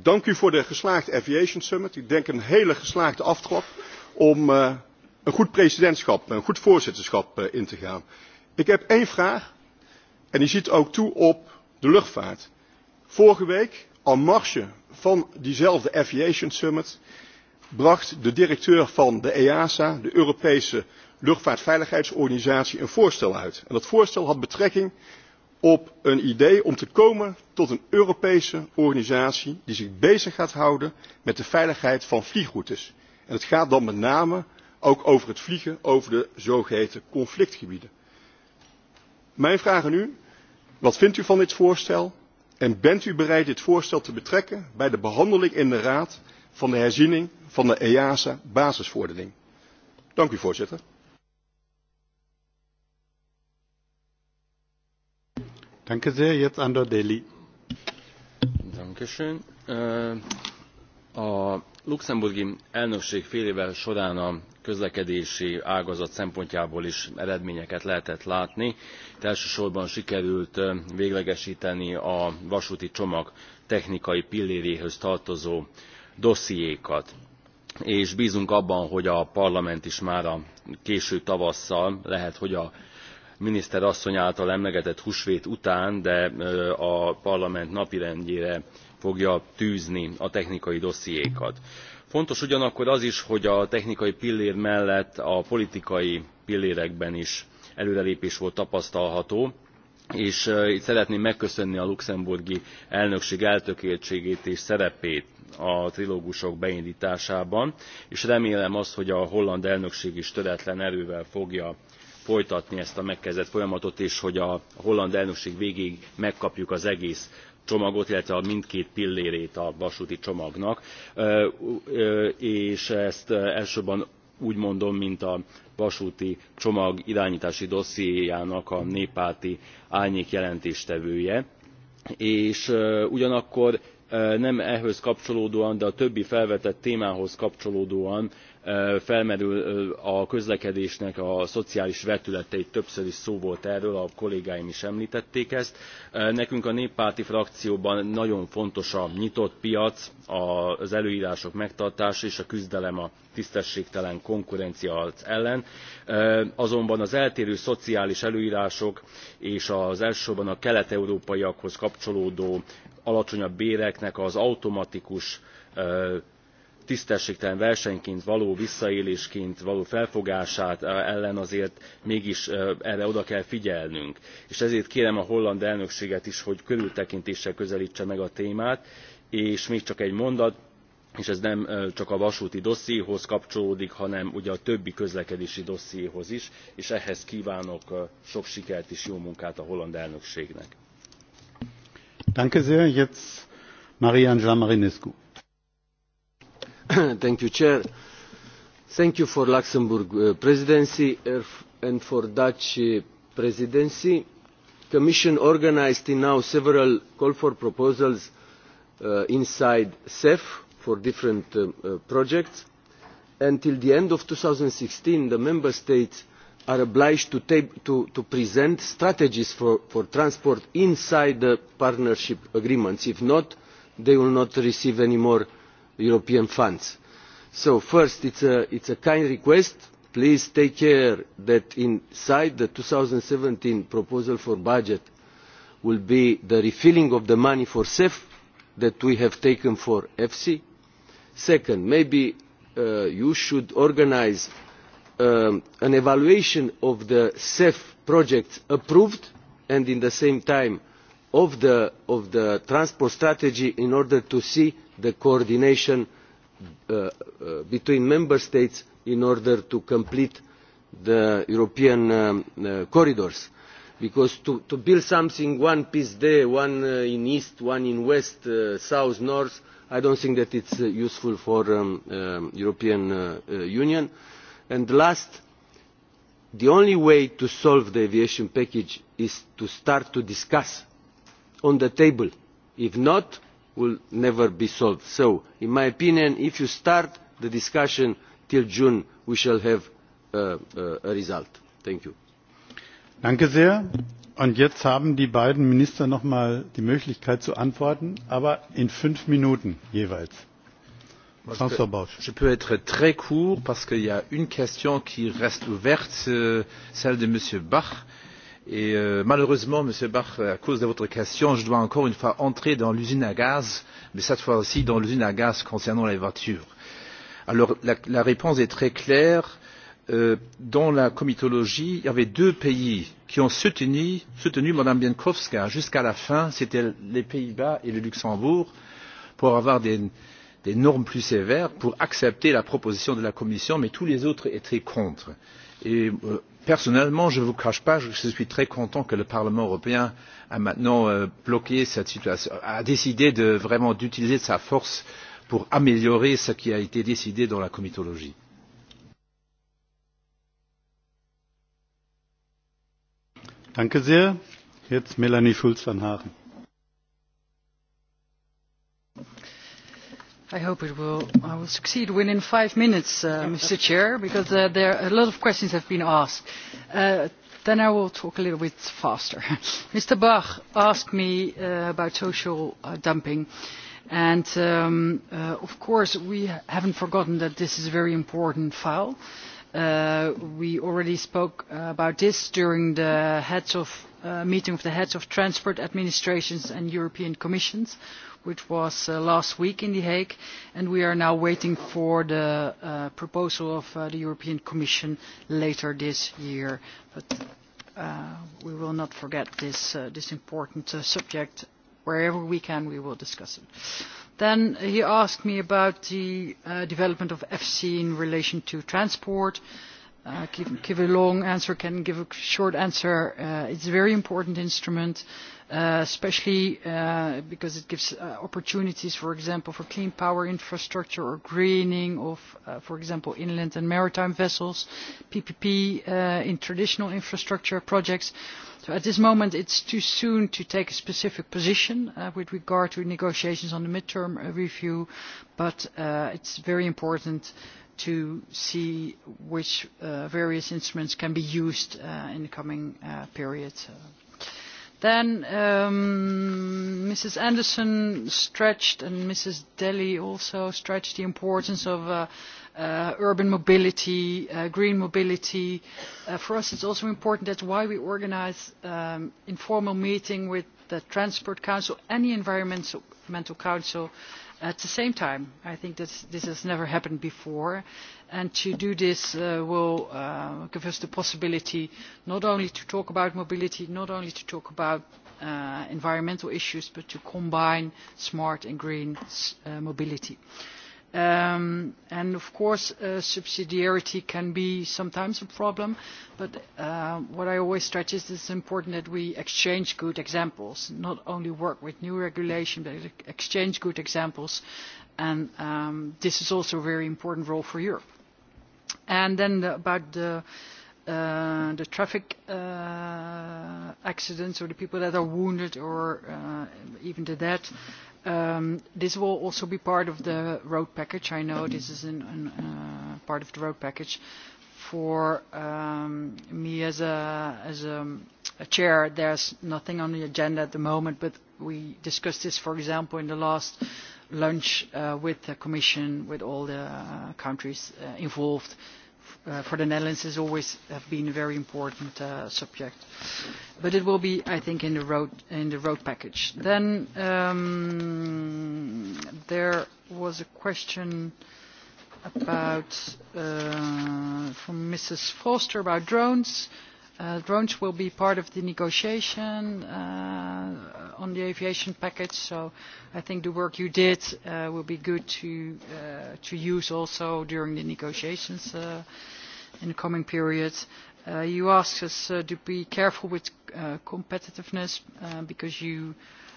dank u voor de geslaagde aviation summit. ik denk een hele geslaagde aftrap om eh, een goed presidentschap, een goed voorzitterschap eh, in te gaan. Ik heb één vraag en die ziet ook toe op de luchtvaart. Vorige week, en marge van diezelfde Aviation Summit, bracht de directeur van de EASA, de Europese Luchtvaartveiligheidsorganisatie, een voorstel uit. En dat voorstel had betrekking op een idee om te komen tot een Europese organisatie die zich bezig gaat houden met de veiligheid van vliegroutes. En het gaat dan met name ook over het vliegen over de zogeheten conflictgebieden. Mijn vraag aan u, wat vindt u van dit voorstel? En bent u bereid dit voorstel te betrekken bij de behandeling in de Raad van de herziening van de EASA basisverordening? Dank u voorzitter. Danke sehr. Jetzt Andor Deli. Dankeschön. Äh, a luxemburgi elnökség fél éve során a közlekedési ágazat szempontjából is eredményeket lehetett látni itt elsősorban sikerült véglegesteni a vasúti csomag technikai pilléréhez tartozó dossziékat és bzunk abban hogy a parlament is már a késő tavasszal lehet hogy a miniszter asszony által emlegetett húsvét után de a parlament napirendjére fogja tűzni a technikai dossziékat. fontos ugyanakkor az is hogy a technikai pillér mellett a politikai pillérekben is előrelépés volt tapasztalható és itt szeretném megköszönni a luxemburgi elnökség eltökéltségét és szerepét a trilógusok beindtásában és remélem azt hogy a holland elnökség is töretlen erővel fogja folytatni ezt a megkezdett folyamatot és hogy a holland elnökség végéig megkapjuk az egész csomagot, illetve a mindkét pillérét a vasúti csomagnak, és ezt elsősorban úgy mondom, mint a vasúti csomag irányítási dossziéjának a néppárti árnyék jelentéstevője, és ugyanakkor nem ehhez kapcsolódóan, de a többi felvetett témához kapcsolódóan felmerül a közlekedésnek a szociális vetületeit többször is szó volt erről a kollégáim is emltették ezt. nekünk a néppárti frakcióban nagyon fontos a nyitott piac az előrások megtartása és a küzdelem a tisztességtelen konkurencia ellen azonban az eltérő szociális előrások és az elsősorban a kelet európaiakhoz kapcsolódó alacsonyabb béreknek az automatikus tisztességtelen versenyként való visszaélésként való felfogását eh, ellen azért mégis eh, erre oda kell figyelnünk és ezért kérem a holland elnökséget is hogy körültekintéssel közeltse meg a témát és még csak egy mondat és ez nem eh, csak a vasúti dossziéhoz kapcsolódik hanem ugye a többi közlekedési dossziéhoz is és ehhez kvánok sok sikert és jó munkát a holland elnökségnek. Danke sehr. Jetzt Marian Jamarinescu. Thank you, Chair. Thank you for Luxembourg uh, presidency er-, and for Dutch uh, presidency. Commission organised now several call for proposals uh, inside CEF for different uh, projects. Until the end of two thousand and sixteen the Member States are obliged to, to, to present strategies for, for transport inside the partnership agreements. If not, they will not receive any more European funds. So first, it's a, a kind request. Please take care that inside the 2017 proposal for budget will be the refilling of the money for CEF that we have taken for EFSI. Second, maybe uh, you should organise um, an evaluation of the CEF projects approved and in the same time of the, transport strategy in order to see the coordination uh, uh, between member states in order to complete the European um, uh, corridors. Because to, build something one piece there, one in east, one in west, south, north, I don't think that it's useful for the um, um, European Union. And last, the only way to solve the aviation package is to start to discuss on the table. if not it will never be solved. so in my opinion if you start the discussion until june we shall have uh, uh, a result. thank you. danke sehr. und jetzt haben die beiden minister noch mal die möglichkeit zu antworten aber in fünf minuten jeweils. Je peux être très court parce qu'il y a une question qui reste ouverte, celle de M. Bach et euh, malheureusement monsieur bach euh, à cause de votre question je dois encore une fois entrer dans l'usine à gaz mais cette fois ci dans l'usine à gaz concernant les voitures. alors la, la réponse est très claire euh, dans la comitologie il y avait deux pays qui ont soutenu, soutenu mme biekowska jusqu'à la fin c'étaient les pays bas et le luxembourg pour avoir des, des normes plus sévères pour accepter la proposition de la commission mais tous les autres étaient contre. Et, euh, personnellement je ne vous cache pas je suis très content que le parlement européen ait maintenant euh, bloqué cette situation ait décidé vraiment d'utiliser sa force pour améliorer ce qui a été décidé dans la comitologie. Danke sehr. Jetzt Melanie Schulz-Anharen i hope I will succeed within five minutes, uh, Mr. president because uh, there a lot of questions have been asked. Uh, then I will talk a little bit faster. Mr. Bach asked me uh, about social dumping. And um, of course, we have not forgotten that this is a very important file. we already spoke about this during the meeting of the heads of transport administrations and European commissions which was uh, last week in The Hague, and we are now waiting for the uh, proposal of uh, the European Commission later this year. But uh, we will not forget this, uh, this important uh, subject. Wherever we can, we will discuss it. Then he asked me about the uh, development of FC in relation to transport. Uh, Uh, give, give a long answer, can give a short answer. Uh, it's a very important instrument, uh, especially uh, because it gives uh, opportunities, for example, for clean power infrastructure or greening of, uh, for example, inland and maritime vessels, PPP uh, in traditional infrastructure projects. So at this moment, it's too soon to take a specific position uh, with regard to negotiations on the midterm uh, review, but uh, it's very important to see which uh, various instruments can be used uh, in the coming uh, period. Then um, Mrs. Anderson stretched, and Mrs. Deli also stretched the importance of uh, uh, urban mobility, uh, green mobility. Uh, for us, it's also important. That's why we organize um, informal meeting with the Transport Council and the Environmental Council At the same time, I think that this has never happened before, and to do this uh, will uh, give us the possibility not only to talk about mobility, not only to talk about uh, environmental issues, but to combine smart and green uh, mobility. Uh, Um, and of course uh, subsidiarity can be sometimes a problem but uh, what i always stress is that it is important that we exchange good examples not only work with new regulation but exchange good examples and um, this is also a very important role for europe. and then about the uh, traffic accidents or the people that are wounded or even the dead Um, this will also be part of the road package. I know this is an, an, uh, part of the road package. For um, me as a, as a, a chair, there's nothing on the agenda at the moment, but we discussed this, for example, in the last lunch uh, with the Commission, with all the uh, countries uh, involved uh, for the Netherlands has always have been a very important uh, subject. But it will be, I think, in the road, in the road package. Then um, there was a question about, uh, from Mrs. Foster about drones. Uh, Uh, drones will be part of the negotiation uh, on the aviation package, so I think the work you did uh, will be good to, uh, to use also during the negotiations uh, in the coming period. Uh, you asked us uh, to be careful with uh, competitiveness uh, because you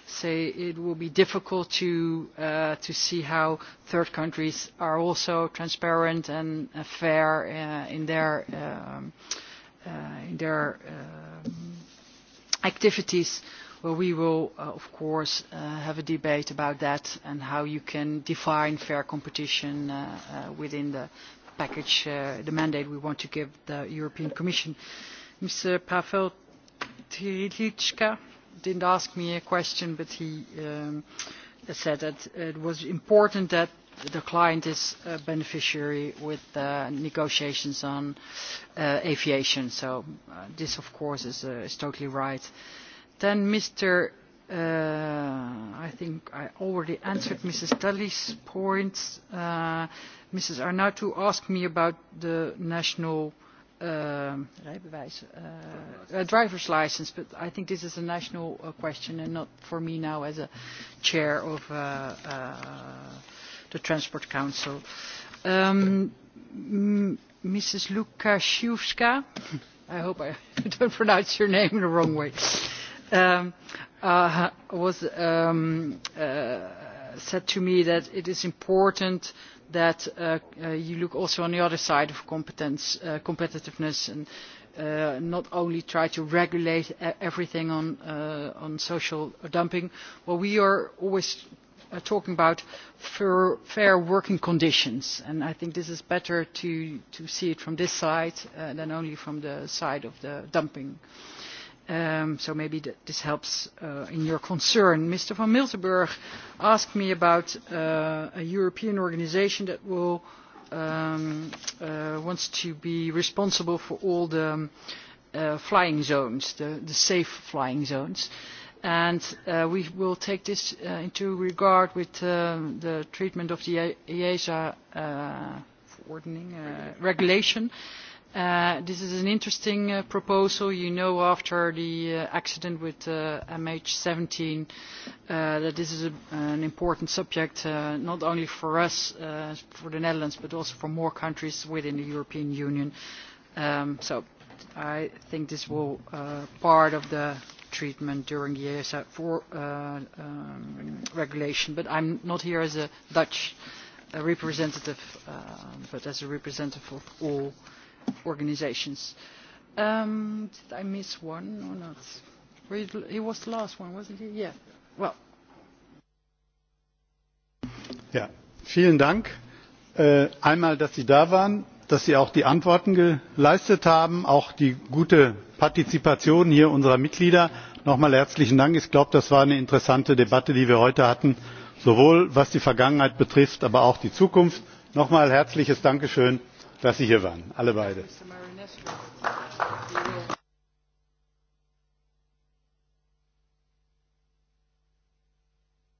say it will be difficult to, uh, to see how third countries are also transparent and uh, fair uh, in their um, Uh, in their uh, activities where we will, uh, of course, have a debate about that and how you can define fair competition within the package, the mandate we want to give the European Commission. Mr. Pavel Trilitschka didn't ask me a question, but he um, said that it was important that the client is a beneficiary with the uh, negotiations on uh, aviation. So uh, this, of course, is, uh, is totally right. Then Mr. Uh, I think I already answered Mrs. Tully's points. Uh, Mrs. Arnautu asked me about the national uh, uh, uh, driver's license, but I think this is a national uh, question and not for me now as a chair of uh, uh, the Transport Council. Um, Mrs. Lukashevska, I hope I don't pronounce your name the wrong way, um, uh, was um, uh, said to me that it is important that uh, you look also on the other side of competitiveness and not only try to regulate e-, everything on, social dumping. Well, we are always talking about fair, fair working conditions. And I think this is better to, to see it from this side uh, than only from the side of the dumping. Um, so maybe th this helps uh, in your concern. Mr. van Miltenburg asked me about uh, a European organization that will um, uh, wants to be responsible for all the um, uh, flying zones, the, the safe flying zones. Uh, and uh, we will take this uh, into regard with um, the treatment of the EASA e uh, uh, regulation. Uh, this is an interesting uh, proposal. You know, after the uh, accident with uh, MH17, uh, that this is a, an important subject, uh, not only for us, uh, for the Netherlands, but also for more countries within the European Union. Um, so I think this will uh, part of the treatment during the ASF 4 uh, um, regulation, but I'm not here as a Dutch a uh, representative, uh, but as a representative of all organizations. Um, did I miss one or not? he was the last one, wasn't he? Yeah. Well. Ja, vielen Dank. Äh, einmal, dass Sie da waren, dass Sie auch die Antworten geleistet haben, auch die gute partizipation unserer mitglieder. nochmal herzlichen dank. ich glaube das war eine interessante debatte die wir heute hatten sowohl was die vergangenheit betrifft aber auch die zukunft. nochmal herzliches dankeschön dass sie hier waren alle beide!